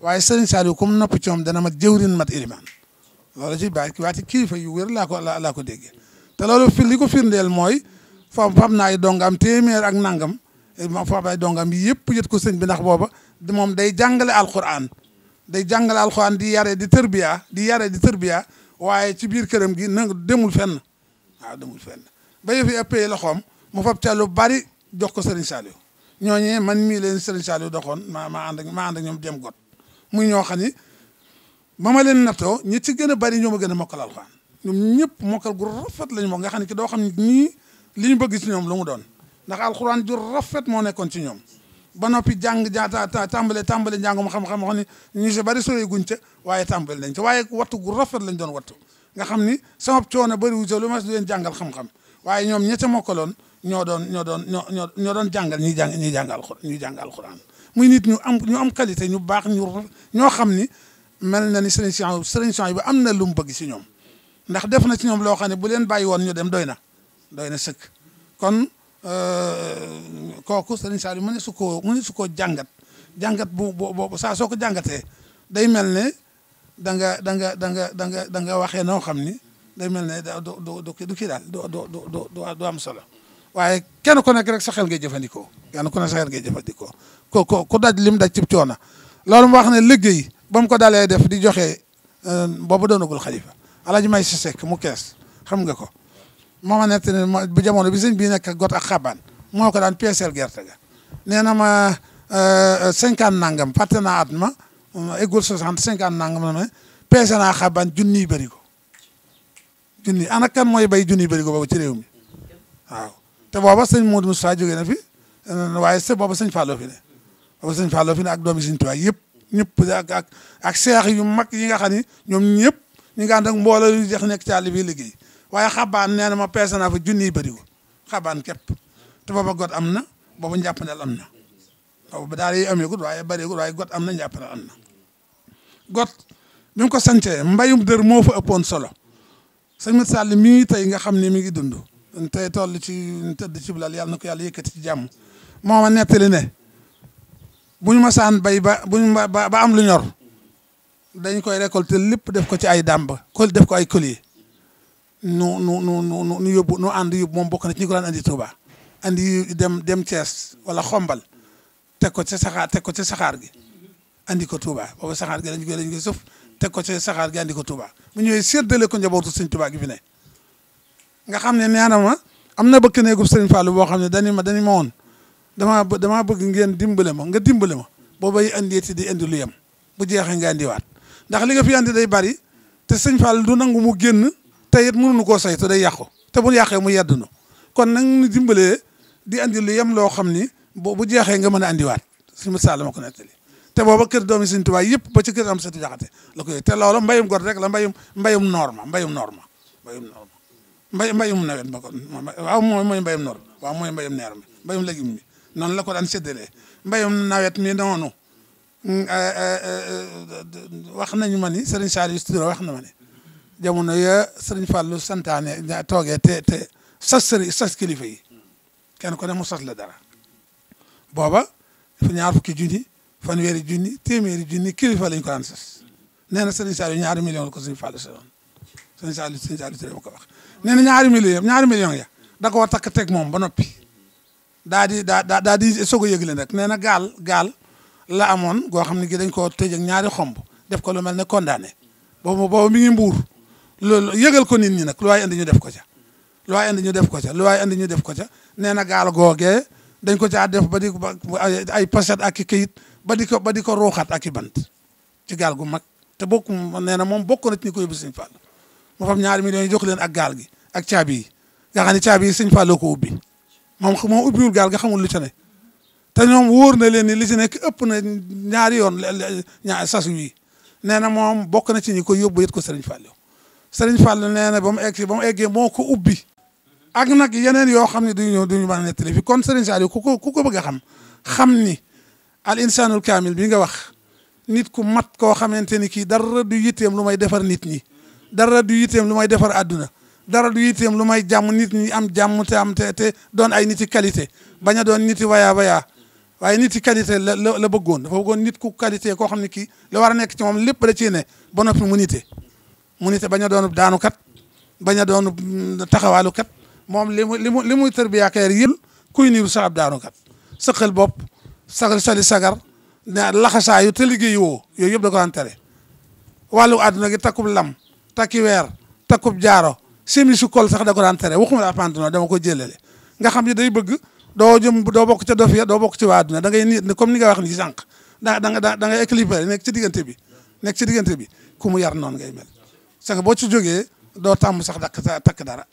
waaye sëriñ Saliou ku ma noppi ci dana mat jëwrin mat ilimaan loolu ci baat waati kilifa yu wér laa ko laa te loolu fi li ko firndeel mooy fam fam naay dongam téeméer ak nangam eh, fam naay dongam yëpp yët ko sëñ ndax booba moom day jàngale alquran day jàngale alquran di yare di tërbiya di yare di tërbiya waaye ci biir këram gi na demul fenn waaw ba yëfi fab ca lu bari jox ko sëriñ Saliou ñooñee man mii leen Serigne Saliou doxoon ma ma ànd ak ma ànd ñoom dem got muy ñoo xam ni ba ma leen nattoo ñi ci gën a bari ñoom ma gën a mokkal alxuraan ñoom ñëpp mokkal gu rafet lañu moom nga xam ne ki doo xam ne ñii li ñu bëgg ci ñoom lu mu doon ndax alxuraan jur rafet moo nekkoon ci ñoom ba noppi jàng jaata tàmbale tàmbale njàngum xam-xam xam ni ñu bari sore guñ ca waaye tàmbale nañ ca waaye wattu gu rafet lañ doon wattu nga xam ni sama coono bari wu ca lu ma leen jàngal xam-xam waaye ñoom ña ca mokkaloon ñoo doon ñoo doon ñoo ñoo ñoo doon jàngal ñuy jàng ñuy jàng alxuraan ñuy jàng alxuraan muy nit ñu am ñu am qualité ñu baax ñu ñoo xam ni mel na ni sëriñ Cheikh sëriñ Cheikh bi am na lu mu bëgg si ñoom ndax def na ci ñoom loo xam ne bu leen bàyyi woon ñu dem doy na doy na sëkk kon euh, kooku sëriñ Cheikh bi mu ne su koo mu ne su koo jàngat jàngat bu bu saa soo ko jàngatee day mel ne da nga da nga da nga da nga da nga waxee noo xam ni day mel ne du du du kii daal du du du du am solo. waaye kenn ku nekk rek sa xel ngay jëfandikoo kenn ku nekk ngay jëfandikoo ko ko ku daj lim daj cib coona loolu mu wax ne liggéey ba ko dalee def di joxe euh, boobu doonagul xalifa alaaji may si mu kees xam nga ko mooma nett bu jamono bi sëñ bii nekk got a xabaan moo ko daan peeseel gerte ga nee na ma euh, cinquante nangam fàtte naa at ma eggul soixante cinquante nangam na peese naa xabaan junniy bëri ko junniy ana kan mooy bay junniy bëri ko boobu ci réew mi te booba sëñ Modou Moustapha jógee na fi euh, waaye sa booba sëñ Fallou fi ne booba sëñ Fallou fi ne ak doomi sëñ Tuubaa yëpp ñëpp ak ak ak seex yu mag yi nga xam ni ñoom ñëpp ñu ngi ànd ak yu jeex nekk ci àll bi liggéey waaye xabaan nee na ma peese naa fa junniy bëriwul xabaan képp te booba got am na booba njàppandal am na booba daal yi amee gut waaye bëriwul got am na njàppandal am na got bi ko sancee mbayum dër moo fa ëppoon solo sëñ Mat Sall mi ngi tey nga xam ne mi ngi dund tey toll ci tëdd ci bilal yàlla na ko yàlla yëkkati ci jàmm moo ma nettali ne buñ ñu ma saan bay ba bu ñu ba am lu ñor dañ koy récolter lépp def ko ci ay dàmb ko def ko ay collier nu nu nu nu nu yóbbu nu ànd yóbbu moom bokk na ci ñu ko daan andi Touba andi dem dem Thiès wala xombal teg ko ci saxaar teg ko ci saxaar gi andi ko Touba boobu saxaar gi dañ koy dañ koy sëf teg ko saxaar gi andi ko Touba bu ñëwee séddale ko njabootu Sëñ Touba gi fi ne nga xam ne nee na ma am na bëkk néegub sëriñ Fallou boo xam ne dañu ma dañu ma woon damaa damaa bëgg ngeen dimbale ma nga dimbale ma boobay andeeti di indi lu yem bu jeexee indiwaat ndax li nga fi andi day bari te sëñ Fallou du nangu mu génn te it mënuñu koo saytu day yàqu te bu yàqee mu yedd nu kon nag ñu dimbalee di andi lu yem loo xam ni bu bu jeexee nga mën a andiwaat suñu misaal la ma ko nettali te booba kër doomi Sëñ Tuubaa yëpp ba ci kër am sëtu jaxate la koy te loolu mbayum gor rek la mbayum mbayum norma mbayum norma mbayum norma mbay mbayum nawet ba kon waaw mooy mooy mbayum noor waaw mooy mbayum neer mi mbayum légume mi noonu la ko daan séddalee mbayum nawet mi noonu mm, eh, eh, eh, wax nañu ma ni Serigne Saliou Touré wax na ma ne jamono ya Serigne Fallou santaane toogee te te sas sëriñ sas kilifa yi kenn ko ne mu sas la dara booba ñaar fukki junni fanweeri junni téeméeri junni kilifa lañ ko daan sas nee na Serigne Saliou ñaari million la ko Serigne Fallou sa woon Serigne Saliou Serigne Saliou Touré ma ko wax nee na ñaari million ñaari million ya da koo takk teg moom ba noppi daa di daa daa di soog a yëg nee na gaal gaal la amoon goo xam ne gi dañ ko tëj ak ñaari xomb def ko lu mel ne condamné boobu boobu mi ngi mbuur loolu yëgal ko nit ñi nag lu waay indi ñu def ko ca lu waay indi ñu def ko ca lu waay indi ñu def ko ca nee na gaal googee dañ ko caa def ba di ay pochette ak kayit këyit ba di ko ba di ko ruuxaat ak bant ci gaal gu mag te bokk nee na moom bokk na ci ñi ko yóbbu Sëñ Fall mu fam ñaari yi jox leen ak gaal gi ak caabi yi nga ne caabi yi sëñ Fallou ko ubbi moom moom ubbiwul gaal nga xamul lu ca ta te ñoom na leen ni li ci nekk ëpp na ñaari yoon ñaar sas yi nee na moom bokk na ci ñi ko yóbbu yët ko sëriñ Fallou sëriñ Fallou nee ba mu egg si ba mu eggee moo ko ubbi ak nag yeneen yoo xam ne duñu ñëw duñu mën a nettali fi kon sëriñ Saliou ku ko ku ko bëgg a xam xam ni al insanul kaamil bi nga wax nit ku mat koo xamante ni kii dara du yitteem lu may defar nit ñi dara du yitteem lu may defar àdduna dara du yitteem lu may jàmm nit ñi am jàmm te am te te doon ay nit yi qualité bañ doon nit yi wayaa wayaa waaye nit yi qualité la la la bëggoon dafa bëggoon nit ku qualité koo xam ne kii la war a nekk ci moom lépp da ciy ne ba noppi mu nite mu nite bañ a doon daanu kat bañ a doon mm, taxawaalu kat moom li mu li mu li muy tërbiyaa kër yëpp kuy niru sax ab daanu kat sëqal bopp sagal sali sagar na laxasaayu te liggéey woo yooyu yëpp da ko daan tere wàllu àdduna gi takkub lam takki weer takkub jaaro chemise su col sax da ko daan tere waxuma la da dama ko jëlale nga xam ne day bëgg doo jëm doo bokk ca dof ya doo bokk ci waa adduna da ngay nii comme ni nga wax ni sànq da da nga da ngay équilibré nekk ci diggante bi nekk ci diggante bi ku mu yar noonu mel sax boo ci jógee doo tàmm sax dakk takk dara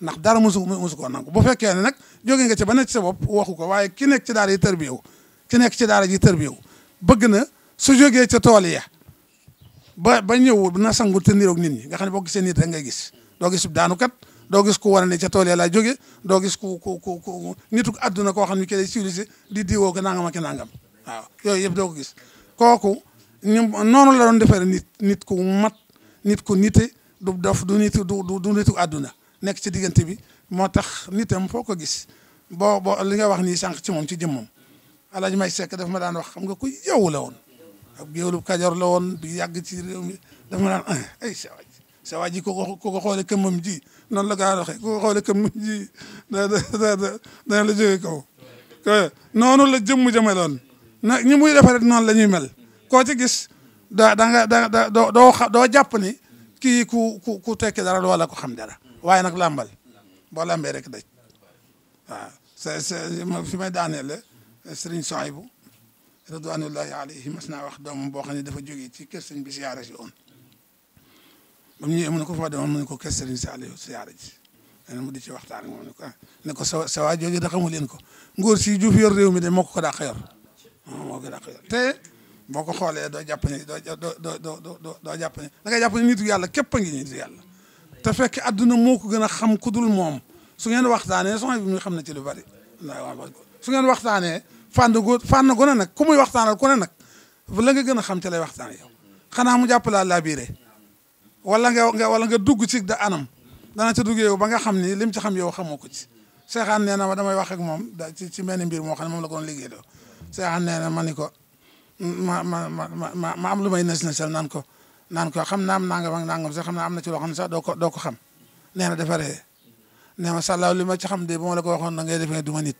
ndax dara musu musu koo nangu bu fekkee ne nag jóge nga ci ba nekk sa bopp waxu ko waaye ki nekk ci daara yi tërbiyewu ki nekk ci daara ji tërbiyewu bëgg na su jógee ca tool ya ba ba ñëw na sangu te niroog nit ñi nga xam ne boo gisee nit rek ngay gis doo gis daanu kat doo gis ku war ca tool ya laa jóge doo gis ku ku ku ku nitu àdduna koo xam ne ki lay civilisé di diwoo ko nangam ak nangam waaw yooyu yëpp doo ko gis kooku ñu noonu la nit nit ku mat nit ku nite du dof du nitu du àdduna nekk ci diggante bi moo tax nitam foo ko gis boo boo li nga wax nii sànq ci moom ci jëmmam Alaaji May Sekk daf ma daan wax xam nga ku yow la woon ab géwélu Kajoor la woon du yàgg ci réew mi daf ma daan eh, ay sa ji ku ko ku ko xoolee këmmam ji noon la gaa waxee ku ko kam këmmam ji da da da la jógee noonu la jëmm jëme na ñi muy noonu la mel koo ci gis da da nga da da doo doo jàpp kii ku ku ku tekki dara wala ko xam dara waaye nag làmbal boo làmbee rek daj waaw c'est c'est fi may daaneel Sëriñ Sohaybu radwanullahi alayhi mas naa wax doomam boo xam ne dafa jógee ci kër sëñ bi siyaare si woon ba mu ñëwee mu ko foo demoon mu ne ko kër Serigne Saliou siyaara ji nee mu di ci waxtaan ak moom ne ko ah ne ko sa waa jooju da xamu leen ko ngóor si Juuf yor réew mi de moo ko ko dàq yor moo ko te boo ko xoolee doo jàpp ne doo doo doo doo doo jàpp ne da jàpp ne nitu yàlla képp a ngi nitu yàlla te fekk adduna moo ko gën a xam ku dul moom su waxtaanee soxna bi mu xam na ci lu bari su ngeen waxtaanee fànn gó fànn gone nag ku muy waxtaanal ku ne nag la nga gën a xam ci lay waxtaan yow xanaa mu jàpp laa labiré wala nga nga wala nga dugg ci da anam dana ca dugg yow ba nga xam ni lim ci xam yow xamoo ko ci Seexaan nee na ma damay wax ak moom da ci ci benn mbir moo xam ne moom la ko doon liggéey doo Seexaan nee na ma ni ko ma ma ma ma ma am lu may nas nasal naan ko naan ko xam naam nangam ak nangam sax xam naa am na ci loo xam ne sax doo ko doo ko xam nee na dafa ree nee ma sàllaaw li ma ci xam de ba ma la ko waxoon da ngay defee du ma nit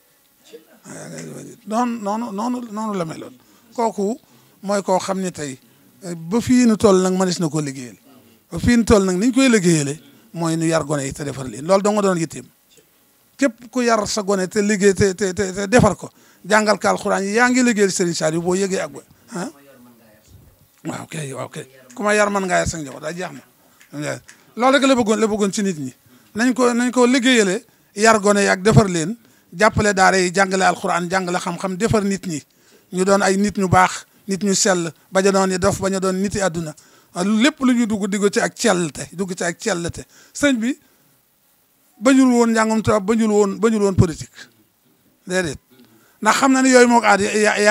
noonu noonu noonu noonu la meloon kooku mooy koo xam ne tey ba fii nu toll nag mënees na koo liggéeyal ba fii ñu toll nag ni ñu koy liggéeyale mooy nu yar gone yi te defar leen loolu dong doon yitteem képp ku yar sa gone te liggéey te te te defar ko jàngal ka alxuraan yi yaa ngi liggéeyal Serigne Saliou boo yëgee ak ah? ma yar man ngaa sa njaboot daa jeex ma loolu la bëggoon la bëggoon ci nit ñi nañ ko nañ ko liggéeyale yar gone yi ak defar leen jàppale daara yi jàngale alxuraan jàngale xam-xam nit ñi ñu doon ay nit ñu baax nit ñu sell bañ a doon dof bañ a doon niti àdduna lépp lu ñuy dugg digg ci ak cellte dugg ci ak cellte sëñ bi bañul woon njàngum tubaab bañul woon bañul woon politique ndax xam na ne yooyu mook aad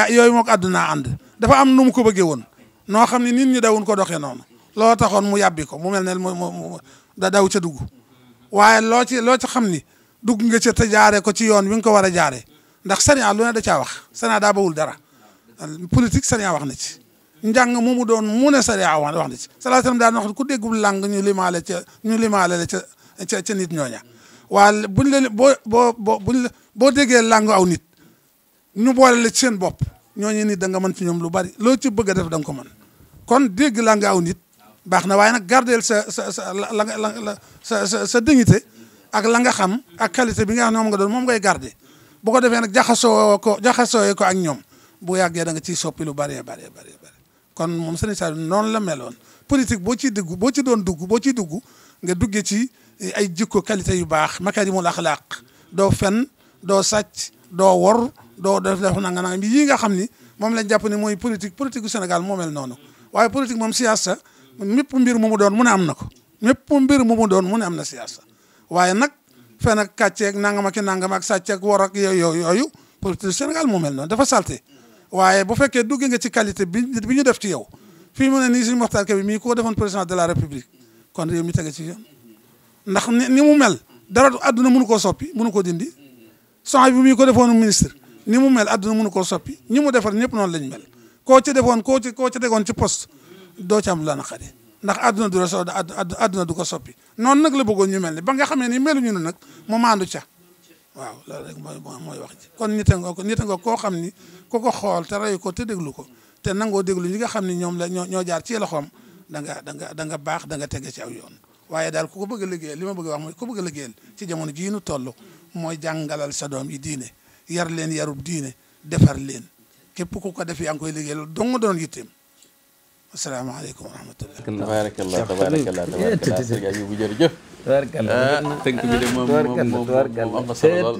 yooyu mook àdduna ànd dafa am nu mu ko bëggee woon noo xam ne ni ñi dawun ko doxee noonu loo taxoon mu yàbbi ko mu mel ne mu da daw ca dugg waaye loo ci loo ci xam ni dugg nga ca ta jaaree ko ci yoon wi nga ko war a jaaree ndax sëñ lu ne da caa wax sëñ daa bawul dara politique sëñ wax na ci njàng mu mu doon mu ne sariya wax wax na ci salaa salaam daan wax ku déggul làng ñu limaale ca ñu limaale la ca ca nit ñooña waaye buñ lene boo boo boo buñ boo déggee làng aw nit ñu boole la seen bopp ñooñu nit da nga mën ci ñoom lu bari loo ci bëgg a def da ko mën kon dégg làng aw nit baax na waaye nag gardeel sa sa sa la la sa sa sa dignité ak la nga xam ak qualité bi xam ne moom nga doon moom ngay garder bu ko defee jaxasoo ko jaxasoo ko ak ñoom bu yàggee da nga ciy soppi lu bari bari bari kon moom sëriñ Saliou noonu la meloon politique boo ciy dugg boo ci doon dugg boo ciy dugg nga duggee ci eh, ay jikko qualité yu baax mu makaarimul axlaaq doo fen doo sàcc doo wor doo def def nanga nanga bi yii nga xam ni moom lañ jàpp ne mooy politique politique gu Sénégal moo mel noonu waaye politique moom siyaasa mépp mbir mu mu doon mu ne am na ko mépp mbir mu mu doon mu ne am na siyaasa waaye nag fen ak kàcceeg nangam ki nangam ak sàcceeg wor ak yooyu yooyu politique du Sénégal moo mel noonu dafa salté waaye bu fekkee dugg nga ci qualité bi bi ñu def ci yow fii mu ne nii suñu Moxtaar Kebe mii ko defoon président de la république kon réew mi tege ci yoon ndax ni mu mel dara àdduna mënu koo soppi mënu koo dindi soxna bi mii ko defoon ministre ni mu mel àdduna mënu koo soppi ñi mu defar ñëpp noonu lañ mel koo ci defoon koo ci koo ci degoon ci poste doo ci am lana xari ndax àdduna du la du ko soppi noonu nag la bëggoon ñu mel ni ba nga xamee ni meluñu ne nag mu ca waaw loolu rek mooy mooy wax ci kon nit a ko nit a nga koo xam ni ku ko xool te rayu ko te déglu ko te nangoo déglu ñi nga xam ni ñoom la ñoo ñoo jaar ci loxoom da nga da nga da nga baax danga tege ci aw yoon waaye daal ku ko bëgg a liggéeyal li ma bëgg wax mooy ko bëgg a liggéeyal ci jamono jii nu toll mooy jàngalal sa doom yi diine yar leen yarub diine defar leen képp ku ko def yaa ngi koy liggéeyal dong doon yitteem asalaamaaleykum wa rahmatulah. tabaarakallah tabaarakallah tabaarakallah sëñ Ayoub jërëjëf. tabaarakallah ah, tënk bi de moom moom na solo lool.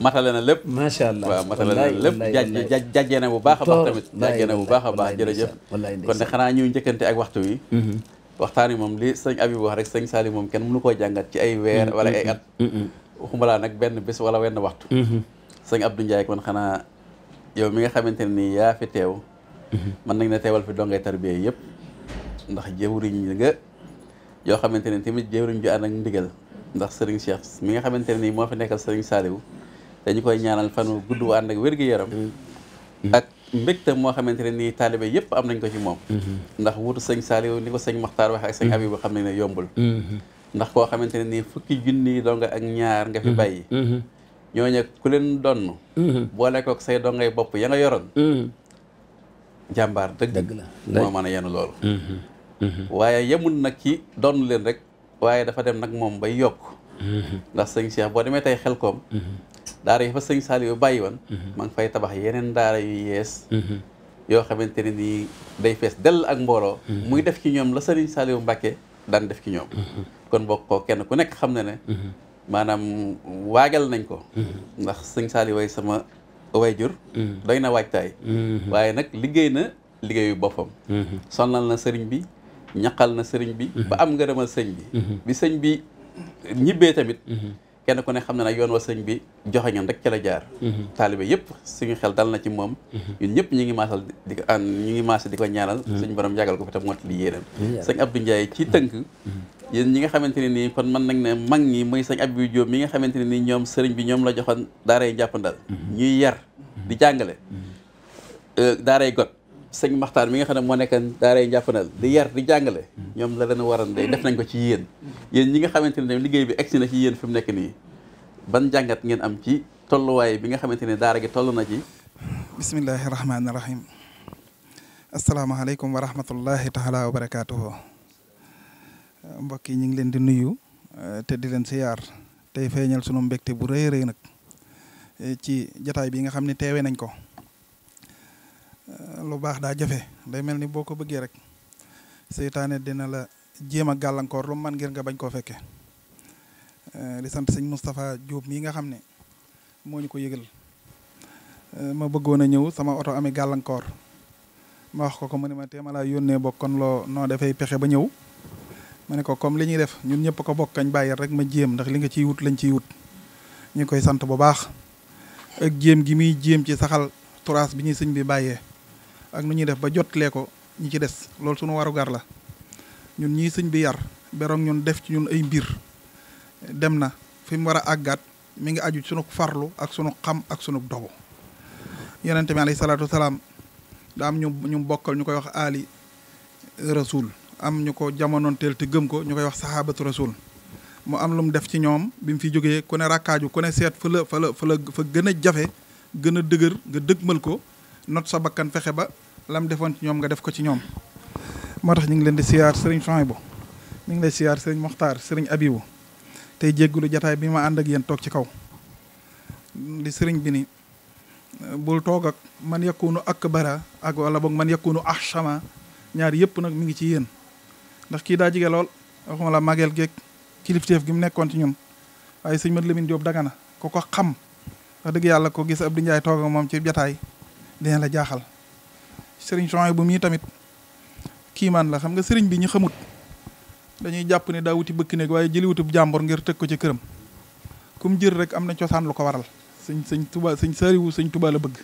matale na lépp. macha allah waaw matale na bu baax a baax tamit. jaajee na bu baax a baax jërëjëf. kon ne xanaa ñu njëkkante ak waxtu wi. Mm-hmm. waxtaan wi moom li sëñ Habib wax rek sëñ Salim moom kenn mënu koo jàngat ci ay weer mm-hmm. wala ay at. Mm-hmm. waxumala nag benn bés wala wenn waxtu. sëñ Abdou Ndiaye kon xanaa yow mi nga xamante nii yaa fi teew. Mm-hmm. mën nañ ne teewal fi dongay tarbiya yëpp ndax jëwriñ nga yoo xamante ne tamit jëwriñ ju ànd ak ndigal ndax sëriñ Cheikh mi nga xamante ne nii moo fi nekkal sëriñ Saliou dañu koy ñaanal fan gudd wu ànd ak wér gu yaram mm-hmm. ak mbégte moo xamante ne nii taalibe yëpp am nañ ko ci moom mm-hmm. ndax wutu sëñ Saliou ni ko sëñ Maxtaar waxee ak sëñ Habibou xam nañ ne yombul ndax koo xamante ne nii fukki junni donga ak ñaar nga fi bàyyi ñooñu ku leen donn boole kook say dongay jàmbaar dëgg dëgg la moo mën a yenu loolu mm-hmm. Mm-hmm. waaye yemul nag ci doonu leen rek waaye dafa dem nag moom bay yokk mm-hmm. ndax sëñ Cheikh boo demee tey xel koom daara yi fa sëñ Saliou bàyyi woon ma fay tabax yeneen daara yu yees yoo xamante ne nii day fees dell ak mbooloo muy def ci ñoom la sëriñ Saliou Mbacke daan def ci ñoom kon bokk ko kenn ku nekk xam na ne maanaam waagal nañ ko ndax sëñ Saliou sama way jur mm-hmm. doy na waajtaay mm-hmm. waaye nag liggéey na liggéeyu boppam mm-hmm. sonnal na sëriñ bi ñaqal na sëriñ bi ba am ngërëmal sëñ bi bi sëñ bi ñibbee tamit kenn ku ne xam na ne yoon wa sëñ bi joxeñoon rek ca la jaar mhm. taalibe yëpp suñu xel dal na ci moom mhm. ñun ñëpp ñu ngi maasal di ko ah, ñu ngi maasal di ko ñaanal mhm. suñu borom yàggal ko fi tam mottali yéenam sëñ Abdou Ndiaye ci tënk yéen ñi nga xamante ne nii kon man nag mag ñi muy sëñ Abdou Diop mi nga xamante ne nii ñoom sëriñ bi ñoom la joxoon daaray jàppandal ñuy yar di jàngale euh, daaray got sëñ Maxtaar mi nga xam ne moo nekk daaray njàppanal di yar di jàngale mm-hmm. ñoom la leen waran day def nañ ko ci yéen yéen ñi nga xamante ne liggéey bi egsi na ci yéen fi mu nekk nii ban jàngat ngeen am ci tolluwaay bi nga xamante ne daara gi toll na ci bismillahi rahmaani rahim asalaamaaleykum wa rahmatullahi taala wa barakaatuhu mbokk yi ñu ngi leen di nuyu eh, te di leen siyaar tey feeñal sunu mbégte bu rëy rëy nag eh, ci jataay bi nga xam ne teewe nañ ko Euh, lu baax daa jafe day mel ni boo ko bëggee rek seytaane dina la jéem a gàllankoor lu man ngir nga bañ koo fekke euh, di sant sëñ Moustapha Diop mii nga xam ne moo ñu ko yëgal euh, ma bëggoon a ñëw sama oto amee gàllankoor ma wax ko ko mu ne ma téema yónnee bokk kon loo noo dafay pexe ba ñëw mu ne ko comme li ñuy def ñun ñëpp ko bokk kañ bàyyi rek ma jéem ndax li nga ciy wut lañ ciy wut ñu koy sant bu baax ak jéem gi muy jéem ci saxal turaas bi ñuy sëñ bi bàyyee ak nu ñuy def ba jot lee ko ñu ci des loolu sunu warugar la ñun ñii sëñ bi yar beroog ñun def ci ñun ay mbir dem na fi mu war a àggaat mi ngi aju sunu farlu ak sunu xam ak sunu dogu yonente bi alayhi salaatu wasalaam daam ñu ñu bokkal ñu koy wax aali rasul am ñu ko jamonoonteel te gëm ko ñu koy wax sahabatu rasul mu am lu mu def ci ñoom bi fi jógee ku ne rakkaaju ku ne seet fa la fa la fa la gën a jafe gën a dëgër nga dëgmal ko not sa bakkan fexe ba lam defoon ci ñoom nga def ko ci ñoom moo tax ñu ngi leen di siyaar sëriñ Fahibou ñu ngi lay siyaar sëriñ Mokhtar sëriñ Abibou tey jéggulu jataay bi ma ànd ak yéen toog ci kaw di sëriñ bi ni bul toog ak man ak akbara ak wala boog man yakunu ahshama ñaar yëpp nag mi ngi ci yéen ndax kii daa jige lool waxuma la mageel geeg kilifteef gi mu nekkoon ci ñun waaye sëñ Mat Lamin Jóob Dagana ko ko xam wax dëgg yàlla ko gis Abdou Ndiaye toog ak moom ci jataay dina la jaaxal sëriñ Chouaïbou bu mii tamit kiimaan la xam nga sëriñ bi ñu xamut dañuy jàpp ne daa wuti bëkk néeg waaye jëliwutub jàmbor ngir teg ko ci këram kum jër rek am na cosaan lu ko waral sëñ sëñ tuba sëñ sariwu sëñ tuba la bëgg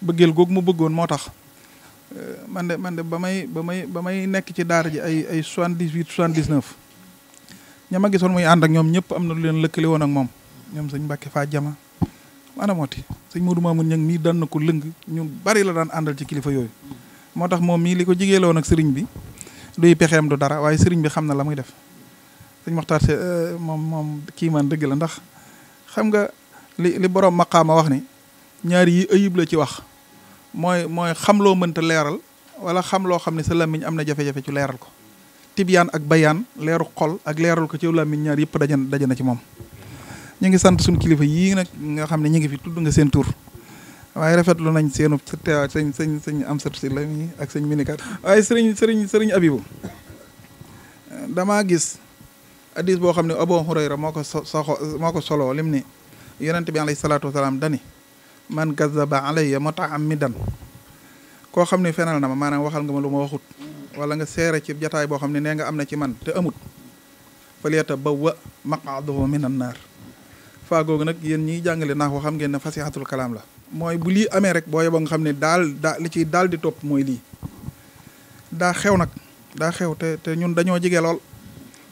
bëggeel googu mu bëggoon moo tax euh, man de man de ba may ba may ba may nekk ci daara ji ay ay soixante-dix-huit soixante-dix-neuf ña ma gisoon muy ànd ak ñoom ñëpp am na lu leen lëkkale woon ak moom ñoom sañ Mbàkke faa jama anamooti sëñ Modou Mamoun Niang mii daan na ko lëng ñu bari la daan àndal ci kilifa yooyu moo tax moom mii li ko jigee la woon ak sëriñ bi duy pexeem du dara waaye sëriñ bi xam na la muy def sëñ Moxtaar si euh, moom moom kii man dëgg la ndax xam nga li li borom maqaama wax ni ñaar yi ayib la ci wax mooy mooy xam loo mënta leeral wala xam loo xam ne sa làmmiñ am na jafe-jafe ci leeral ko tibyaan ak bayaan leeru xol ak leeral ko ci làmmiñ ñaar yëpp daje daje na ci moom ñu ngi sant suñu kilifa yii nag nga xam ne ñu ngi fi tudd nga seen tur waaye rafetlu nañ seenu teewaat sëñ sëñ sëñ Amsatou Sylla mi ak sëñ Minikat waaye sëriñ sëriñ sëriñ Abibu damaa gis addis boo xam ne Abu moo ko soxo moo ko soloo lim ni yonente bi alayhi salaatu wasalaam dani man kazaba alayya mutaamidan koo xam ne fenal na ma maanaam waxal nga ma lu ma waxut wala nga seere ci jataay boo xam ne nee nga am na ci man te amut falyata ba wa maqaduhu min an naar faa googu nag yéen ñiy jàngale nahwu xam ngeen ne fasihatul kalaam la mooy bu lii amee rek boo yeboo nga xam ne daal daa ciy daal di topp mooy lii daa xew nag daa xew te te ñun dañoo jige lool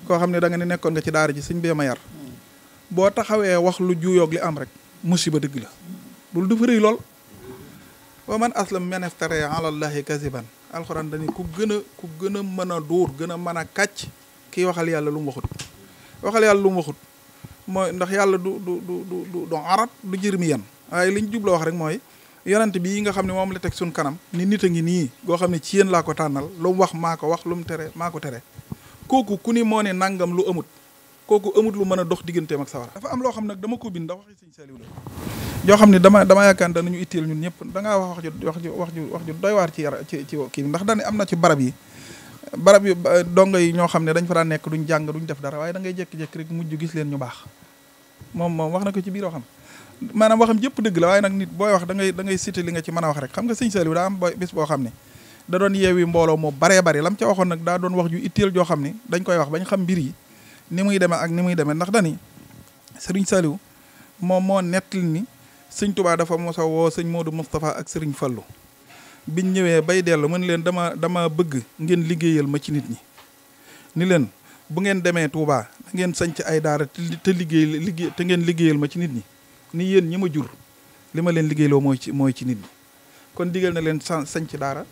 koo xam ne danga nga ne nekkoon nga ci daara ji suñ bee ma yar boo taxawee wax lu juuyoog li am rek musiba dëgg la loolu dafa rëy lool wa man aslam man iftara ala allahi kasiban alxuraan dañu ku gën a ku gën a mën a duur gën a mën a kàcc kii waxal yàlla lu mu waxut waxal yàlla lu waxut mooy ndax yàlla du du du du du arab du jërmi yan waaye li ñu jubla wax rek mooy yonent bi yi nga xam ne moom la teg suñ kanam ni nit a ngi nii goo xam ne ci yéen laa ko tànnal lu mu wax maa ko wax lu mu tere maa ko tere kooku ku ni moo ne nangam lu amut kooku amut lu mën a dox digganteem ak sawara dafa am loo xam nag dama ko bind da waxi sëñ Saliou la yoo xam ne dama dama yaakaar danañu itteel ñun ñëpp dangaa wax wax ju wax ju wax ju doy waar ci ci ci kii ndax dane am na ci barab yi barab yu dongo yi ñoo xam ne dañ fa daan nekk duñ jàng duñ def dara waaye da ngay jékki-jékki rek mujj gis leen ñu baax moom moom wax na ko ci biir xam maanaam waxam jëpp dëgg la waaye nag nit booy wax da ngay da ngay cité li nga ci mën a wax rek xam nga sëñ Saliou daa am bis boo xam ne da doon yeewi mbooloo moo baree bari lam ca waxoon nag daa doon wax ju itteel joo xam ne dañ koy wax bañ xam mbir yi ni muy demee ak ni muy demee ndax dani sëriñ Saliou moom moo nettali ni sëñ Touba dafa mosa woo sëñ Modou Moustapha ak sëriñ Fallou biñ ñëwee bay dellu mën leen dama dama bëgg ngeen liggéeyal ma ci nit ñi ni leen bu ngeen demee Touba da ngeen sanc ay daara te liggéey liggéey te ngeen liggéeyal ma ci nit ñi ni yéen ñi ma jur li ma leen liggéeyloo mooy ci mooy ci nit ñi kon digal na leen san sanc daara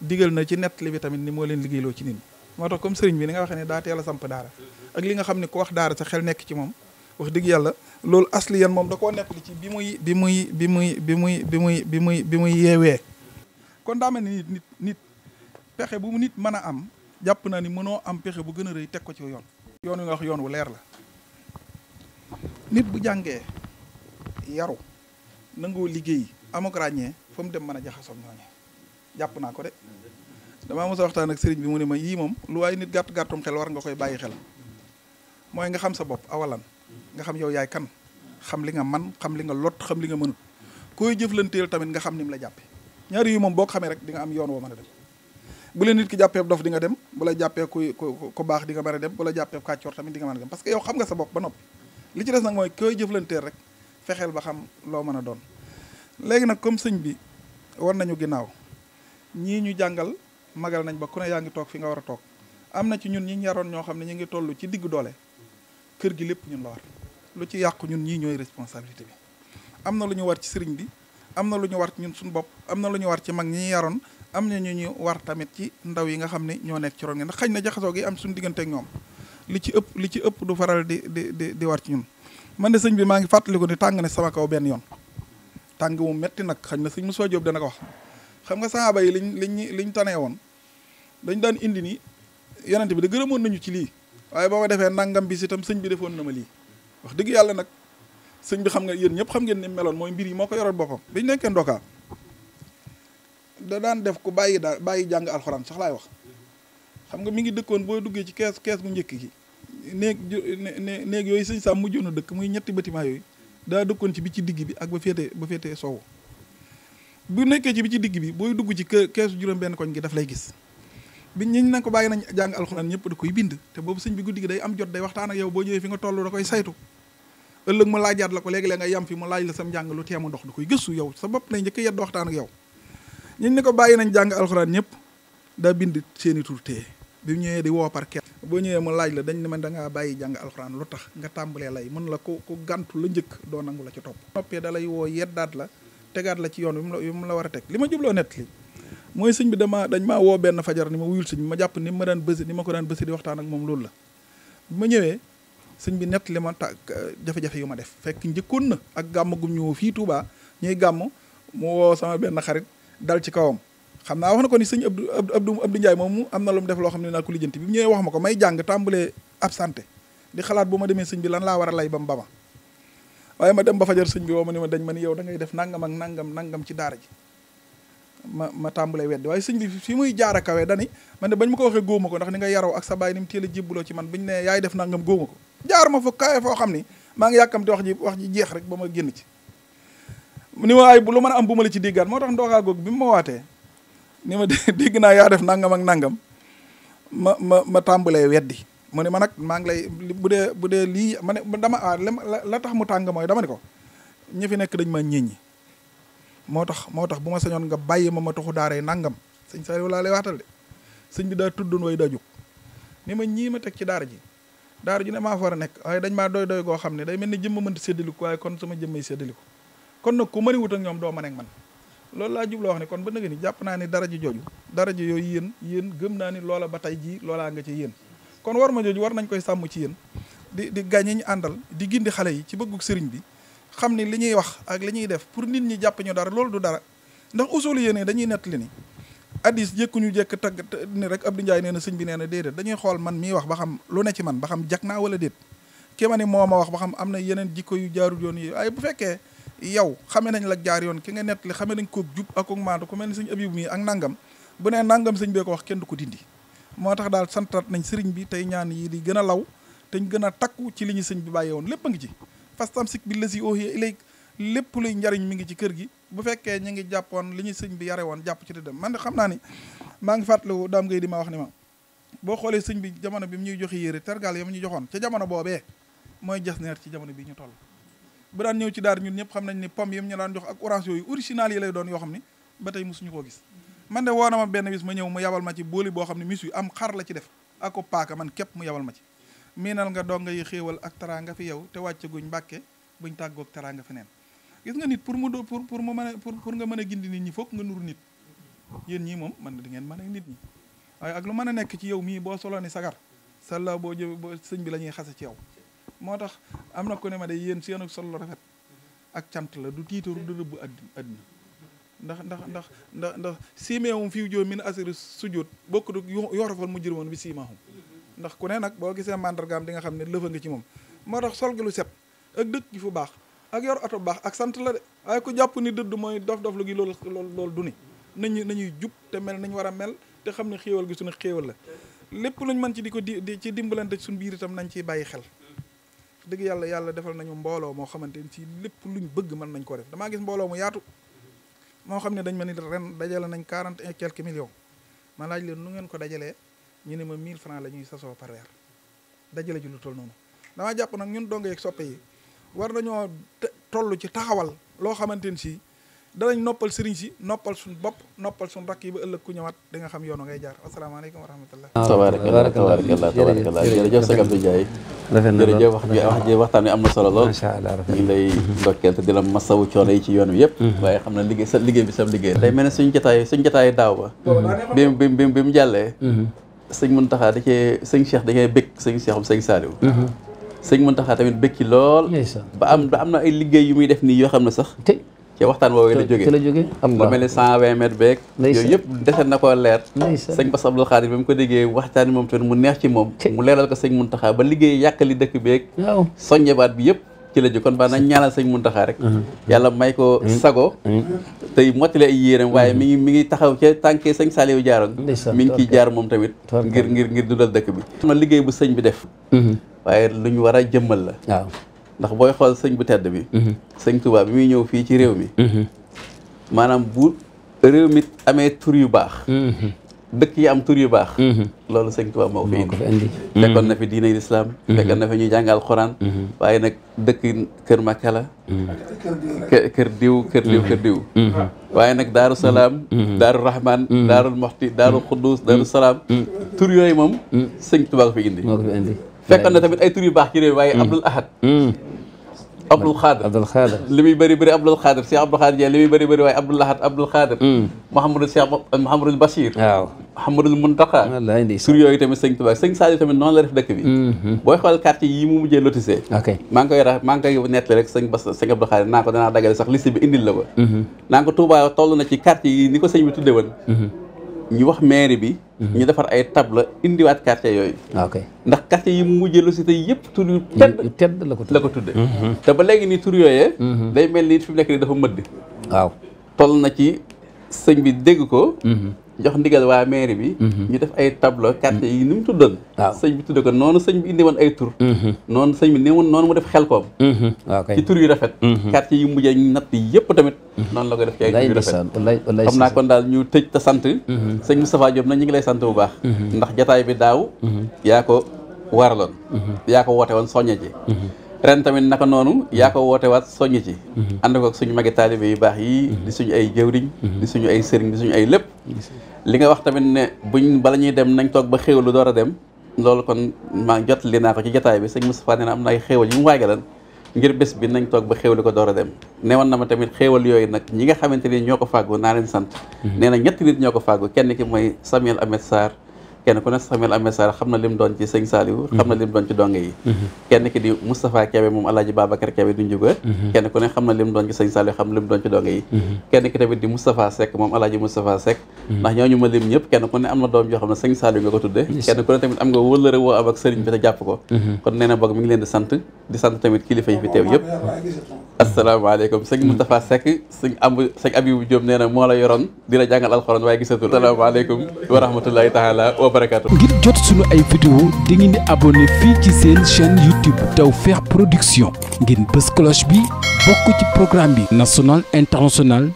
digal na ci nett li bi tamit ni moo leen liggéeyloo ci nit ñi moo tax comme sëriñ bi ni nga waxee ne daa teel a samp daara ak li nga xam ne ku wax daara sa xel nekk ci moom wax dëgg yàlla loolu asli moom da koo nekk li ci bi muy bi muy bi muy bi muy bi muy bi muy bi muy yeewee kon daa mel ni nit nit nit pexe bu mu nit mën a am jàpp naa ni mënoo am pexe bu gën a rëy teg ko ci yoon yoon wi nga wax yoon wu leer la nit bu jàngee yaru nangoo liggéey amuk ràññee fa mu dem a jaxasoog ñooñu jàpp naa ko de damaa mos ak sëriñ bi mu ne ma yii moom lu waaye nit gàtt gàttum xel war nga koy bàyyi xel mooy nga xam sa bopp awalan nga xam yow yaay kan xam li nga man xam li nga lot xam li nga mënut koy jëflanteel tamit nga xam ni mu la jàppe ñaari yu moom boo ko xamee rek dinga am yoon woo mën a dem bu leen nit ki jàppee dof dinga dem bu la jàppee ku di nga mën dem bu la jàppee kàccoor tamit di nga mën a dem parce que yow xam nga sa bopp ba noppi li ci des nag mooy koy jëflanteel rek fexeel ba xam loo mën a doon léegi nag comme sëñ bi war nañu ginnaaw ñii ñu jàngal magal nañ ba ku ne yaa ngi toog fi nga war a toog am na ci ñun ñi yaroon ñoo xam ne ñu ngi tollu ci diggu doole kër gi lépp ñun la war lu ci yàqu ñun ñii ñooy responsabilité bi am na lu ñu war ci sëriñ bi am na lu ñu war ñun suñu bopp am na lu ñu war ci mag ñi yaroon am na ñu ñu war tamit ci ndaw yi nga xam ne ñoo nekk ci roon gi ndax xañ na jaxasoo gi am suñu diggante ak li ci ëpp li ci ëpp du faral di di di di war ci ñun man de sëñ bi maa ngi fàttaliku ni tàng ne sama kaw benn yoon tàng mu metti nag xañ na sëñ Moussa Diop dana ko wax xam nga sahaaba yi liñ liñ liñ tanee woon dañ daan indi nii yonent bi da gërëmoon nañu ci lii waaye boo ma defee nangam bi si itam sëñ bi defoon na ma lii wax dëgg yàlla nag sëñ bi xam nga yéen ñëpp xam ngeen ni meloon mooy mbir yi moo ko yoroon boppam biñ nekkee ndokaa da daan def ku bàyyi daal bàyyi jàng alxuraan sax laay wax xam nga mi ngi dëkkoon boo duggee ci kees kees bu njëkk gi néeg néeg yooyu sëñ Sam mujjoon a dëkk muy ñetti bâtiment yooyu daa dëkkoon ci ci digg bi ak ba féetee ba féetee soowu bu nekkee ci bi ci digg bi booy dugg ci keesu juróom-benn koñ gi daf lay gis bi ñiñ na ko bàyyi nañ jàng alxuraan ñëpp da koy bind te boobu sëñ bi guddi gi day am waxtaan ak yow boo ñëwee nga toll da koy saytu ëllëg ma laajaat la ko léegi-léeg nga yam fi mu laaj la sam njàng lu teemu ndox da koy gëstu yow sa bopp na njëkk yedd waxtaan ak yow ñun ni ko bàyyi nañ jàng alxuraan ñëpp daa bind seeni tur téye bi mu ñëwee di woo par kenn boo ñëwee mu laaj la dañ ne man da ngaa bàyyi jàng alxuraan lu tax nga tàmbalee lay mën la ko ko gàntu la njëkk doo nangu la ci topp noppee da lay woo yeddaat la tegaat la ci yoon bi mu la war a teg li ma jubloo nett mooy sëñ bi dama dañ maa benn fajar ni ma wuyul ma jàpp ni ma daan bësi ni ma ko daan bësi di waxtaan ak moom loolu ma ñëwee sëñ bi nett li ma ta jafe-jafe yu ma def fekk njëkkoon na ak gàmm gum ñëw fii Touba ñuy gàmm mu woo sama benn xarit dal ci kawam xam naa wax na ko ni sëñ Abdou Abdou Abdou Ndiaye moomu am na lu mu def loo xam ne naa ko lijjanti bi mu ñëwee wax ma ko may jàng tàmbalee absenté di xalaat bu ma demee sëñ bi lan laa war a lay ba mu ba ma waaye ma dem ba fajar sëñ bi woo ma ni ma dañ ma ni yow da ngay def nangam nangam nangam ci daara ji ma ma tàmbalee weddi waaye sëñ bi fi muy jaar a kawe dani man de bañ ma ko waxee góoma ko ndax ni nga yaroo ak sa baay ni mu teel a jébbaloo ci man buñu ne yaay def nangam góoma ko jaar ma fa kawe foo xam ni maa ngi yàkkamti wax wax ji jeex rek ba ma génn ci ni waaye bu lu mën a am bu ma la ci déggaat moo tax ndoogaa googu bi mu ma waatee ni ma dégg naa yaa def nangam ak nangam ma ma ma tàmbalee weddi mu ne ma nag maa ngi lay bu dee bu dee lii ma ne dama ah la tax mu tàng mooy dama ne ko ñi fi nekk dañ ma ñeññi moo tax moo tax bu ma sañoon nga bàyyi ma ma tuxu daaray nangam sëñ Saliou laa lay waxtal de sëñ bi daa tuddoon way daa jóg ni ma ñii ma teg ci daara ji daara ji ne maa fa war a nekk waaye dañ maa doy doy goo xam ne day mel ni jëm jëmm mënti séddaliku waaye kon sama jëmmay séddaliku kon nag ku mëni wut ak ñoom doo mën ak man loolu laa jubloo wax ne kon ba nga ni jàpp naa ni dara ji jooju dara ji yooyu yéen yéen gëm naa ni loola ba tey jii loolaa nga ci yéen kon war ma jooju war nañ koy sàmm ci yéen di di gàññi ñu àndal di gindi xale yi ci bëggug sëriñ bi xam ni li ñuy wax ak li ñuy def pour nit ñi jàpp ñu dara loolu du dara ndax usul yéene dañuy nettali ni addis jékkuñu jékk tagg ni rek Abdou Ndiaye nee na sëñ bi nee na déedéet dañuy xool man mi wax ba xam lu ne ci man ba xam jag naa wala déet ki ma ni moo ma wax ba xam am na yeneen jikko yu jaaru yoon yi waaye bu fekkee yow xame nañ la jaar yoon ki nga nettali xame nañ koog jub ak koog maandu ku mel ni sëñ Abib mii ak nangam bu nee nangam sëñ bee ko wax kenn du ko dindi moo tax daal santaat nañ sëriñ bi tey ñaan yi di gën a law te gën a takku ci li ñu sëñ bi bàyyee woon lépp a ngi ci fastamsik bi lasi ooxiya ilay lépp luy njariñ mi ngi ci kër gi bu fekkee ñu ngi jàppoon li ñu sëñ bi yare woon jàpp ci di dem man de xam naa ni maa ngi fàttaliku daam ngay di ma wax ni ma boo xoolee sëñ bi jamono bi mu ñuy joxe yére tergal yam ñu joxoon ca jamono boobee mooy jas neer ci jamono bi ñu toll bu daan ñëw ci daar ñun ñëpp xam nañ ni pomme yim ñu daan jox ak orange yooyu original yi lay doon yoo xam ni ba tey mosuñu koo gis man de woo na ma benn bis ma ñëw mu yabal ma ci booli boo xam ne mis yu am xar la ci def ako paaka man képp mu yabal ma ci miinal nga donga yi xéewal ak teraanga fi yow te wàcce guñ mbàkke buñ tàggoog teraanga feneen gis nga nit pour mu do pour pour mu mën a pour pour nga mën a gindi nit ñi fook nga nur nit yéen ñii moom mën man di ngeen mën a nit ñi waaye ak lu mën a nekk ci yow mii boo soloo ni sagar salla boo jë boo sëñ bi la ñuy xase ci yow moo tax am na ko ne ma day yéen seen solo rafet ak cant la du tiitaru du rëbb àddina ndax ndax ndax ndax ndax siimewum fiu joo min asiri sujjóot bokk du yorofal mu jërmoon bi siimahum ndax ku ne nag boo gisee màndargaam di nga xam ne lëfa nga ci moom moo tax sol gi lu set ak dëkk gi fu baax ak yor oto baax ak sant la de waaye ku jàpp ni dëdd mooy dof dof lu gi loolu loolu du ni nañu nañuy jub te mel nañu war a mel te xam ne xéewal gi suñu xéewal la lépp luñ mën ci di ko di ci dimbalante suñu biir itam nañ ciy bàyyi xel dëgg yàlla yàlla defal nañu mbooloo moo xamante ni ci lépp luñ bëgg mën nañ ko def damaa gis mbooloo mu yaatu moo xam ne dañ ma ni ren dajale nañ quarante et quelques millions laaj leen nu ngeen dajalee ñu ne ma 1000 francs la ñuy sasoo par weer dajale ji lu toll noonu damaa jàpp nag ñun dong yeeg soppe yi war nañoo toll ci taxawal loo xamante ni si danañ noppal sëriñ si noppal suñ bopp noppal suñ rakk yi ba ëllëg ku ñëwaat da nga xam yoonu ngay jaar asalaamaaleykum wa rahmatullah ah, tabaarakallah tabaarakallah tabaarakallah jërëjëf sëñ Abdou Ndiaye jërëjëf wax ji wax ji waxtaan wi am na solo lool ñu ngi lay ndokkeel te di la masawu coono yi ci yoon wi yëpp mm-hmm. waaye xam na liggéey sa liggéey bi sam liggéey day mel ne suñu jotaay suñu jotaay daaw ba bi bi bi mu jàllee mm-hmm. sëñ Muntaxa da cee sëñ Cheikh da cee bëgg sëñ Cheikh am sëñ Saliou mhm. sëñ Muntaxa tamit bëgg ci lool ba am ba am na ay liggéey yu muy def nii yoo xam ne sax ci waxtaan woowee la jóge la jógee lu mel ne cent vingt mètres beeg yooyu yëpp deset na ko leer sëñ Bass Abdou Khadre ba mu ko déggee waxtaan moom tamit mu neex ci moom mu leeral ko sëñ Muntaxa ba liggéey yàkkali dëkk beeg soññebaat bi yëpp ci la jëkkoon ba nañ ñaanal sëñ Muntaxa rek uh-huh. yàlla may ko mm-hmm. sago mm-hmm. tey mottali ay yéeram waaye mm-hmm. mi ngi mi ngi taxaw ca tànke sëñ Saliou jaaroon mi ngi ciy jaar moom tamit ngir ngir ngir dundal dëkk bi ma liggéey bu sëñ bi def waaye lu ñu war a jëmmal la waaw ndax booy xool sëñ bu tedd bi sëñ Touba bi muy ñëw fii ci réew mi maanaam bu réew mi amee tur yu baax dëkk yi am tur yu baax mhm. loolu sëñ Tuubaa moo ko fi indi fekkoon na fi diine lislaam fekkoon na fi ñu jàngal xuraan waaye nag dëkk kër Makka la kër diw kër diw kër diw waaye nag daaru salaam daaru rahman daarul moxti daarul xuddus daaru salaam tur yooyu moom sëñ Tuubaa ko fi indi fekkoon na tamit ay tur yu baax ci réew waaye mhm. Abdul Ahad mhm. Abdul Xaadir Abdul Xaadir li muy bëri bëri Abdul Xaadir Cheikh Abdul Xaadir li muy bëri bëri waaye Abdul Lahat Abdul Xaadir mm. Mouhamadul euh, tamit sëñ Tuubaa tamit noonu la def dëkk bi mm-hmm. booy xool quartier yi mu mujjee lotissé maa ngi koy ra maa ngi koy nettali ko danaa dagale sax liste bi indil la ko mm-hmm. ñu wax mairie bi. Mhm. ñu defar ay tab table indiwaat quartier yooyu. ok ndax quartier yi mujjee lu si tey yëpp tur yu tedd yu tedd la ko. la ko tudde mhm. te ba léegi nii tur yooyee. Mhm. day mel ni fi mu nekk nii dafa mëdd. waaw toll na ci sëñ bi dégg ko. jox ndigal waa mairie bi mhm. ñu def ay tableau quartier yi ni mu tuddoon waaw sëñ bi tudde ko noonu sëñ bi indi woon ay tur mhm. noonu sëñ bi noonu mu def xel koom mhm. ci tur yu rafet quartier yu mujjee natt yëpp tamit noonu la ko def ci ay tur yu rafet xam naa kon daal ñu tëj te sant sëñ Moustapha Diop nag ñu ngi lay sant bu baax ndax jataay bi daaw yaa ko waraloon yaa ko woote woon soññe ji ren tamit naka noonu mhm. yaa ko woote waat soññ ci mhm. ànd ko suñu magi taalibe yu baax yi mhm. di suñu ay jëwriñ di suñu ay sëriñ di suñu ay lépp li nga wax tamit ne buñ bala ñuy dem nañ toog ba xéewlu door a dem loolu kon maa jot li naa ko ci jotaay bi sëñ Moustapha nee na am na ay xéewal yu mu waajalan ngir bés bi nañ toog ba xéewlu ko door a dem newoon na ma tamit xéewal yooyu nag ñi nga xamante ni ñoo ko fàggu naa leen sant nee na ñetti nit ñoo ko fàggu kenn ki mooy Samuel Ahmed Sarr kenn ku ne Samuel amee mhm. mhm. mhm. xam na lim doon ci sëñ Saliou xam na lim doon ci donge yi kenn ki di Moustapha Kébé moom Alaaji Babacar Kébé du njuga kenn xam na lim doon ci sëñ Saliou xam na lim doon ci donge yi kenn ki tamit di Moustapha Seck moom Alaaji Moustapha Seck ndax ñooñu ma lim ñëpp kenn ku ne am na doom joo xam ne sëñ Saliou nga ko tudde kenn ku ne tamit am nga wëllëre woo am ak sëriñ bi jàpp ko kon nee boog mi ngi leen di sant di sant tamit kilifa yi fi teew yëpp asalaamaaleykum sëñ mm. Moustapha Seck sëñ Abu sëñ Abibu Diop nee na moo la yoroon di la jàngal alxuraan waaye gisatul asalaamaaleykum wa rahmatulahi taala wa barakaatu. ngir jot sunu ay vidéo di ngeen di abonné fii ci seen chaîne YouTube Tawfekh Production ngir bës cloche bi bokk ci programme bi national international